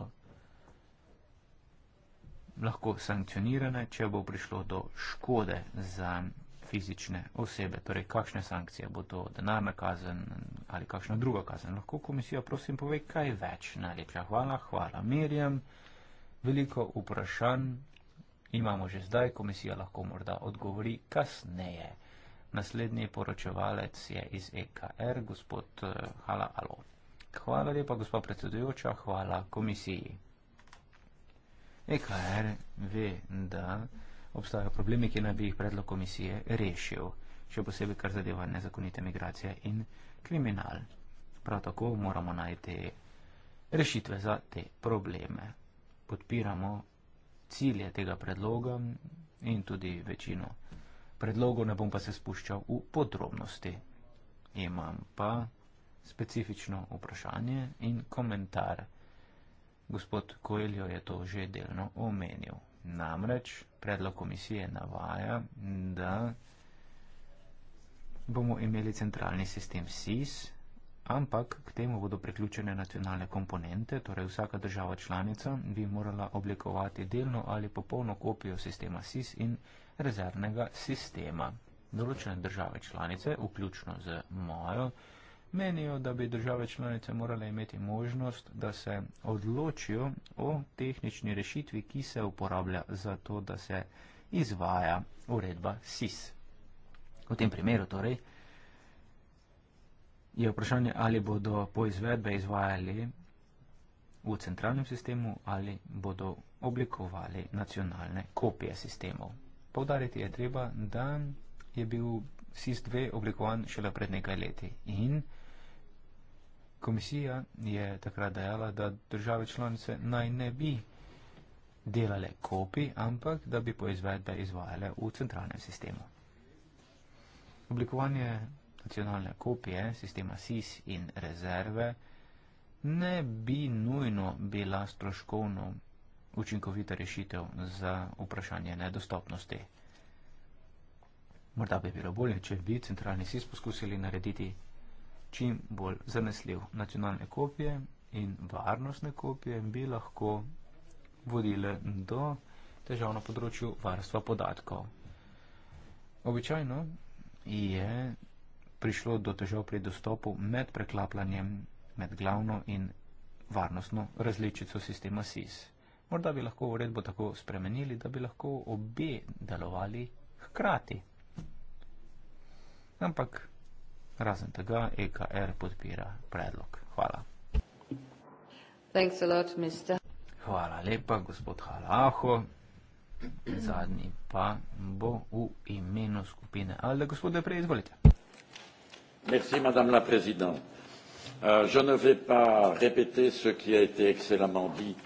lahko sankcionirane, če bo prišlo do škode za fizične osebe. Torej, kakšne sankcije bo to, denarna kazen ali kakšna druga kazen? Lahko komisija, prosim, pove kaj več. Najlepša hvala, hvala Mirjam. Veliko vprašanj imamo že zdaj, komisija lahko morda odgovori kasneje. Naslednji poročevalec je iz EKR, gospod eh, Hala Alo. Hvala lepa, gospod predsedujoča, hvala komisiji. EKR ve, da obstajajo problemi, ki naj bi jih predlog komisije rešil, še posebej kar zadeva nezakonite migracije in kriminal. Prav tako moramo najti rešitve za te probleme. Podpiramo cilje tega predloga in tudi večino predlogov, ne bom pa se spuščal v podrobnosti. Imam pa specifično vprašanje in komentar. Gospod Koeljo je to že delno omenil. Namreč predlog komisije navaja, da bomo imeli centralni sistem SIS, ampak k temu bodo priključene nacionalne komponente, torej vsaka država članica bi morala oblikovati delno ali popolno kopijo sistema SIS in rezervnega sistema. Določene države članice, vključno z mojo, menijo, da bi države članice morale imeti možnost, da se odločijo o tehnični rešitvi, ki se uporablja za to, da se izvaja uredba SIS. V tem primeru torej je vprašanje, ali bodo po izvedbe izvajali v centralnem sistemu ali bodo oblikovali nacionalne kopije sistemov. Povdariti je treba, da je bil SIS-2 oblikovan šele pred nekaj leti. In komisija je takrat dejala, da države članice naj ne bi delale kopi, ampak da bi poizvedbe izvajale v centralnem sistemu. Oblikovanje nacionalne kopije sistema SIS in rezerve ne bi nujno bila stroškovno učinkovita rešitev za vprašanje nedostopnosti Morda bi bilo bolje, če bi centralni SIS poskusili narediti čim bolj zanesljiv. Nacionalne kopije in varnostne kopije bi lahko vodile do težav na področju varstva podatkov. Običajno je prišlo do težav pri dostopu med preklapljanjem med glavno in varnostno različico sistema SIS. Morda bi lahko uredbo tako spremenili, da bi lahko obe delovali hkrati ampak razen tega EKR podpira predlog. Hvala. Lot, Hvala lepa, gospod Halaho. Zadnji pa bo v imenu skupine. Ali da gospode prej izvolite. Merci, madame la président. Uh, je ne vais pas répéter ce qui a été excellemment dit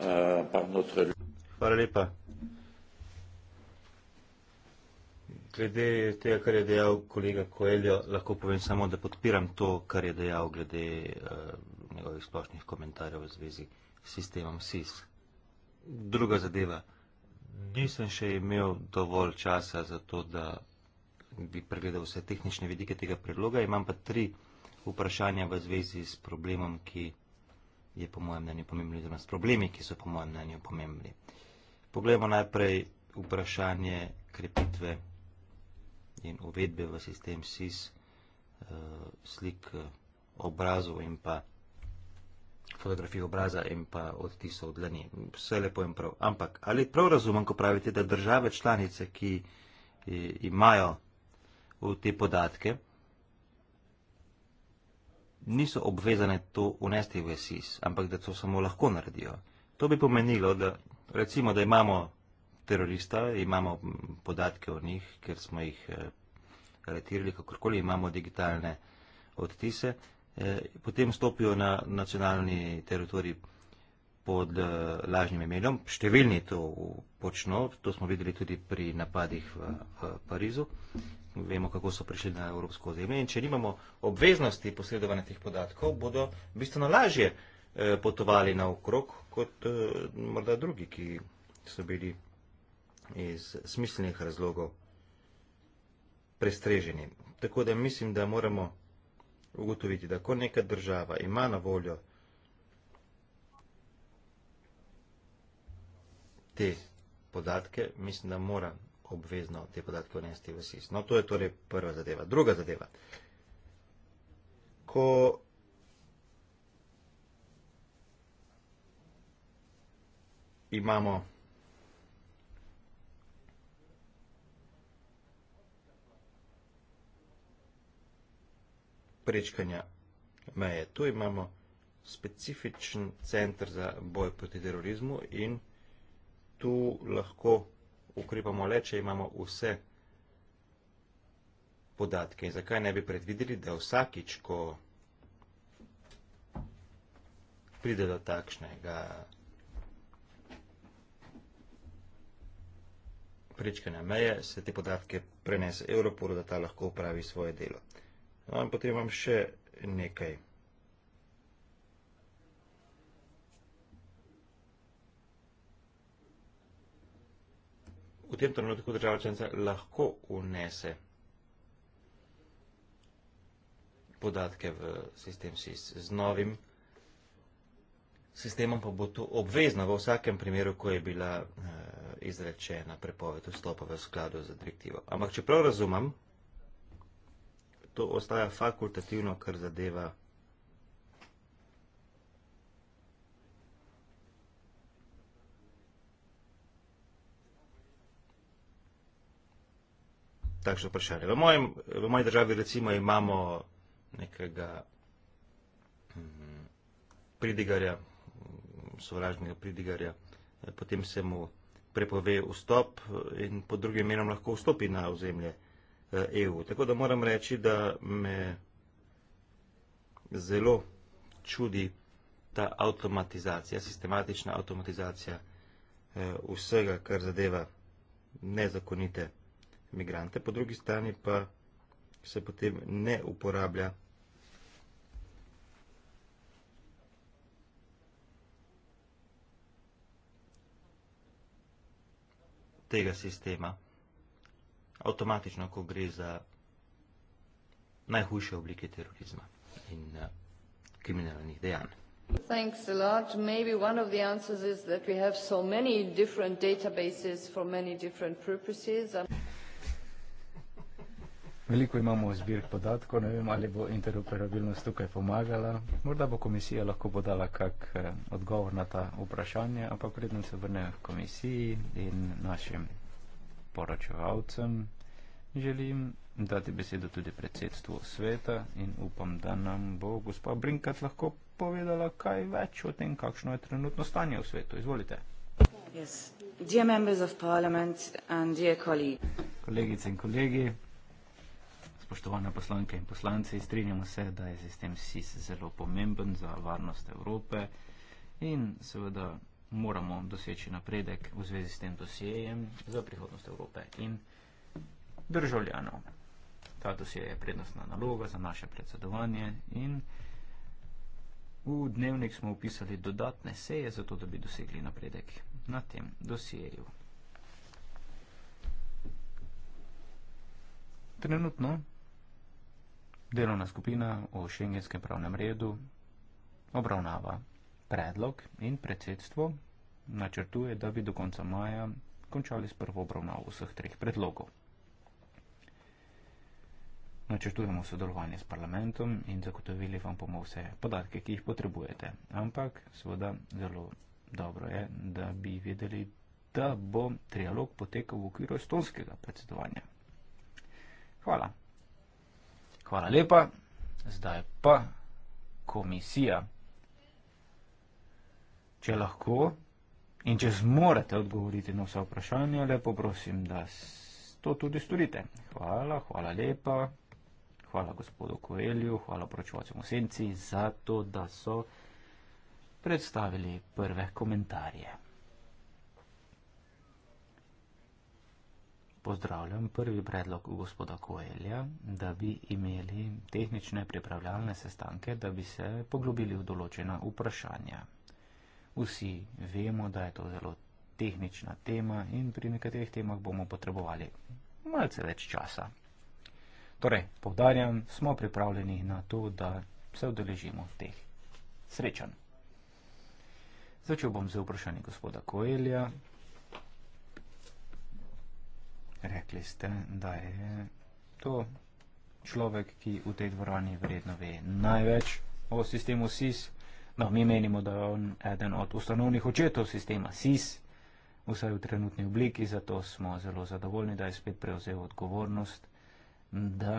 uh, par notre. Hvala lepa, Glede tega, kar je dejal kolega Koeljo, lahko povem samo, da podpiram to, kar je dejal glede uh, njegovih splošnih komentarjev v zvezi s sistemom SIS. Druga zadeva. Nisem še imel dovolj časa za to, da bi pregledal vse tehnične vidike tega predloga. Imam pa tri vprašanja v zvezi s problemom, ki je po mojem mnenju pomembni, oziroma s problemi, ki so po mojem mnenju pomembni. Poglejmo najprej vprašanje krepitve in uvedbe v sistem SIS uh, slik eh, obrazov in pa fotografij obraza in pa odtisov dlani. Vse lepo in prav. Ampak ali prav razumem, ko pravite, da države članice, ki eh, imajo v te podatke, niso obvezane to unesti v SIS, ampak da to samo lahko naredijo. To bi pomenilo, da recimo, da imamo terorista, imamo podatke o njih, ker smo jih eh, aretirali, kakorkoli imamo digitalne odtise, eh, potem stopijo na nacionalni teritorij pod eh, lažnim imenom. Številni to počno, to smo videli tudi pri napadih v, v Parizu. Vemo, kako so prišli na evropsko ozemlje. In če nimamo obveznosti posredovanja teh podatkov, bodo bistveno lažje potovali na okrog kot morda drugi, ki so bili iz smiselnih razlogov prestreženi. Tako da mislim, da moramo ugotoviti, da ko neka država ima na voljo te podatke, mislim, da mora obvezno te podatke vnesti v SIS. No, to je torej prva zadeva. Druga zadeva. Ko imamo prečkanja meje. Tu imamo specifičen centr za boj proti terorizmu in tu lahko ukrepamo le, če imamo vse podatke. In zakaj ne bi predvideli, da vsakič, ko pride do takšnega prečkanja meje, se te podatke prenese Europolu, da ta lahko upravi svoje delo. No, in potem imam še nekaj. V tem trenutku država članica lahko unese podatke v sistem SIS z novim sistemom, pa bo to obvezno v vsakem primeru, ko je bila eh, izrečena prepoved vstopa v skladu z direktivo. Ampak čeprav razumem, to ostaja fakultativno, kar zadeva takšno vprašanje. V, mojem, v moji državi recimo imamo nekega mm, pridigarja, sovražnega pridigarja, potem se mu prepove vstop in pod drugim imenom lahko vstopi na ozemlje EU. Eh, e Tako da moram reči, da me zelo čudi ta avtomatizacija, sistematična avtomatizacija eh, vsega, kar zadeva nezakonite migrante. Po drugi strani pa se potem ne uporablja tega sistema, avtomatično, ko gre za najhujše oblike terorizma in uh, kriminalnih dejanj. Thanks a lot. Maybe one of the answers is that we have so many different databases for many different purposes. Veliko imamo zbirk podatkov, ne vem, ali bo interoperabilnost tukaj pomagala. Morda bo komisija lahko podala kak eh, odgovor na ta vprašanje, ampak predem se vrnem k komisiji in našim poročevalcem. Želim dati besedo tudi predsedstvu sveta in upam, da nam bo gospa Brinkat lahko povedala kaj več o tem, kakšno je trenutno stanje v svetu. Izvolite. Yes. Dear members of parliament and dear colleagues. Kolegice in kolegi, spoštovane poslanke in poslanci, strinjamo se, da je sistem SIS zelo pomemben za varnost Evrope in seveda moramo doseči napredek v zvezi s tem dosjejem za prihodnost Evrope in državljanov. Ta dosje je prednostna naloga za naše predsedovanje in v dnevnik smo upisali dodatne seje, zato da bi dosegli napredek na tem dosjeju. Trenutno delovna skupina o šengenskem pravnem redu obravnava predlog in predsedstvo načrtuje, da bi do konca maja končali s prvo obravnavo vseh treh predlogov. Načrtujemo sodelovanje s parlamentom in zagotovili vam bomo vse podatke, ki jih potrebujete. Ampak, seveda, zelo dobro je, da bi vedeli, da bo trialog potekal v okviru estonskega predsedovanja. Hvala. Hvala lepa. Zdaj pa komisija. Če lahko in če zmorete odgovoriti na vsa vprašanja, lepo prosim, da to tudi storite. Hvala, hvala lepa, hvala gospodu Koelju, hvala poročevalcem v senci za to, da so predstavili prve komentarje. Pozdravljam prvi predlog gospoda Koelja, da bi imeli tehnične pripravljalne sestanke, da bi se poglobili v določena vprašanja. Vsi vemo, da je to zelo tehnična tema in pri nekaterih temah bomo potrebovali malce več časa. Torej, povdarjam, smo pripravljeni na to, da se odeležimo teh srečanj. Začel bom z vprašanjem gospoda Koelja. Rekli ste, da je to človek, ki v tej dvorani vredno ve največ o sistemu SIS. No, mi menimo, da je on eden od ustanovnih očetov sistema SIS, vsaj v trenutni obliki, zato smo zelo zadovoljni, da je spet prevzel odgovornost, da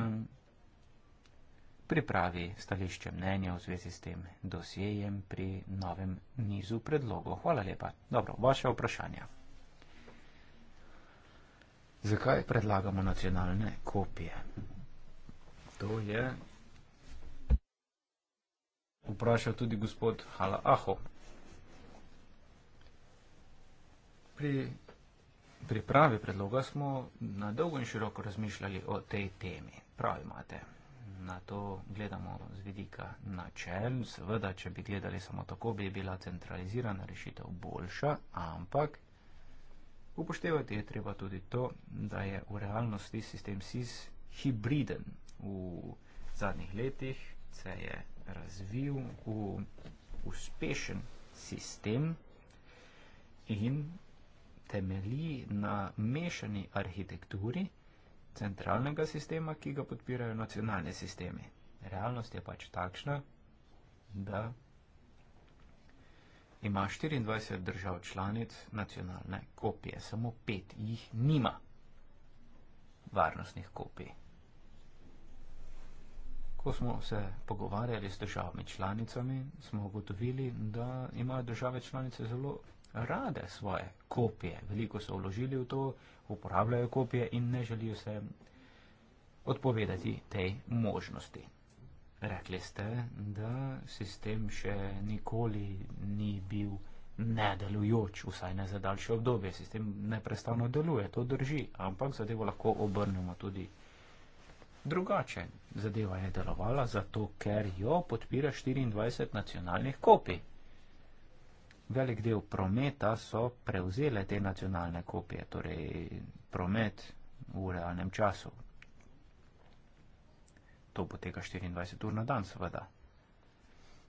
pripravi stališče mnenja v zvezi s tem dosjejem pri novem nizu predlogov. Hvala lepa. Dobro, vaše vprašanje. Zakaj predlagamo nacionalne kopije? To je vprašal tudi gospod Hala Aho. Pri pripravi predloga smo na dolgo in široko razmišljali o tej temi. Prav imate. Na to gledamo z vidika načel. Seveda, če bi gledali samo tako, bi bila centralizirana rešitev boljša, ampak upoštevati je treba tudi to, da je v realnosti sistem SIS hibriden. V zadnjih letih se je razvil v uspešen sistem in temelji na mešani arhitekturi centralnega sistema, ki ga podpirajo nacionalne sisteme. Realnost je pač takšna, da ima 24 držav članic nacionalne kopije, samo pet jih nima varnostnih kopij. Ko smo se pogovarjali z državami članicami, smo ugotovili, da imajo države članice zelo rade svoje kopije. Veliko so vložili v to, uporabljajo kopije in ne želijo se odpovedati tej možnosti. Rekli ste, da sistem še nikoli ni bil nedelujoč, vsaj ne za daljše obdobje. Sistem neprestano deluje, to drži, ampak zadevo lahko obrnemo tudi drugače. Zadeva je delovala zato, ker jo podpira 24 nacionalnih kopij. Velik del prometa so prevzele te nacionalne kopije, torej promet v realnem času. To poteka 24 ur na dan, seveda.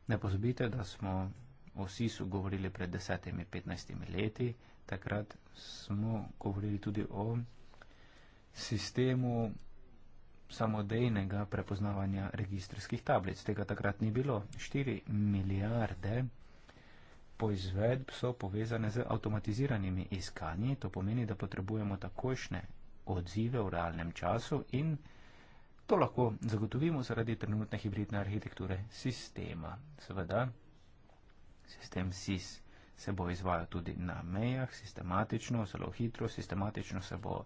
Ne pozabite, da smo vsi su govorili pred 10-15 leti, takrat smo govorili tudi o sistemu samodejnega prepoznavanja registrskih tablic. Tega takrat ni bilo. 4 milijarde poizvedb so povezane z avtomatiziranimi iskanji. To pomeni, da potrebujemo takošne odzive v realnem času in to lahko zagotovimo zaradi trenutne hibridne arhitekture sistema. Seveda, sistem SIS se bo izvajal tudi na mejah, sistematično, zelo hitro, sistematično se bo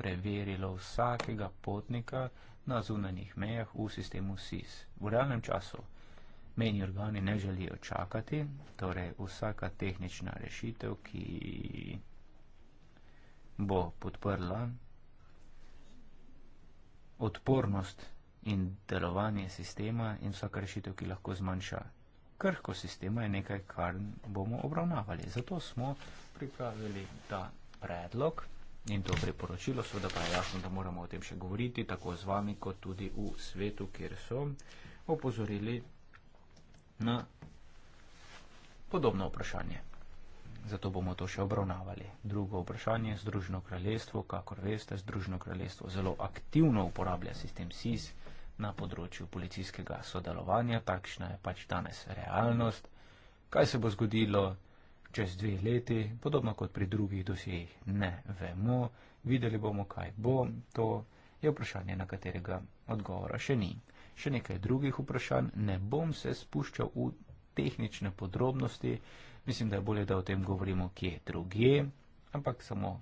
preverilo vsakega potnika na zunanjih mejah v sistemu SIS. V realnem času meni organi ne želijo čakati, torej vsaka tehnična rešitev, ki bo podprla odpornost in delovanje sistema in vsaka rešitev, ki lahko zmanjša krhko sistema, je nekaj, kar bomo obravnavali. Zato smo pripravili ta predlog. In to priporočilo, seveda pa je jasno, da moramo o tem še govoriti, tako z vami, kot tudi v svetu, kjer so opozorili na podobno vprašanje. Zato bomo to še obravnavali. Drugo vprašanje, Združeno kraljestvo, kakor veste, Združeno kraljestvo zelo aktivno uporablja sistem SIS na področju policijskega sodelovanja, takšna je pač danes realnost. Kaj se bo zgodilo? čez dve leti, podobno kot pri drugih dosjejih, ne vemo, videli bomo, kaj bo, to je vprašanje, na katerega odgovora še ni. Še nekaj drugih vprašanj, ne bom se spuščal v tehnične podrobnosti, mislim, da je bolje, da o tem govorimo kje drugje, ampak samo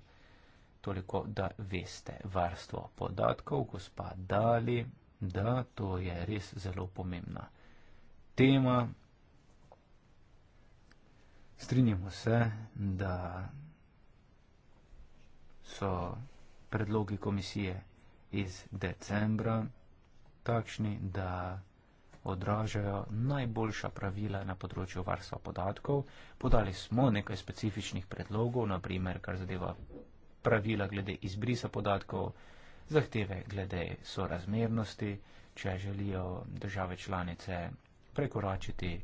toliko, da veste varstvo podatkov, gospa Dali, da to je res zelo pomembna tema. Strinjamo se, da so predlogi komisije iz decembra takšni, da odražajo najboljša pravila na področju varstva podatkov. Podali smo nekaj specifičnih predlogov, naprimer, kar zadeva pravila glede izbrisa podatkov, zahteve glede sorazmernosti, če želijo države članice prekoračiti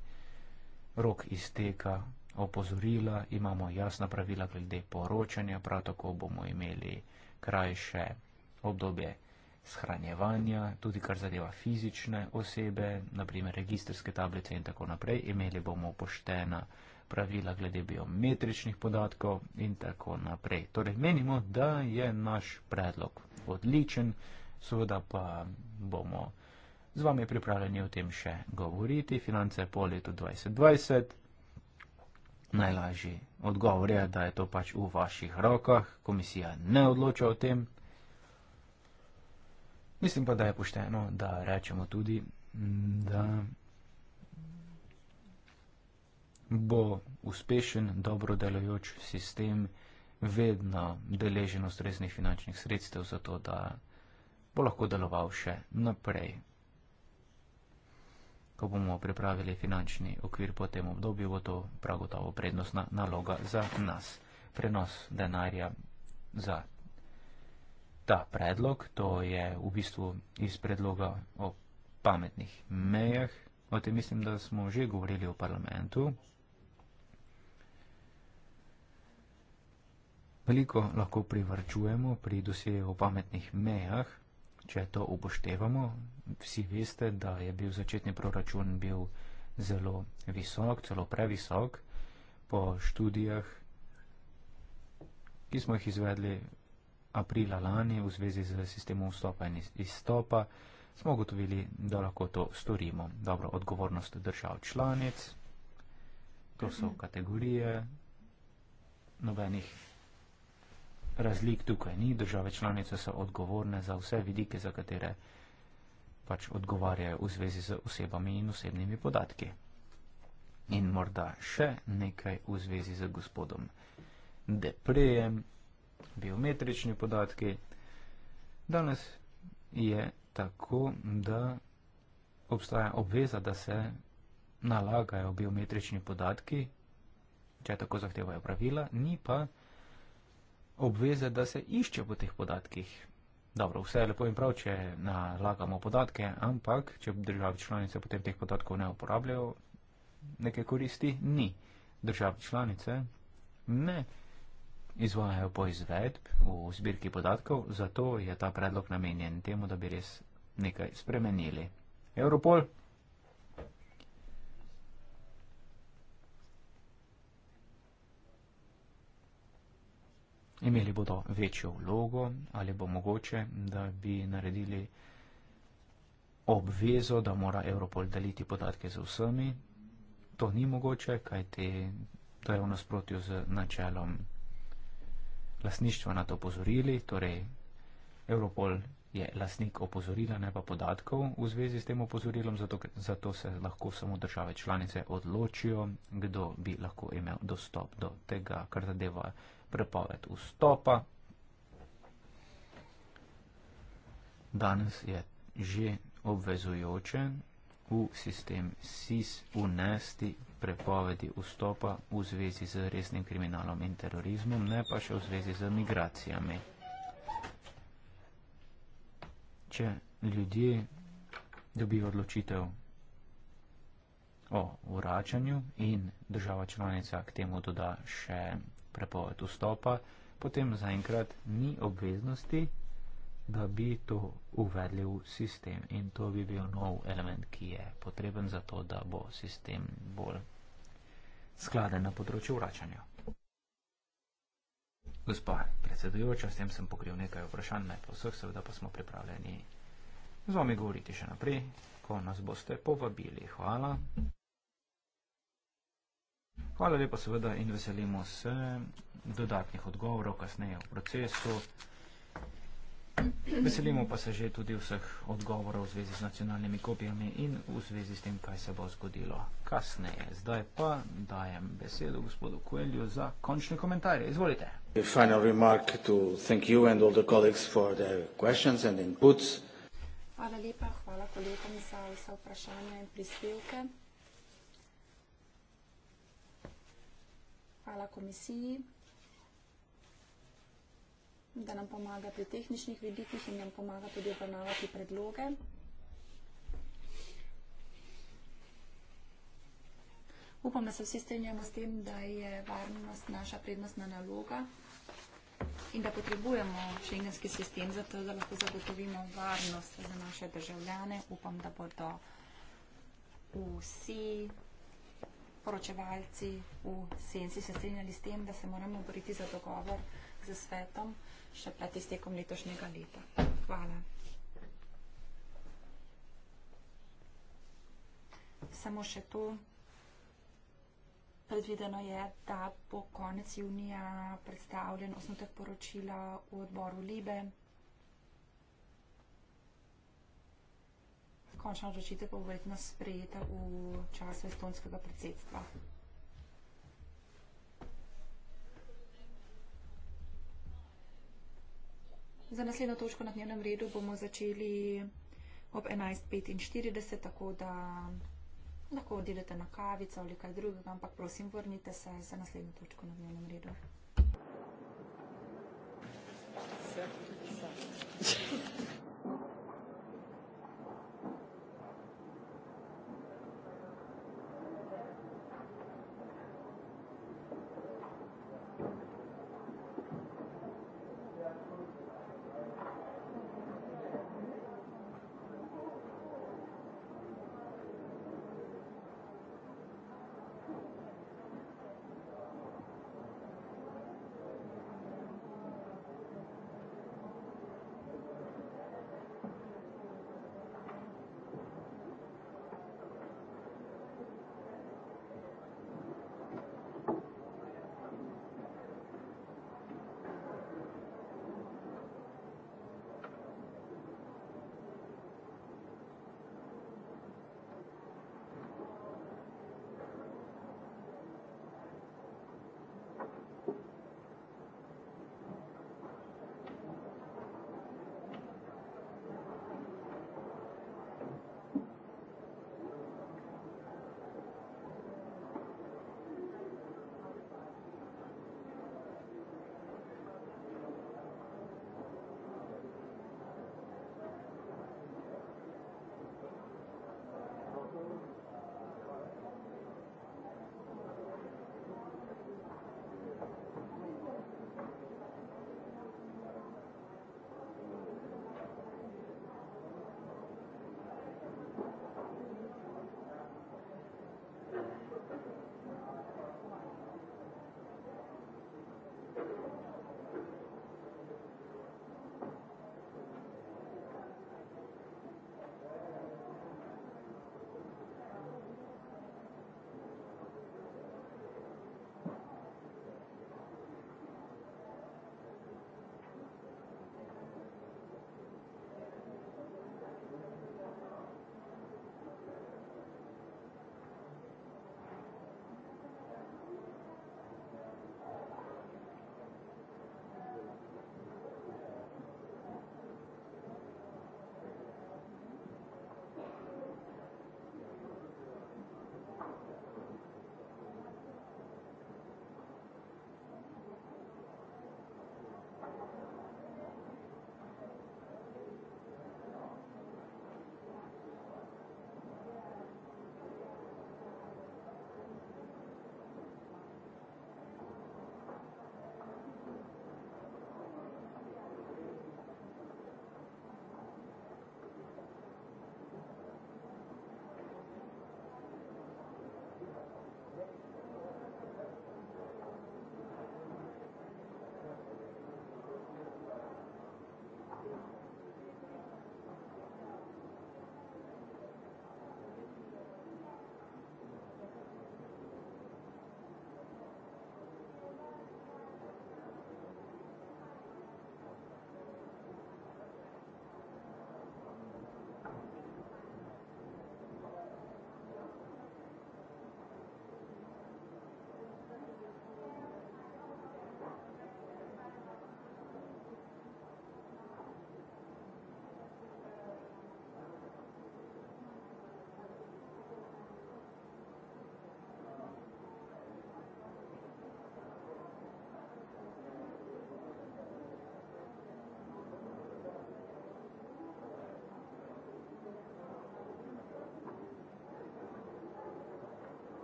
rok izteka opozorila, imamo jasna pravila glede poročanja, prav tako bomo imeli krajše obdobje shranjevanja, tudi kar zadeva fizične osebe, naprimer registrske tablice in tako naprej. Imeli bomo poštena pravila glede biometričnih podatkov in tako naprej. Torej menimo, da je naš predlog odličen, seveda pa bomo z vami pripravljeni o tem še govoriti. Finance po letu 2020 najlažji odgovor je, da je to pač v vaših rokah, komisija ne odloča o tem. Mislim pa, da je pošteno, da rečemo tudi, da bo uspešen, dobro delajoč sistem vedno deležen ustreznih finančnih sredstev za to, da bo lahko deloval še naprej. Ko bomo pripravili finančni okvir po tem obdobju, bo to prav gotovo prednostna naloga za nas. Prenos denarja za ta predlog, to je v bistvu iz predloga o pametnih mejah. O tem mislim, da smo že govorili v parlamentu. Veliko lahko privrčujemo pri dosegu o pametnih mejah če to upoštevamo. Vsi veste, da je bil začetni proračun bil zelo visok, celo previsok. Po študijah, ki smo jih izvedli aprila lani v zvezi z sistemom vstopa in izstopa, smo ugotovili, da lahko to storimo. Dobro, odgovornost držav članic, to so kategorije nobenih razlik tukaj ni. Države članice so odgovorne za vse vidike, za katere pač odgovarjajo v zvezi z osebami in osebnimi podatki. In morda še nekaj v zvezi z gospodom Deprejem, biometrični podatki. Danes je tako, da obstaja obveza, da se nalagajo biometrični podatki, če tako zahtevajo pravila, ni pa obveze, da se išče po teh podatkih. Dobro, vse je lepo in prav, če nalagamo podatke, ampak če države članice potem teh podatkov ne uporabljajo, neke koristi ni. Države članice ne izvajajo poizvedb v zbirki podatkov, zato je ta predlog namenjen temu, da bi res nekaj spremenili. Europol. imeli bodo večjo vlogo ali bo mogoče, da bi naredili obvezo, da mora Europol deliti podatke z vsemi. To ni mogoče, kajti to je v nasprotju z načelom lasništva na to opozorili. Torej, Europol je lasnik opozorila, ne pa podatkov v zvezi s tem opozorilom, zato, zato se lahko samo države članice odločijo, kdo bi lahko imel dostop do tega, kar zadeva prepoved vstopa. Danes je že obvezujoče v sistem SIS unesti prepovedi vstopa v zvezi z resnim kriminalom in terorizmom, ne pa še v zvezi z migracijami. Če ljudje dobijo odločitev o vračanju in država članica k temu doda še prepoved vstopa, potem zaenkrat ni obveznosti, da bi to uvedli v sistem. In to bi bil nov element, ki je potreben za to, da bo sistem bolj skladen na področju vračanja. Gospa predsedujoča, s tem sem pokril nekaj vprašanj, ne pa vseh, seveda pa smo pripravljeni z vami govoriti še naprej, ko nas boste povabili. Hvala. Hvala lepa seveda in veselimo se dodatnih odgovorov kasneje v procesu. Veselimo pa se že tudi vseh odgovorov v zvezi z nacionalnimi kopijami in v zvezi s tem, kaj se bo zgodilo kasneje. Zdaj pa dajem besedo gospodu Kuelju za končne komentarje. Izvolite. Final remark to thank you and all the colleagues for their questions and inputs. Hvala lepa, hvala kolegom za vse vprašanja in prispevke. Hvala komisiji, da nam pomaga pri tehničnih vidikih in nam pomaga tudi obravnavati predloge. Upam, da se vsi strinjamo s tem, da je varnost naša prednostna naloga in da potrebujemo šengenski sistem za to, da lahko zagotovimo varnost za naše državljane. Upam, da bodo vsi poročevalci v senci se strinjali s tem, da se moramo boriti za dogovor z svetom še pred iztekom letošnjega leta. Hvala. Samo še to. Predvideno je, da bo konec junija predstavljen osnotek poročila v odboru Libe. končna odločitev bo verjetno sprejeta v času estonskega predsedstva. Za naslednjo točko na dnevnem redu bomo začeli ob 11.45, tako da lahko odidete na kavico ali kaj drugega, ampak prosim, vrnite se za naslednjo točko na dnevnem redu. Thank you.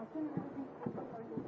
I couldn't have been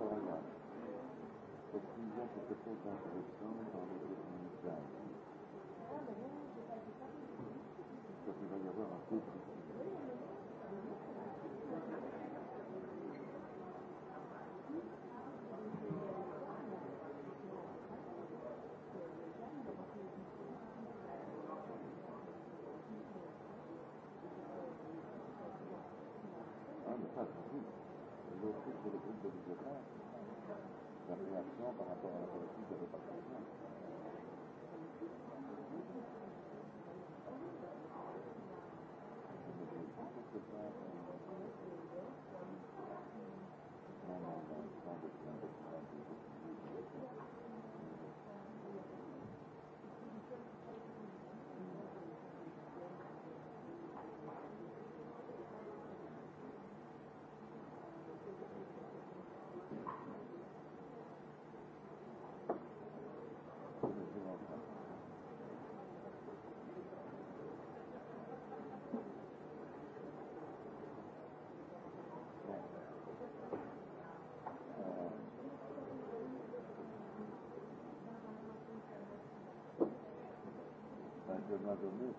Thank you. politique de France, la réaction par rapport à la politique de répartition.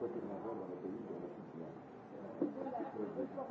Потребно было. Merci.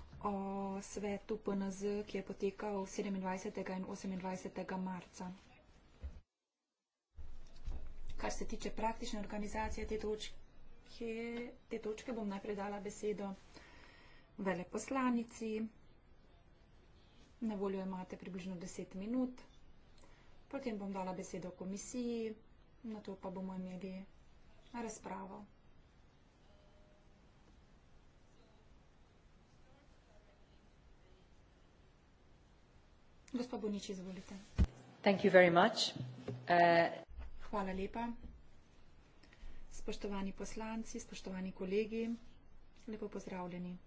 o svetu PNZ, ki je potekal 27. in 28. marca. Kar se tiče praktične organizacije te točke, te točke bom najprej dala besedo veleposlanici. Na voljo imate približno 10 minut, potem bom dala besedo komisiji, na to pa bomo imeli razpravo. Thank you very much. Uh, Hvala lepa. Spoštovani poslanci, spoštovani kolegi, lepo pozdravljeni.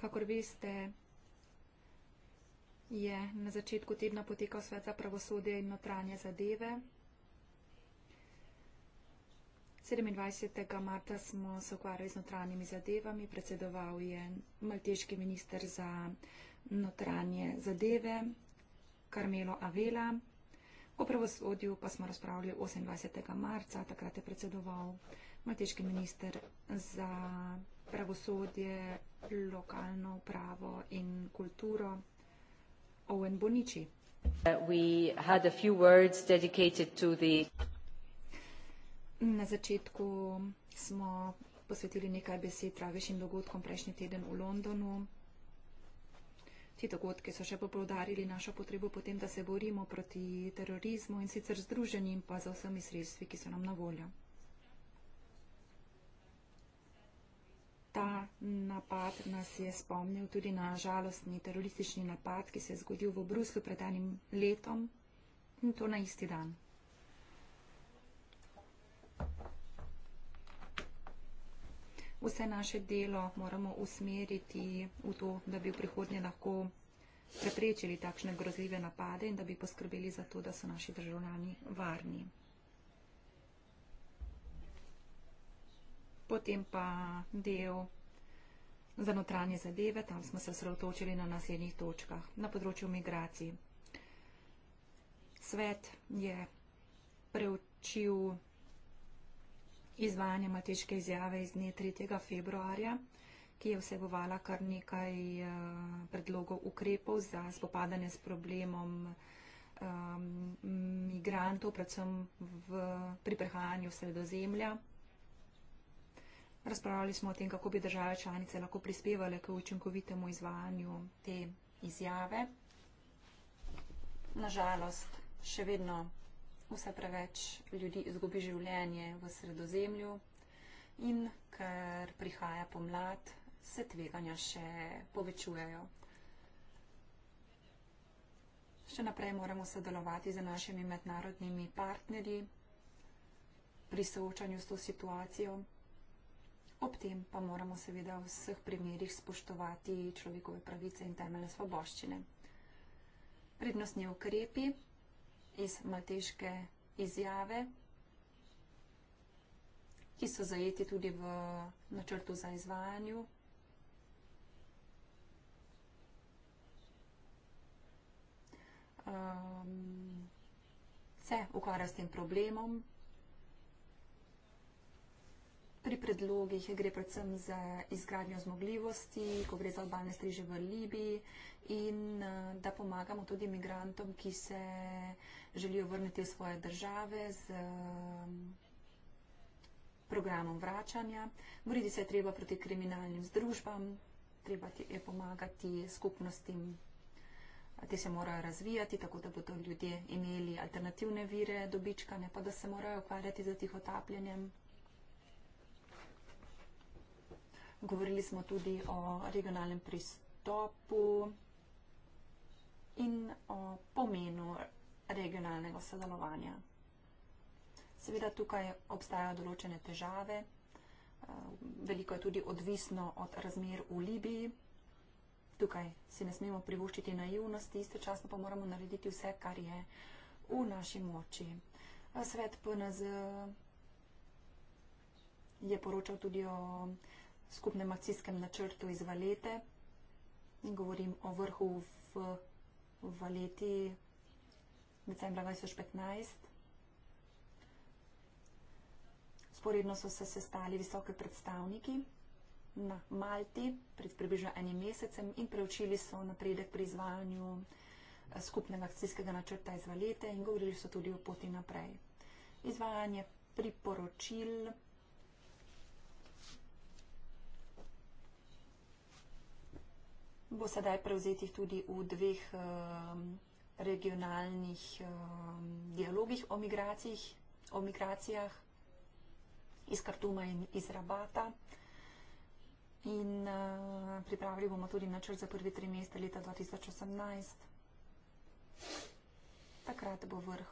Kakor veste, je na začetku tedna potekal svet za pravosodje in notranje zadeve. 27. marta smo se ukvarjali z notranjimi zadevami, predsedoval je malteški minister za notranje zadeve Karmelo Avela. O pravosodju pa smo razpravljali 28. marca, takrat je predsedoval malteški minister za pravosodje, lokalno upravo in kulturo Owen Bonici. Uh, Na začetku smo posvetili nekaj besed tragičnim dogodkom prejšnji teden v Londonu. Ti dogodki so še popovdarili našo potrebo potem, da se borimo proti terorizmu in sicer združeni in pa za vsemi sredstvi, ki so nam na voljo. Ta napad nas je spomnil tudi na žalostni teroristični napad, ki se je zgodil v Bruslu pred enim letom in to na isti dan. vse naše delo moramo usmeriti v to, da bi v prihodnje lahko preprečili takšne grozljive napade in da bi poskrbeli za to, da so naši državljani varni. Potem pa del za notranje zadeve, tam smo se sredotočili na naslednjih točkah, na področju migracij. Svet je preučil izvajanje Matiške izjave iz dne 3. februarja, ki je vsebovala kar nekaj eh, predlogov ukrepov za spopadanje s problemom ehm, migrantov, predvsem v, pri prehajanju sredozemlja. Razpravljali smo o tem, kako bi države članice lahko prispevale k učinkovitemu izvajanju te izjave. Nažalost, še vedno vse preveč ljudi izgubi življenje v sredozemlju in ker prihaja pomlad, se tveganja še povečujejo. Še naprej moramo sodelovati z našimi mednarodnimi partnerji pri soočanju s to situacijo. Ob tem pa moramo seveda v vseh primerjih spoštovati človekove pravice in temeljne svoboščine. Prednostni ukrepi iz Mateške izjave, ki so zajeti tudi v načrtu za izvajanju. Um, se ukvarja s tem problemom. Pri predlogih gre predvsem za izgradnjo zmogljivosti, ko gre za obalne striže v Libiji in uh, da pomagamo tudi imigrantom, ki se uh, želijo vrniti v svoje države z um, programom vračanja. Boriti se je treba proti kriminalnim združbam, treba je pomagati skupnostim, te se morajo razvijati, tako da bodo ljudje imeli alternativne vire dobička, ne pa da se morajo ukvarjati za tih otapljanjem. Govorili smo tudi o regionalnem pristopu in o pomenu regionalnega sodelovanja. Seveda tukaj obstajajo določene težave, eh, veliko je tudi odvisno od razmer v Libiji. Tukaj si ne smemo privoščiti naivnosti, istočasno pa moramo narediti vse, kar je v naši moči. Svet PNZ je poročal tudi o skupnem akcijskem načrtu iz Valete in govorim o vrhu v Valeti decembra 2015. Sporedno so se sestali visoke predstavniki na Malti pred približno enim mesecem in preučili so napredek pri izvajanju eh, skupnega akcijskega načrta iz Valete in govorili so tudi o poti naprej. Izvajanje priporočil bo sedaj prevzetih tudi v dveh um, regionalnih um, dialogih o migracijah, o migracijah iz Kartuma in iz Rabata. In uh, pripravili bomo tudi načrt za prvi tri meste leta 2018. Takrat bo vrh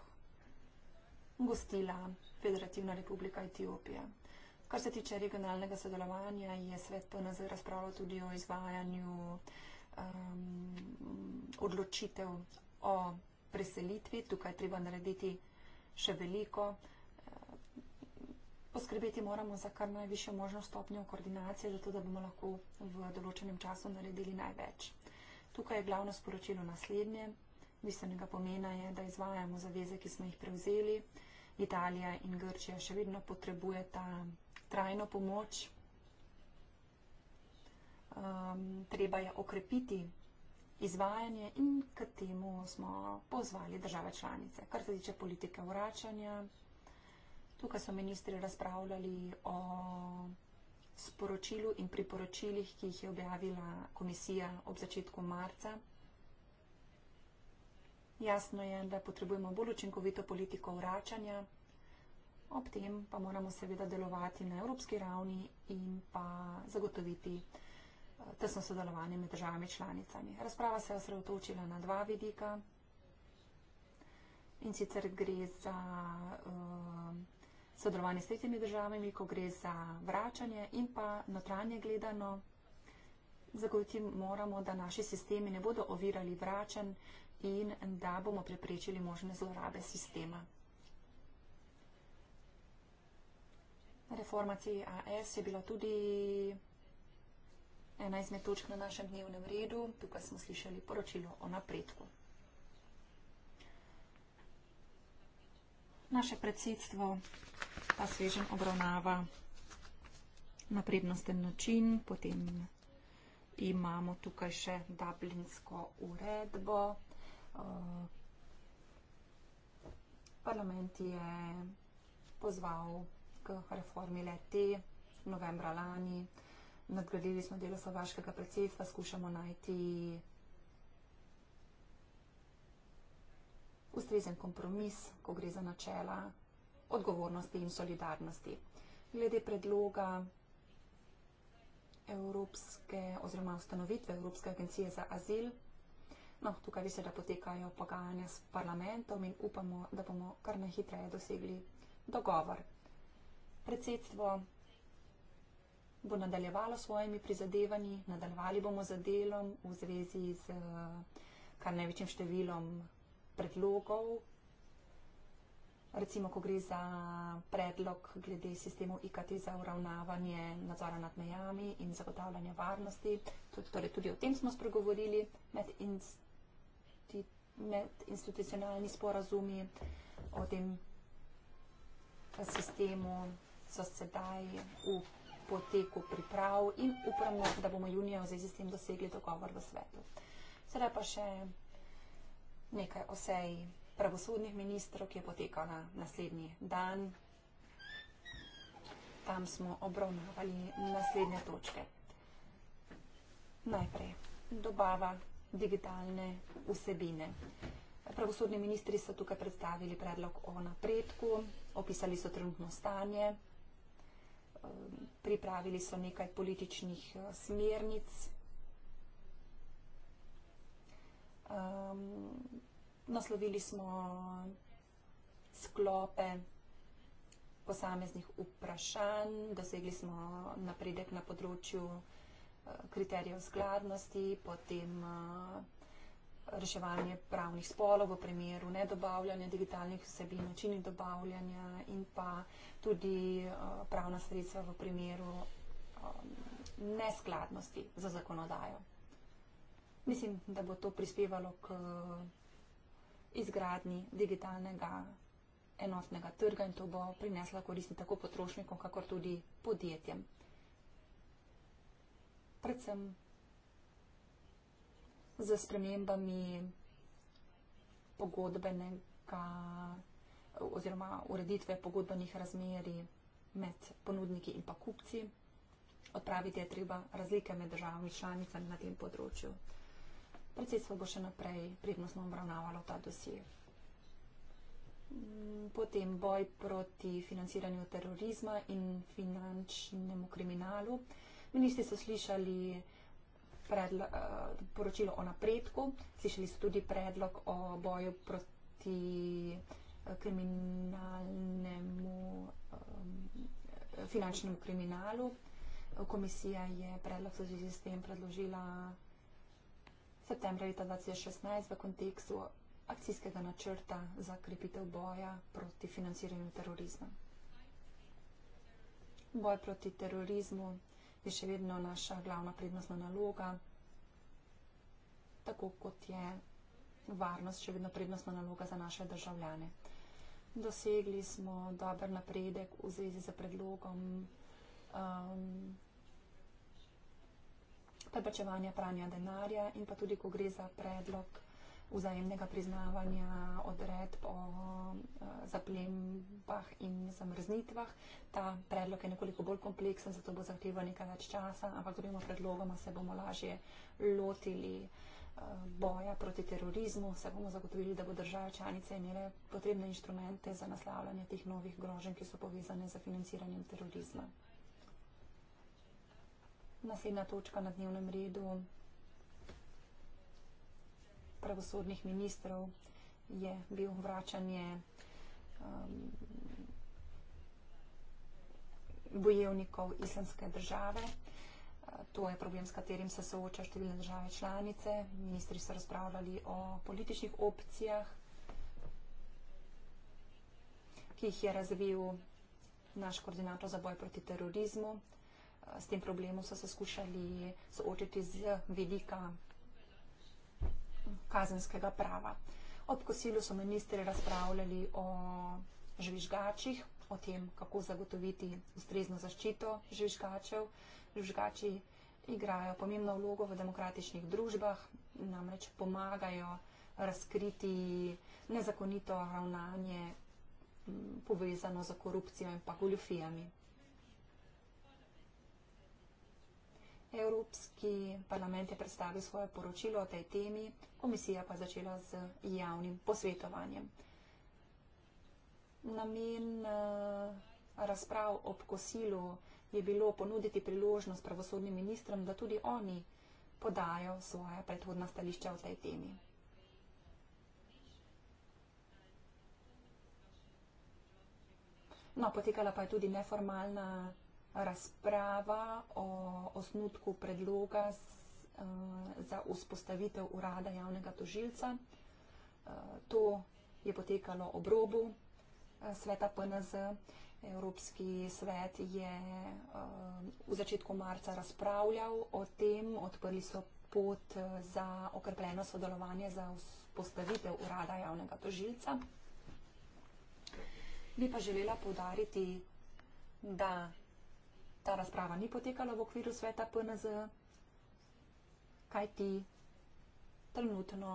gostila Federativna republika Etiopija. Kar se tiče regionalnega sodelovanja, je svet PNZ razpravljal tudi o izvajanju um, odločitev o preselitvi, tukaj treba narediti še veliko. Poskrbeti moramo za kar najvišjo možno stopnjo koordinacije, zato da bomo lahko v določenem času naredili največ. Tukaj je glavno sporočilo naslednje. Bistvenega pomena je, da izvajamo zaveze, ki smo jih prevzeli. Italija in Grčija še vedno potrebuje ta trajno pomoč. Um, treba je okrepiti izvajanje in k temu smo pozvali države članice. Kar se tiče politike vračanja, tukaj so ministri razpravljali o sporočilu in priporočilih, ki jih je objavila komisija ob začetku marca. Jasno je, da potrebujemo bolj učinkovito politiko vračanja, ob tem pa moramo seveda delovati na evropski ravni in pa zagotoviti vračanje tesno sodelovanje med državami članicami. Razprava se je osredotočila na dva vidika in sicer gre za uh, sodelovanje s tretjimi državami, ko gre za vračanje in pa notranje gledano. Zagotiti moramo, da naši sistemi ne bodo ovirali vračanj in da bomo preprečili možne zlorabe sistema. Reforma CAS je bila tudi ena izmed točk na našem dnevnem redu. Tukaj smo slišali poročilo o napredku. Naše predsedstvo pa svežen obravnava naprednosten način, potem imamo tukaj še dublinsko uredbo. Eh, parlament je pozval k reformi leti novembra lani nadgradili smo delo slovaškega predsedstva, skušamo najti ustrezen kompromis, ko gre za načela odgovornosti in solidarnosti. Glede predloga Evropske oziroma ustanovitve Evropske agencije za azil, no, tukaj vi se da potekajo pogajanja s parlamentom in upamo, da bomo kar najhitreje dosegli dogovor. Predsedstvo bo nadaljevalo s svojimi prizadevanji, nadaljevali bomo z delom v zvezi z eh, kar največjim številom predlogov. Recimo, ko gre za predlog glede sistemov IKT za uravnavanje nadzora nad mejami in zagotavljanje varnosti. Torej, tudi o tem smo spregovorili med, insti, med institucionalni sporazumi o tem sistemu so sedaj v poteku priprav in upamo, da bomo junija v zvezi s tem dosegli dogovor v svetu. Sedaj pa še nekaj o seji pravosodnih ministrov, ki je potekala na naslednji dan. Tam smo obravnavali naslednje točke. Najprej dobava digitalne vsebine. Pravosodni ministri so tukaj predstavili predlog o napredku, opisali so trenutno stanje, pripravili so nekaj političnih eh, smernic. Um, naslovili smo sklope posameznih vprašanj, dosegli smo napredek na področju eh, kriterijev skladnosti, potem uh, reševanje pravnih spolov v primeru nedobavljanja digitalnih vsebin, načini dobavljanja in pa tudi eh, pravna sredstva v primeru eh, neskladnosti za zakonodajo. Mislim, da bo to prispevalo k izgradni digitalnega enotnega trga in to bo prinesla koristni tako potrošnikom, kakor tudi podjetjem. Predvsem z premembami pogodbenega oziroma ureditve pogodbenih razmeri med ponudniki in pa kupci. Odpraviti je treba razlike med državami članicami na tem področju. Predsedstvo bo še naprej prednostno obravnavalo ta dosje. Mm, potem boj proti financiranju terorizma in finančnemu kriminalu. Ministri so slišali predlo, uh, poročilo o napredku, slišali so tudi predlog o boju proti eh, kriminalnemu, um, finančnemu kriminalu. Komisija je predlog v zvezi s tem predložila septembra leta 2016 v kontekstu akcijskega načrta za krepitev boja proti financiranju terorizma. Boj proti terorizmu je še vedno naša glavna prednostna naloga, tako kot je varnost še vedno prednostna naloga za naše državljane. Dosegli smo dober napredek v zvezi z predlogom um, preprečevanja pranja denarja in pa tudi, ko gre za predlog vzajemnega priznavanja odredb o eh, zaplembah in zamrznitvah. Ta predlog je nekoliko bolj kompleksen, zato bo zahteval nekaj več časa, ampak z drugima predlogoma se bomo lažje lotili eh, boja proti terorizmu, se bomo zagotovili, da bo država članice imele potrebne inštrumente za naslavljanje teh novih grožen, ki so povezane za financiranjem terorizma. Naslednja točka na dnevnem redu pravosodnih ministrov je bil vračanje um, bojevnikov islamske države. Uh, to je problem, s katerim se soočajo številne države članice. Ministri so razpravljali o političnih opcijah, ki jih je razvil naš koordinator za boj proti terorizmu. Uh, s tem problemom so se skušali soočiti z vidika kazenskega prava. Ob kosilu so ministri razpravljali o žvižgačih, o tem, kako zagotoviti ustrezno zaščito žvižgačev. Žvižgači igrajo pomembno vlogo v demokratičnih družbah, namreč pomagajo razkriti nezakonito ravnanje povezano z korupcijo in pa goljofijami. Evropski parlament je predstavil svoje poročilo o tej temi, komisija pa začela z javnim posvetovanjem. Namen eh, razprav ob kosilu je bilo ponuditi priložnost pravosodnim ministrom, da tudi oni podajo svoje predhodna stališča o tej temi. No, potekala pa je tudi neformalna razprava o osnutku predloga eh, za vzpostavitev urada javnega tožilca. Eh, to je potekalo ob robu eh, sveta PNZ. Evropski svet je v začetku marca razpravljal o tem, odprli so pot za okrepljeno sodelovanje za vzpostavitev urada javnega tožilca. Bi pa želela povdariti, da ta razprava ni potekala v okviru sveta PNZ, kaj ti trenutno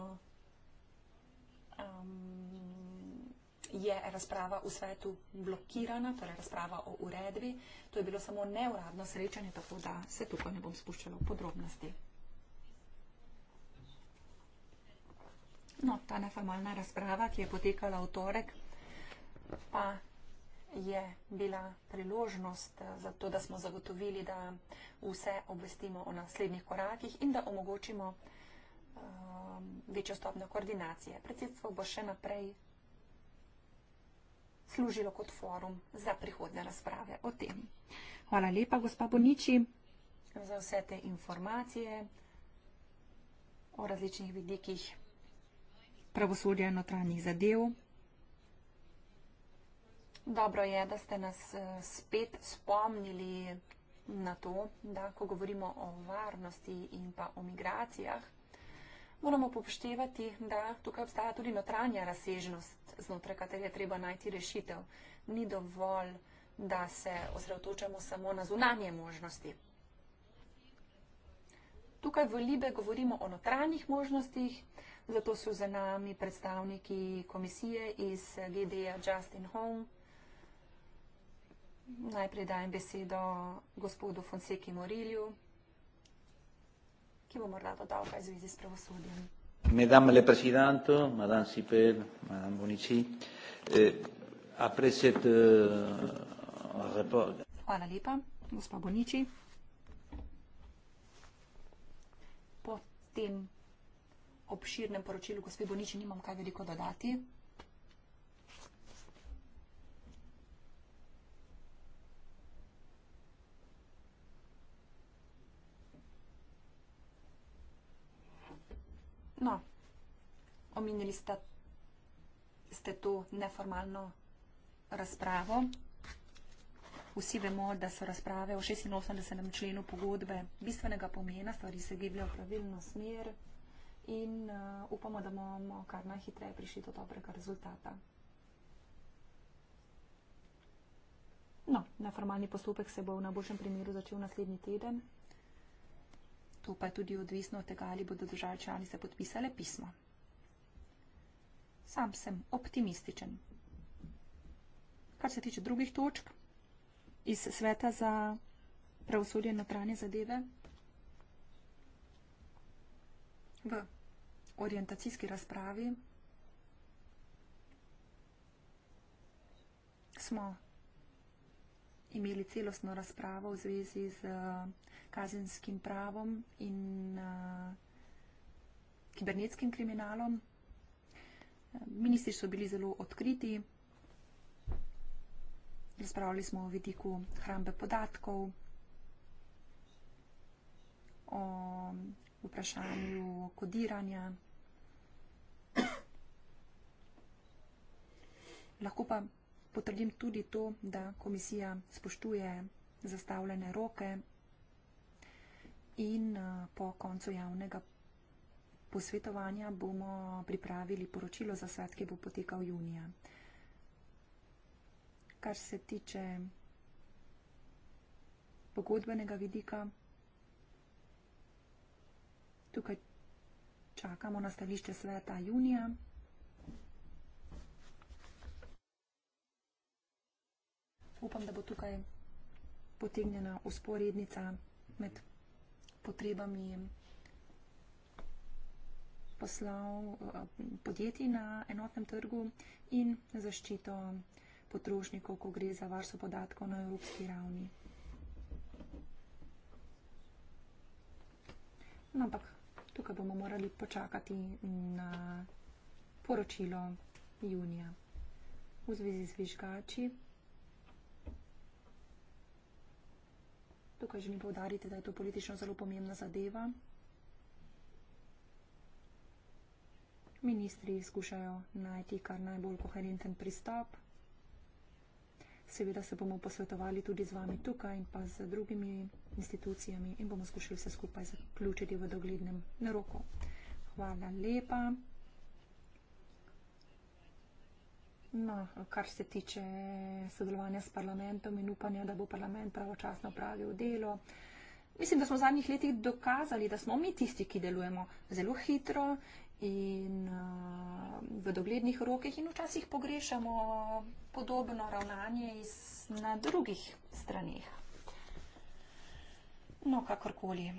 um, je razprava v svetu blokirana, torej razprava o uredbi. To je bilo samo neuradno srečanje, tako da se tukaj ne bom spuščala v podrobnosti. No, ta neformalna razprava, ki je potekala v torek, pa je bila priložnost eh, za to, da smo zagotovili, da vse obvestimo o naslednjih korakih in da omogočimo um, večjo stopno koordinacije. Predsedstvo bo še naprej služilo kot forum za prihodne razprave o tem. Hvala lepa, gospa Boniči, za vse te informacije o različnih vidikih pravosodja in notranjih zadev. Dobro je, da ste nas eh, spet spomnili na to, da ko govorimo o varnosti in pa o migracijah, moramo popoštevati, da tukaj obstaja tudi notranja razsežnost, znotraj katere je treba najti rešitev. Ni dovolj, da se osredotočamo samo na zunanje možnosti. Tukaj v Libe govorimo o notranjih možnostih, zato so za nami predstavniki komisije iz GDA Justin Home. Najprej dajem besedo gospodu Fonseki Morilju, ki bo morda dodal kaj zvezi s pravosodjem. Madame la Presidente, Madame Sipel, Madame Bonici, eh, après cette euh, report. Hvala lepa, gospa Bonici. Po tem obširnem poročilu gospe Bonici nimam kaj veliko dodati. No, omenili ste, ste to neformalno razpravo. Vsi vemo, da so razprave o 86. členu pogodbe bistvenega pomena, stvari se gibljajo v pravilno smer in uh, upamo, da bomo kar najhitreje prišli do dobrega rezultata. No, neformalni postopek se bo v najboljšem primeru začel naslednji teden. To pa je tudi odvisno od tega, ali bodo države članice podpisale pismo. Sam sem optimističen. Kar se tiče drugih točk iz sveta za pravosodje in notranje zadeve, v orientacijski razpravi smo imeli celostno razpravo v zvezi z eh, kazenskim pravom in eh, kibernetskim kriminalom. Ministri so bili zelo odkriti. Razpravljali smo o vidiku hrambe podatkov, o vprašanju kodiranja. Lahko pa potrdim tudi to, da komisija spoštuje zastavljene roke in eh, po koncu javnega posvetovanja bomo pripravili poročilo za svet, ki bo potekal junija. Kar se tiče pogodbenega vidika, tukaj čakamo na stališče sveta junija. upam, da bo tukaj potegnjena usporednica med potrebami poslov podjetij na enotnem trgu in zaščito potrošnikov, ko gre za varstvo podatkov na evropski ravni. No, ampak tukaj bomo morali počakati na poročilo junija v zvezi z vižgači. Tukaj želim povdariti, da je to politično zelo pomembna zadeva. Ministri skušajo najti kar najbolj koherenten pristop. Seveda se bomo posvetovali tudi z vami tukaj in pa z drugimi institucijami in bomo skušali vse skupaj zaključiti v doglednem roku. Hvala lepa. No, kar se tiče sodelovanja s parlamentom in upanja, da bo parlament pravočasno upravil delo. Mislim, da smo v zadnjih letih dokazali, da smo mi tisti, ki delujemo zelo hitro in uh, v doglednih rokih in včasih pogrešamo podobno ravnanje iz, na drugih stranih. No, kakorkoli.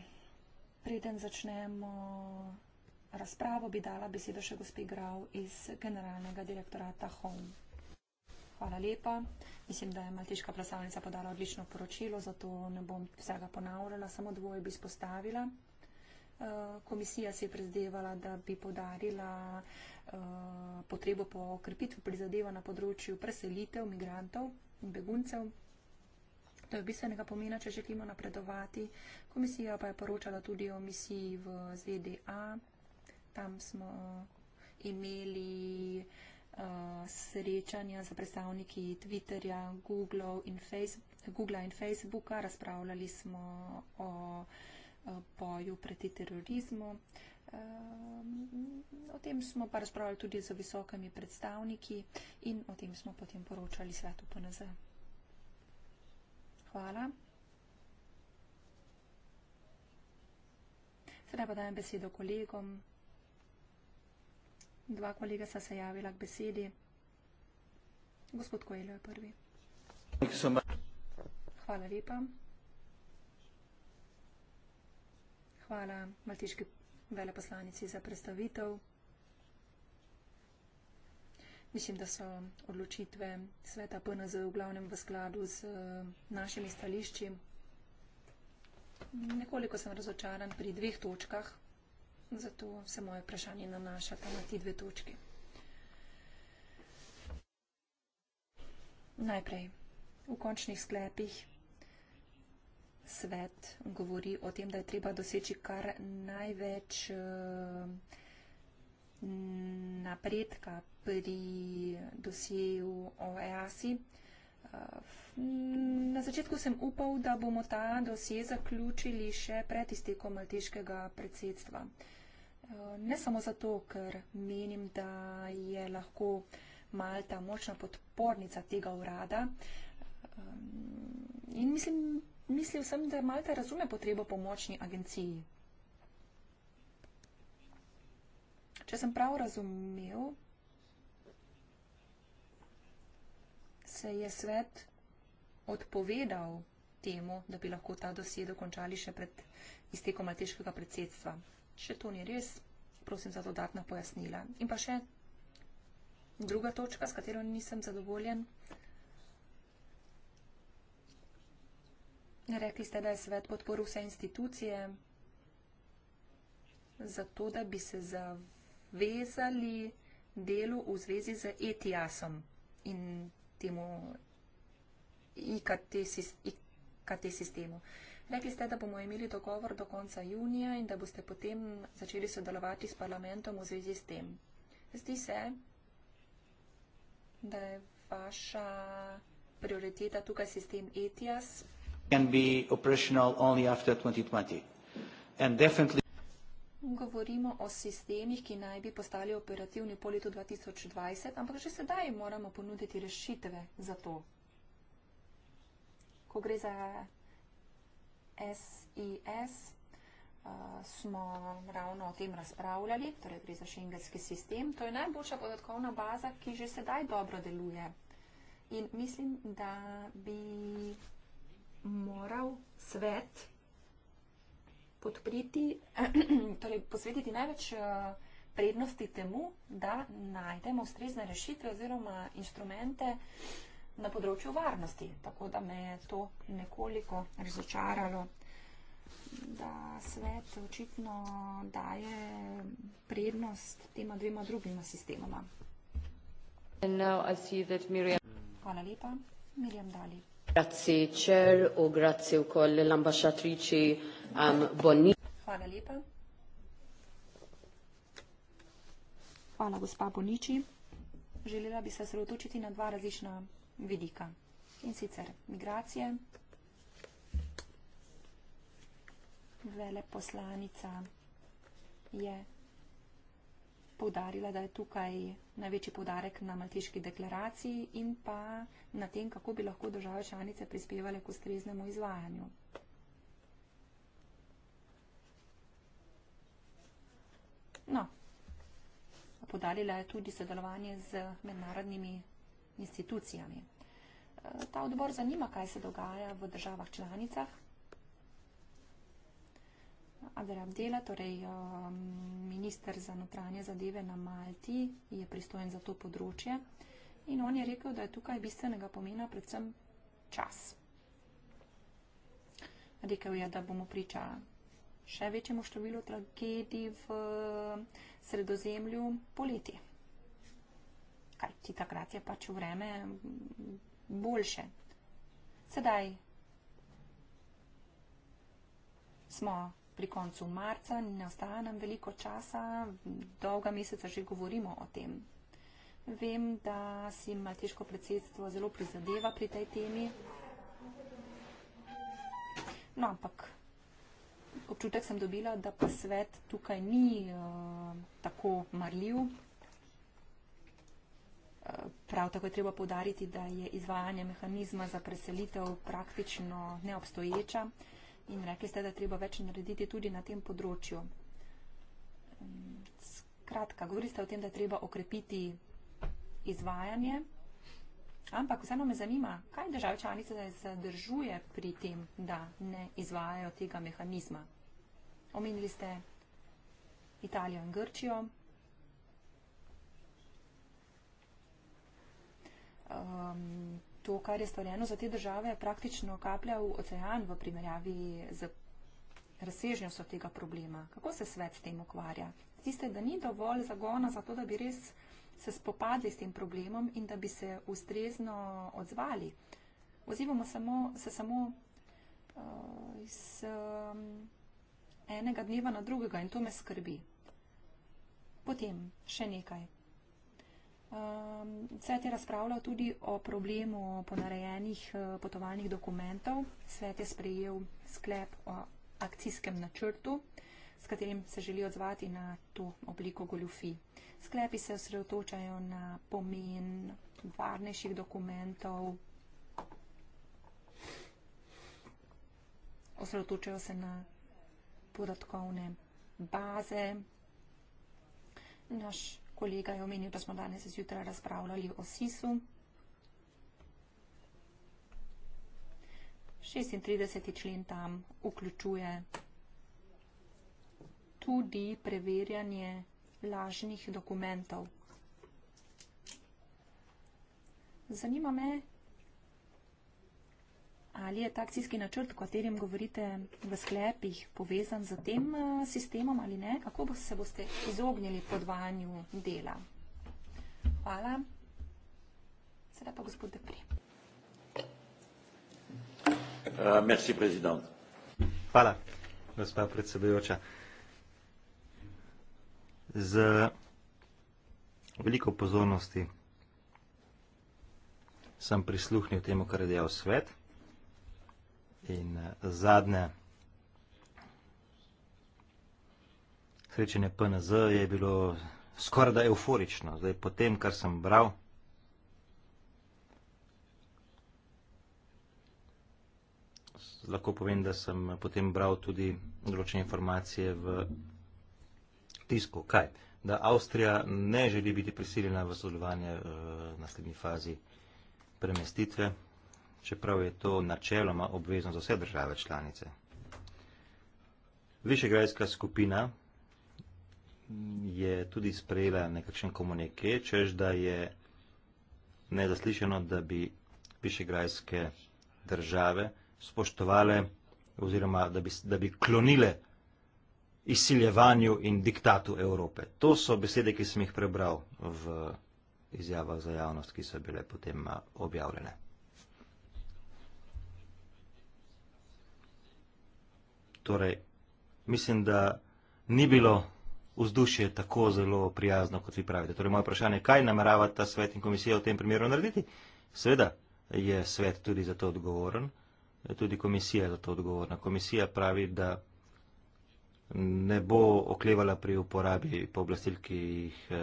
Preden začnemo razpravo bi dala besedo še gospe Grav iz generalnega direktorata HOM. Hvala lepa. Mislim, da je maltiška predstavnica podala odlično poročilo, zato ne bom vsega ponavljala, samo dvoje bi spostavila. Eh, komisija si je prezdevala, da bi podarila eh, potrebo po okrepitvi prizadeva na področju preselitev migrantov in beguncev. To je bistvenega pomena, če želimo napredovati. Komisija pa je poročala tudi o misiji v ZDA tam smo imeli eh, srečanja z predstavniki Twitterja, Googla in Facebooka, razpravljali smo o eh, boju proti terorizmu. Ehm, o tem smo pa razpravljali tudi z visokimi predstavniki in o tem smo potem poročali svetu PNZ. Hvala. Sedaj pa dajem besedo kolegom. Dva kolega sta se javila k besedi. Gospod Koelo je prvi. Hvala lepa. Hvala Maltiški veleposlanici za predstavitev. Mislim, da so odločitve sveta PNZ v glavnem v skladu z eh, našimi stališči. Nekoliko sem razočaran pri dveh točkah. Zato se moje vprašanje nanaša na ti dve točki. Najprej, v končnih sklepih svet govori o tem, da je treba doseči kar največ eh, napredka pri dosjeju o EASI. Eh, na začetku sem upal, da bomo ta dosje zaključili še pred iztekom malteškega predsedstva ne samo zato, ker menim, da je lahko Malta močna podpornica tega urada. Um, in mislim, mislil sem, da Malta razume potrebo pomočni agenciji. Če sem prav razumel, se je svet odpovedal temu, da bi lahko ta dosje dokončali še pred iztekom malteškega predsedstva. Še to ni res. Prosim za dodatna pojasnila. In pa še druga točka, s katero nisem zadovoljen. Rekli ste, da je svet podporil vse institucije zato, da bi se zavezali delu v zvezi z ETIAS-om in temu IKT, IKT sistemu. Rekli ste, da bomo imeli dogovor do konca junija in da boste potem začeli sodelovati s parlamentom v zvezi s tem. Zdi se, da je vaša prioriteta tukaj sistem ETIAS. Govorimo o sistemih, ki naj bi postali operativni po letu 2020, ampak že sedaj moramo ponuditi rešitve za to. Ko gre za SIS eh, smo ravno o tem razpravljali, torej gre za šengelski sistem. To je najboljša podatkovna baza, ki že sedaj dobro deluje. In mislim, da bi moral svet podpriti, torej posvetiti največ eh, prednosti temu, da najdemo ustrezne rešitve oziroma inštrumente, na področju varnosti. Tako da me je to nekoliko razočaralo, da svet očitno daje prednost tema dvema drugima sistemoma. Miriam... Hvala lepa. Mirjam Dali. Grazie, cer, o grazie o colle l'ambasciatrice um, Bonini. Hvala lepa. Hvala, gospa Bonici. Želela bi se sredotočiti na dva različna vidika. In sicer migracije, veleposlanica je povdarila, da je tukaj največji podarek na Maltiški deklaraciji in pa na tem, kako bi lahko države članice prispevale k ustreznemu izvajanju. No, podarila je tudi sodelovanje z mednarodnimi institucijami ta odbor zanima, kaj se dogaja v državah članicah. Adrian Dela, torej um, minister za notranje zadeve na Malti, je pristojen za to področje in on je rekel, da je tukaj bistvenega pomena predvsem čas. Rekel je, da bomo priča še večjemu številu tragedij v eh, sredozemlju poleti. Kaj ti takrat je pač vreme boljše. Sedaj smo pri koncu marca, ne ostaja nam veliko časa, dolga meseca že govorimo o tem. Vem, da si malteško predsedstvo zelo prizadeva pri tej temi. No, ampak občutek sem dobila, da pa svet tukaj ni uh, tako marljiv. Prav tako je treba povdariti, da je izvajanje mehanizma za preselitev praktično neobstoječa in rekli ste, da je treba več narediti tudi na tem področju. Skratka, govorite o tem, da je treba okrepiti izvajanje, ampak vseeno me zanima, kaj države članice zadržuje pri tem, da ne izvajajo tega mehanizma. Omenili ste Italijo in Grčijo. um, to, kar je storjeno za te države, praktično kaplja v ocean v primerjavi z razsežnostjo tega problema. Kako se svet s tem ukvarja? Tiste, da ni dovolj zagona za to, da bi res se spopadli s tem problemom in da bi se ustrezno odzvali. Ozivamo samo, se samo uh, iz um, enega dneva na drugega in to me skrbi. Potem še nekaj. Um, svet je razpravljal tudi o problemu ponarejenih eh, potovalnih dokumentov. Svet je sprejel sklep o akcijskem načrtu, s katerim se želi odzvati na to obliko goljufi. Sklepi se osredotočajo na pomen varnejših dokumentov, osredotočajo se na podatkovne baze. Naš kolega je omenil, da smo danes zjutraj razpravljali o SIS-u. 36. člen tam vključuje tudi preverjanje lažnih dokumentov. Zanima me, Ali je ta akcijski načrt, o katerem govorite v sklepih, povezan z tem eh, sistemom ali ne? Kako se boste izognili podvajanju dela? Hvala. Sedaj pa gospod Depri. Eh, merci, prezident. Hvala, gospod predsedujoča. Z veliko pozornosti sem prisluhnil temu, kar je dejal svet in eh, zadnje srečanje PNZ je bilo skoraj da euforično. Zdaj, po tem, kar sem bral, lahko povem, da sem potem bral tudi določene informacije v tisku. Kaj? Da Avstrija ne želi biti prisiljena v sodelovanje eh, v naslednji fazi premestitve čeprav je to načeloma obvezno za vse države članice. Višegrajska skupina je tudi sprejela nekakšen komunike, čež da je nezaslišeno, da bi višegrajske države spoštovale oziroma da bi, da bi klonile izsiljevanju in diktatu Evrope. To so besede, ki sem jih prebral v izjavah za javnost, ki so bile potem objavljene. Torej, mislim, da ni bilo vzdušje tako zelo prijazno, kot vi pravite. Torej, moje vprašanje je, kaj namerava ta svet in komisija v tem primeru narediti? Sveda je svet tudi za to odgovoren, tudi komisija je za to odgovorna. Komisija pravi, da ne bo oklevala pri uporabi pooblastil, ki jih eh,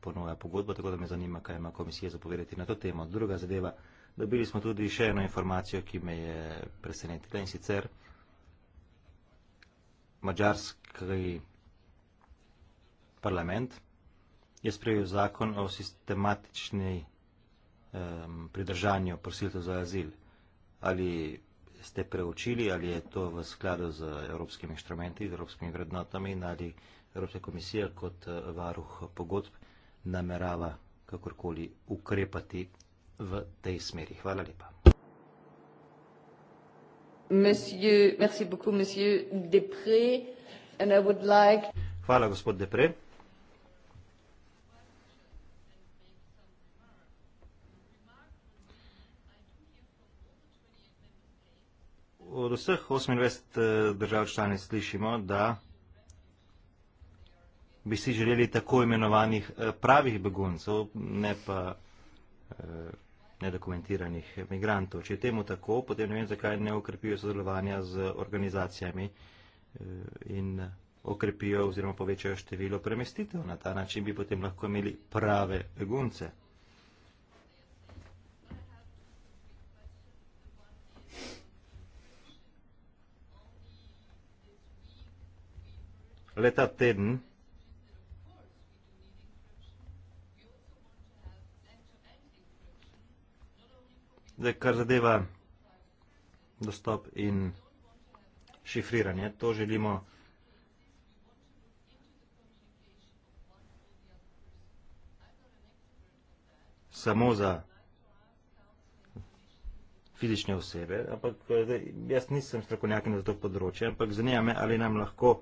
ponuja pogodba, tako da me zanima, kaj ima komisija zapovedati na to temo. Druga zadeva, dobili smo tudi še eno informacijo, ki me je presenetila in sicer, mađarski parlament je sprejel zakon o sistematični um, pridržanju prosilcev za azil. Ali ste preučili, ali je to v skladu z evropskimi inštrumenti, z evropskimi vrednotami in ali Evropska komisija kot eh, varuh pogodb namerava kakorkoli ukrepati v tej smeri. Hvala lepa. Hvala, gospod Depre. Od vseh 28 eh, držav članic slišimo, da bi si želeli tako imenovanih eh, pravih beguncev, ne pa eh, nedokumentiranih migrantov. Če je temu tako, potem ne vem, zakaj ne okrepijo sodelovanja z organizacijami eh, in okrepijo oziroma povečajo število premestitev. Na ta način bi potem lahko imeli prave begunce. Leta teden Zdaj, kar zadeva dostop in šifriranje, to želimo samo za fizične osebe, ampak jaz nisem strakonjakin za to področje, ampak zanima me, ali nam lahko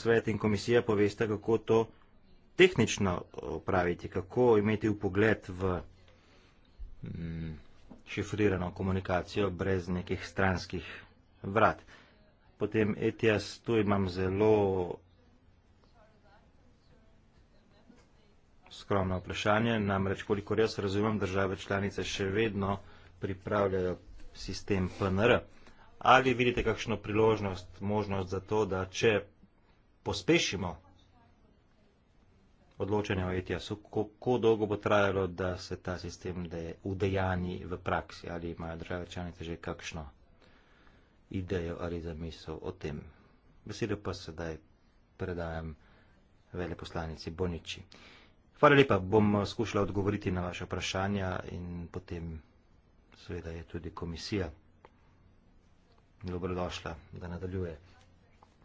svet in komisija povesta, kako to tehnično upraviti, kako imeti v pogled v... Mm šifrirano komunikacijo brez nekih stranskih vrat. Potem ETIAS, tu imam zelo skromno vprašanje, namreč koliko jaz razumem, države članice še vedno pripravljajo sistem PNR. Ali vidite kakšno priložnost, možnost za to, da če pospešimo odločanje o ETS-u, kako dolgo bo trajalo, da se ta sistem udejani v praksi ali imajo države članice že kakšno idejo ali zamisel o tem. Besedo pa sedaj predajam veleposlanici Boniči. Hvala lepa, bom eh, skušala odgovoriti na vaše vprašanja in potem seveda je tudi komisija dobrodošla, da nadaljuje.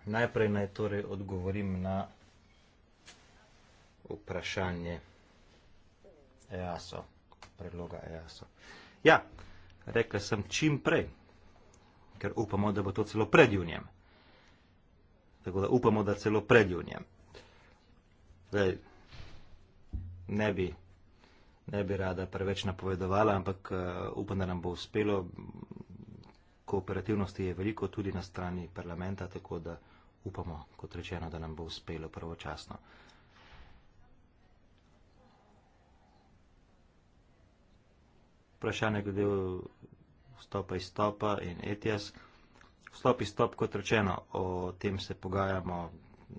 Najprej naj torej odgovorim na vprašanje EASO, predloga EASO. Ja, rekla sem čim prej, ker upamo, da bo to celo pred junijem. Tako da upamo, da celo pred junijem. Zdaj, ne bi, ne bi rada preveč napovedovala, ampak uh, upam, da nam bo uspelo. Kooperativnosti je veliko tudi na strani parlamenta, tako da upamo, kot rečeno, da nam bo uspelo pravočasno. vprašanje glede vstopa iz stopa in ETS. Vstop iz stop, kot rečeno, o tem se pogajamo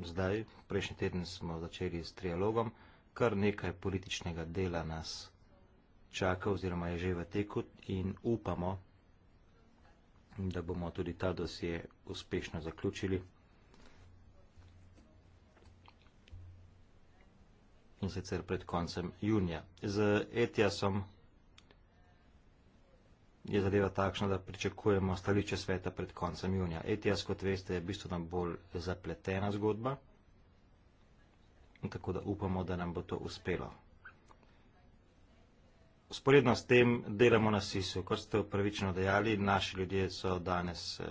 zdaj. Prejšnji teden smo začeli s trialogom, kar nekaj političnega dela nas čaka oziroma je že v teku in upamo, da bomo tudi ta dosje uspešno zaključili. In sicer pred koncem junija. Z ETIASom je zadeva takšna, da pričakujemo stališče sveta pred koncem junija. ETS, kot veste, je bistveno bolj zapletena zgodba, tako da upamo, da nam bo to uspelo. Sporedno s tem delamo na SIS-u. Kot ste upravično dejali, naši ljudje so danes eh,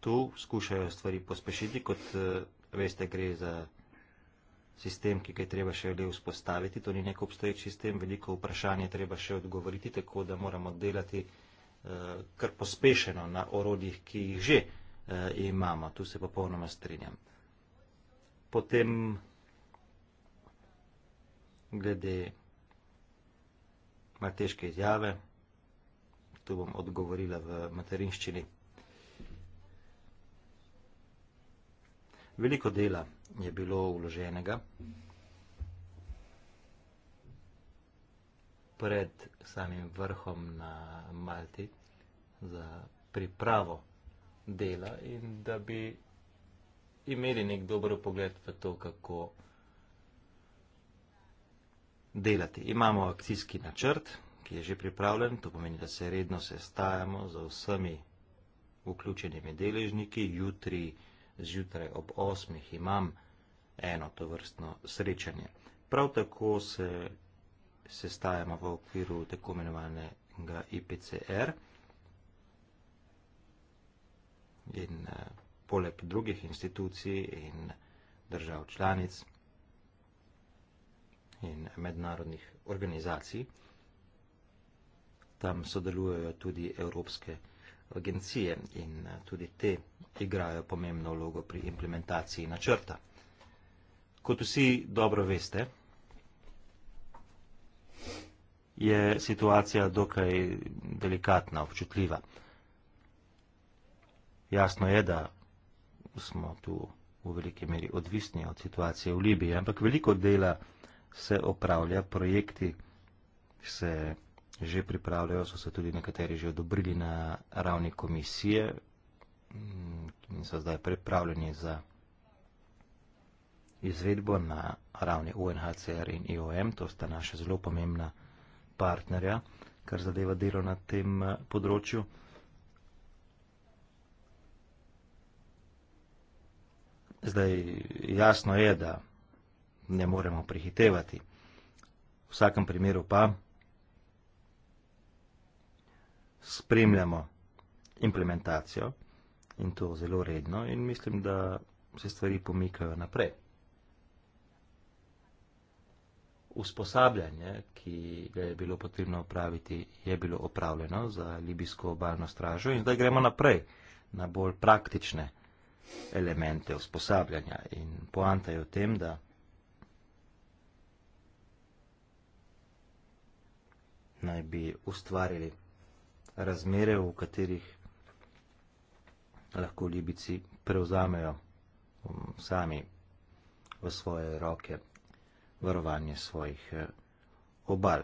tu, skušajo stvari pospešiti, kot eh, veste, gre za vsega sistem, ki ga je treba še le vzpostaviti, to ni nek obstoječ sistem, veliko vprašanj je treba še odgovoriti, tako da moramo delati eh, kar pospešeno na orodjih, ki jih že eh, imamo. Tu se popolnoma strinjam. Potem glede mateške izjave, tu bom odgovorila v materinščini. Veliko dela je bilo vloženega pred samim vrhom na Malti za pripravo dela in da bi imeli nek dober pogled v to, kako delati. Imamo akcijski načrt, ki je že pripravljen, to pomeni, da se redno sestajamo za vsemi vključenimi deležniki, jutri vsemi, zjutraj ob osmih imam eno to vrstno srečanje. Prav tako se sestajamo v okviru tako imenovanega IPCR in eh, poleg drugih institucij in držav članic in mednarodnih organizacij. Tam sodelujejo tudi evropske organizacije agencije in eh, tudi te igrajo pomembno vlogo pri implementaciji načrta. Kot vsi dobro veste, je situacija dokaj delikatna, občutljiva. Jasno je, da smo tu v veliki meri odvisni od situacije v Libiji, ampak veliko dela se opravlja, projekti se opravljajo, že pripravljajo, so se tudi nekateri že odobrili na ravni komisije mm, in so zdaj pripravljeni za izvedbo na ravni UNHCR in IOM. To sta naša zelo pomembna partnerja, kar zadeva delo na tem eh, področju. Zdaj jasno je, da ne moremo prihitevati. V vsakem primeru pa spremljamo implementacijo in to zelo redno in mislim, da se stvari pomikajo naprej. Usposabljanje, ki ga je bilo potrebno opraviti, je bilo opravljeno za libijsko obaljno stražo in zdaj gremo naprej na bolj praktične elemente usposabljanja. In poanta je v tem, da naj bi ustvarili razmere, v katerih lahko libici prevzamejo um, sami v svoje roke varovanje svojih eh, obal.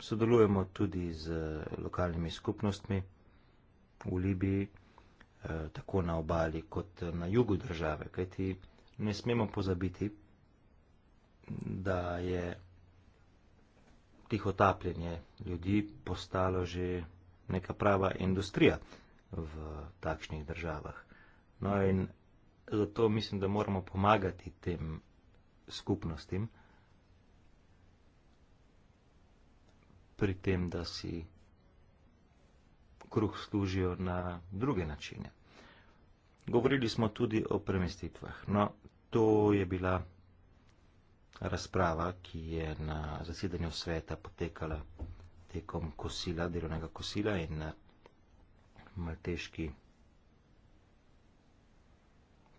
Sodelujemo tudi z eh, lokalnimi skupnostmi v Libiji, eh, tako na obali kot na jugu države, kajti ne smemo pozabiti, da je tiho tapljenje ljudi postalo že neka prava industrija v takšnih državah. No in zato mislim, da moramo pomagati tem skupnostim pri tem, da si kruh služijo na druge načine. Govorili smo tudi o premestitvah. No, to je bila razprava, ki je na zasedanju sveta potekala tekom kosila, delovnega kosila in eh, malteški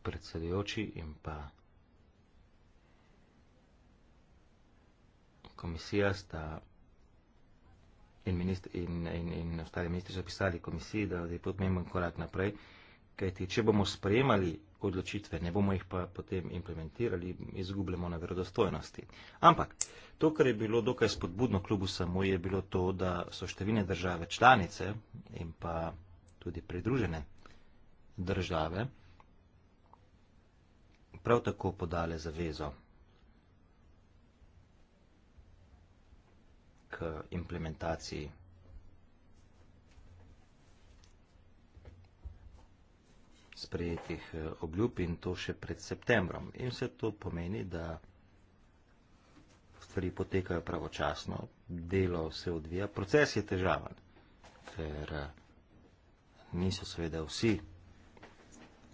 predsedujoči in pa komisija sta in, minister, in, in, in ostali ministri so pisali komisiji, da je to pomemben korak naprej, kajti če bomo sprejemali odločitve ne bomo jih pa potem implementirali, izgubljamo na verodostojnosti. Ampak to, kar je bilo dokaj spodbudno klubu samo, je bilo to, da so številne države članice in pa tudi pridružene države prav tako podale zavezo k implementaciji sprejetih eh, obljub in to še pred septembrom. In vse to pomeni, da stvari potekajo pravočasno, delo se odvija, proces je težaven, ker eh, niso seveda vsi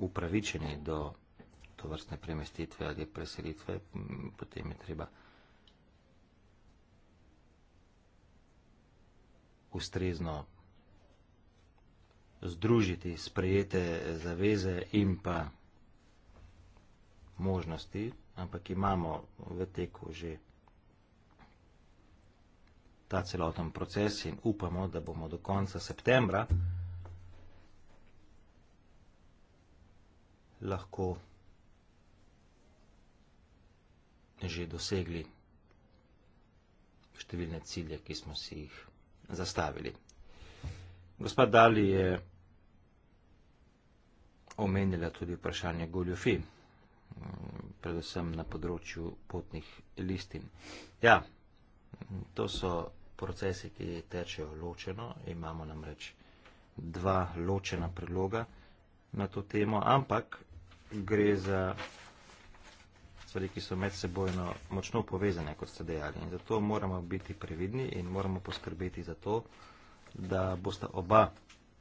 upravičeni do tovrstne premestitve ali preselitve, potem je treba ustrezno združiti sprejete zaveze in pa možnosti, ampak imamo v teku že ta celoten proces in upamo, da bomo do konca septembra lahko že dosegli številne cilje, ki smo si jih zastavili. Gospa Dali je omenila tudi vprašanje goljofi, predvsem na področju potnih listin. Ja, to so procesi, ki tečejo ločeno, imamo namreč dva ločena predloga na to temo, ampak gre za stvari, ki so med sebojno močno povezane, kot ste dejali. In zato moramo biti previdni in moramo poskrbeti za to, da da bosta oba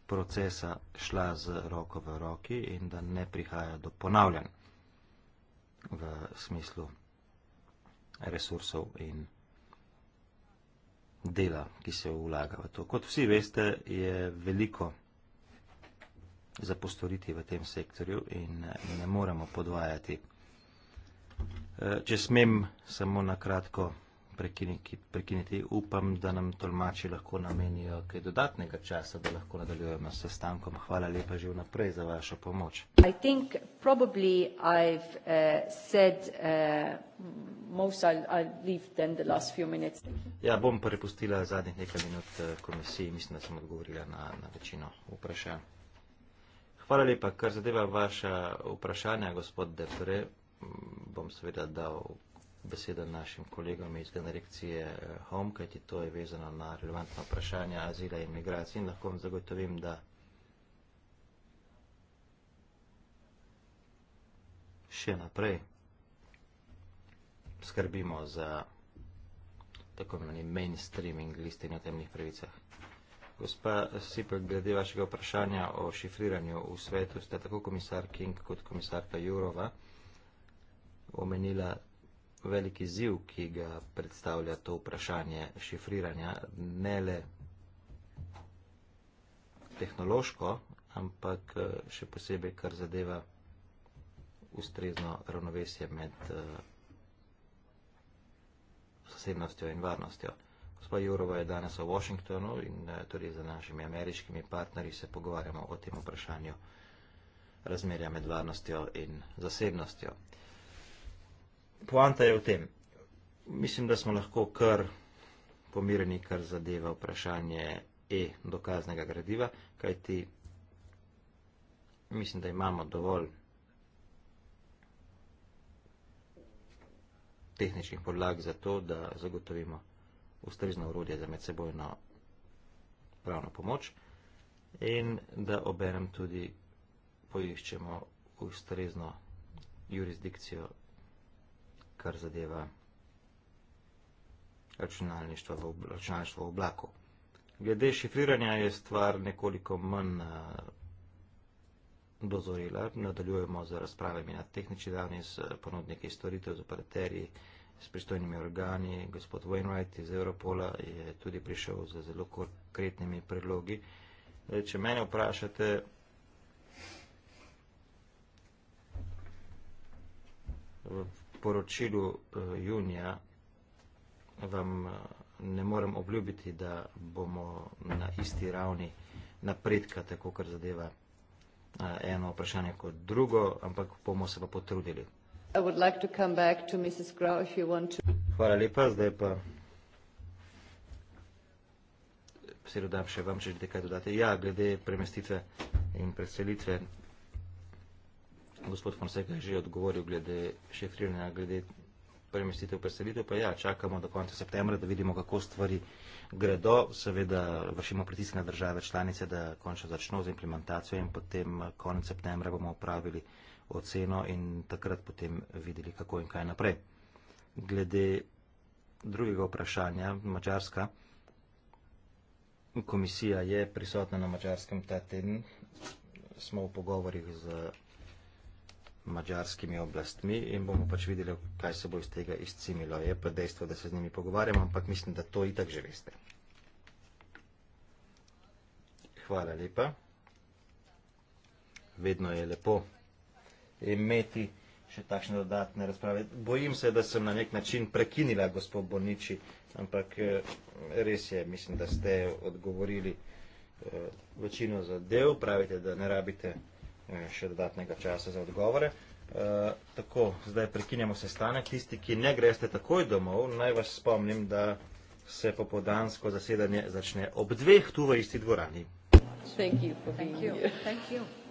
procesa šla z roko v roki in da ne prihaja do ponavljanj v smislu resursov in dela, ki se vlaga v to. Kot vsi veste, je veliko zapostoriti v tem sektorju in ne moremo podvajati. Eh, če smem samo na kratko povedati, prekiniti. Upam, da nam tolmači lahko namenijo kaj dodatnega časa, da lahko nadaljujemo s sestankom. Hvala lepa že vnaprej za vašo pomoč. Uh, uh, ja, bom prepustila zadnjih nekaj minut uh, komisiji. Mislim, da sem odgovorila na, na večino vprašanj. Hvala lepa. Kar zadeva vaša vprašanja, gospod Depre, bom seveda dal beseda našim kolegom iz generekcije eh, HOM, kajti to je vezano na relevantno vprašanje azila in migracij. In lahko vam zagotovim, da še naprej skrbimo za tako imenovani mainstreaming listin o temnih pravicah. Gospa Sipel, glede vašega vprašanja o šifriranju v svetu, ste tako komisar King kot komisarka Jurova omenila velik izziv, ki ga predstavlja to vprašanje šifriranja, ne le tehnološko, ampak eh, še posebej, kar zadeva ustrezno ravnovesje med uh, eh, sosednostjo in varnostjo. Gospod Jurova je danes v Washingtonu in uh, tudi za našimi ameriškimi partnerji se pogovarjamo o tem vprašanju razmerja med varnostjo in zasebnostjo poanta je v tem. Mislim, da smo lahko kar pomirjeni, kar zadeva vprašanje e-dokaznega gradiva, kajti mislim, da imamo dovolj tehničnih podlag za to, da zagotovimo ustrezno urodje za medsebojno pravno pomoč in da oberem tudi poiščemo ustrezno jurisdikcijo kar zadeva računalništvo v, obl računalništvo v oblaku. Glede šifriranja je stvar nekoliko manj eh, dozorila. Nadaljujemo z razpravami na tehnični ravni s eh, ponudniki storitev, z operaterji, s pristojnimi organi. Gospod Wainwright iz Europola je tudi prišel z zelo konkretnimi predlogi. Če mene vprašate, v poročilu eh, junija vam eh, ne morem obljubiti, da bomo na isti ravni napredka, tako kar zadeva eh, eno vprašanje kot drugo, ampak bomo se pa potrudili. Hvala lepa, zdaj pa se dodam še vam, če želite kaj dodati. Ja, glede premestitve in predselitve, gospod Fonseca je že odgovoril glede šefriranja, glede premestitev, preselitev, pa ja, čakamo do konca septembra, da vidimo, kako stvari gredo. Seveda vršimo pritisk na države članice, da končno začno z implementacijo in potem konec septembra bomo upravili oceno in takrat potem videli, kako in kaj naprej. Glede drugega vprašanja, mačarska komisija je prisotna na mačarskem ta teden. Smo v pogovorih z mađarskimi oblastmi in bomo pač videli, kaj se bo iz tega izcimilo. Je pa dejstvo, da se z njimi pogovarjamo, ampak mislim, da to itak že veste. Hvala lepa. Vedno je lepo imeti še takšne dodatne razprave. Bojim se, da sem na nek način prekinila gospod Boniči, ampak eh, res je, mislim, da ste odgovorili eh, večino zadev. Pravite, da ne rabite vsega še dodatnega časa za odgovore. E, tako, zdaj prekinjamo sestanek. Tisti, ki ne greste takoj domov, naj vas spomnim, da se popodansko zasedanje začne ob dveh tu v isti dvorani. Thank you for being here. Thank you. Thank you.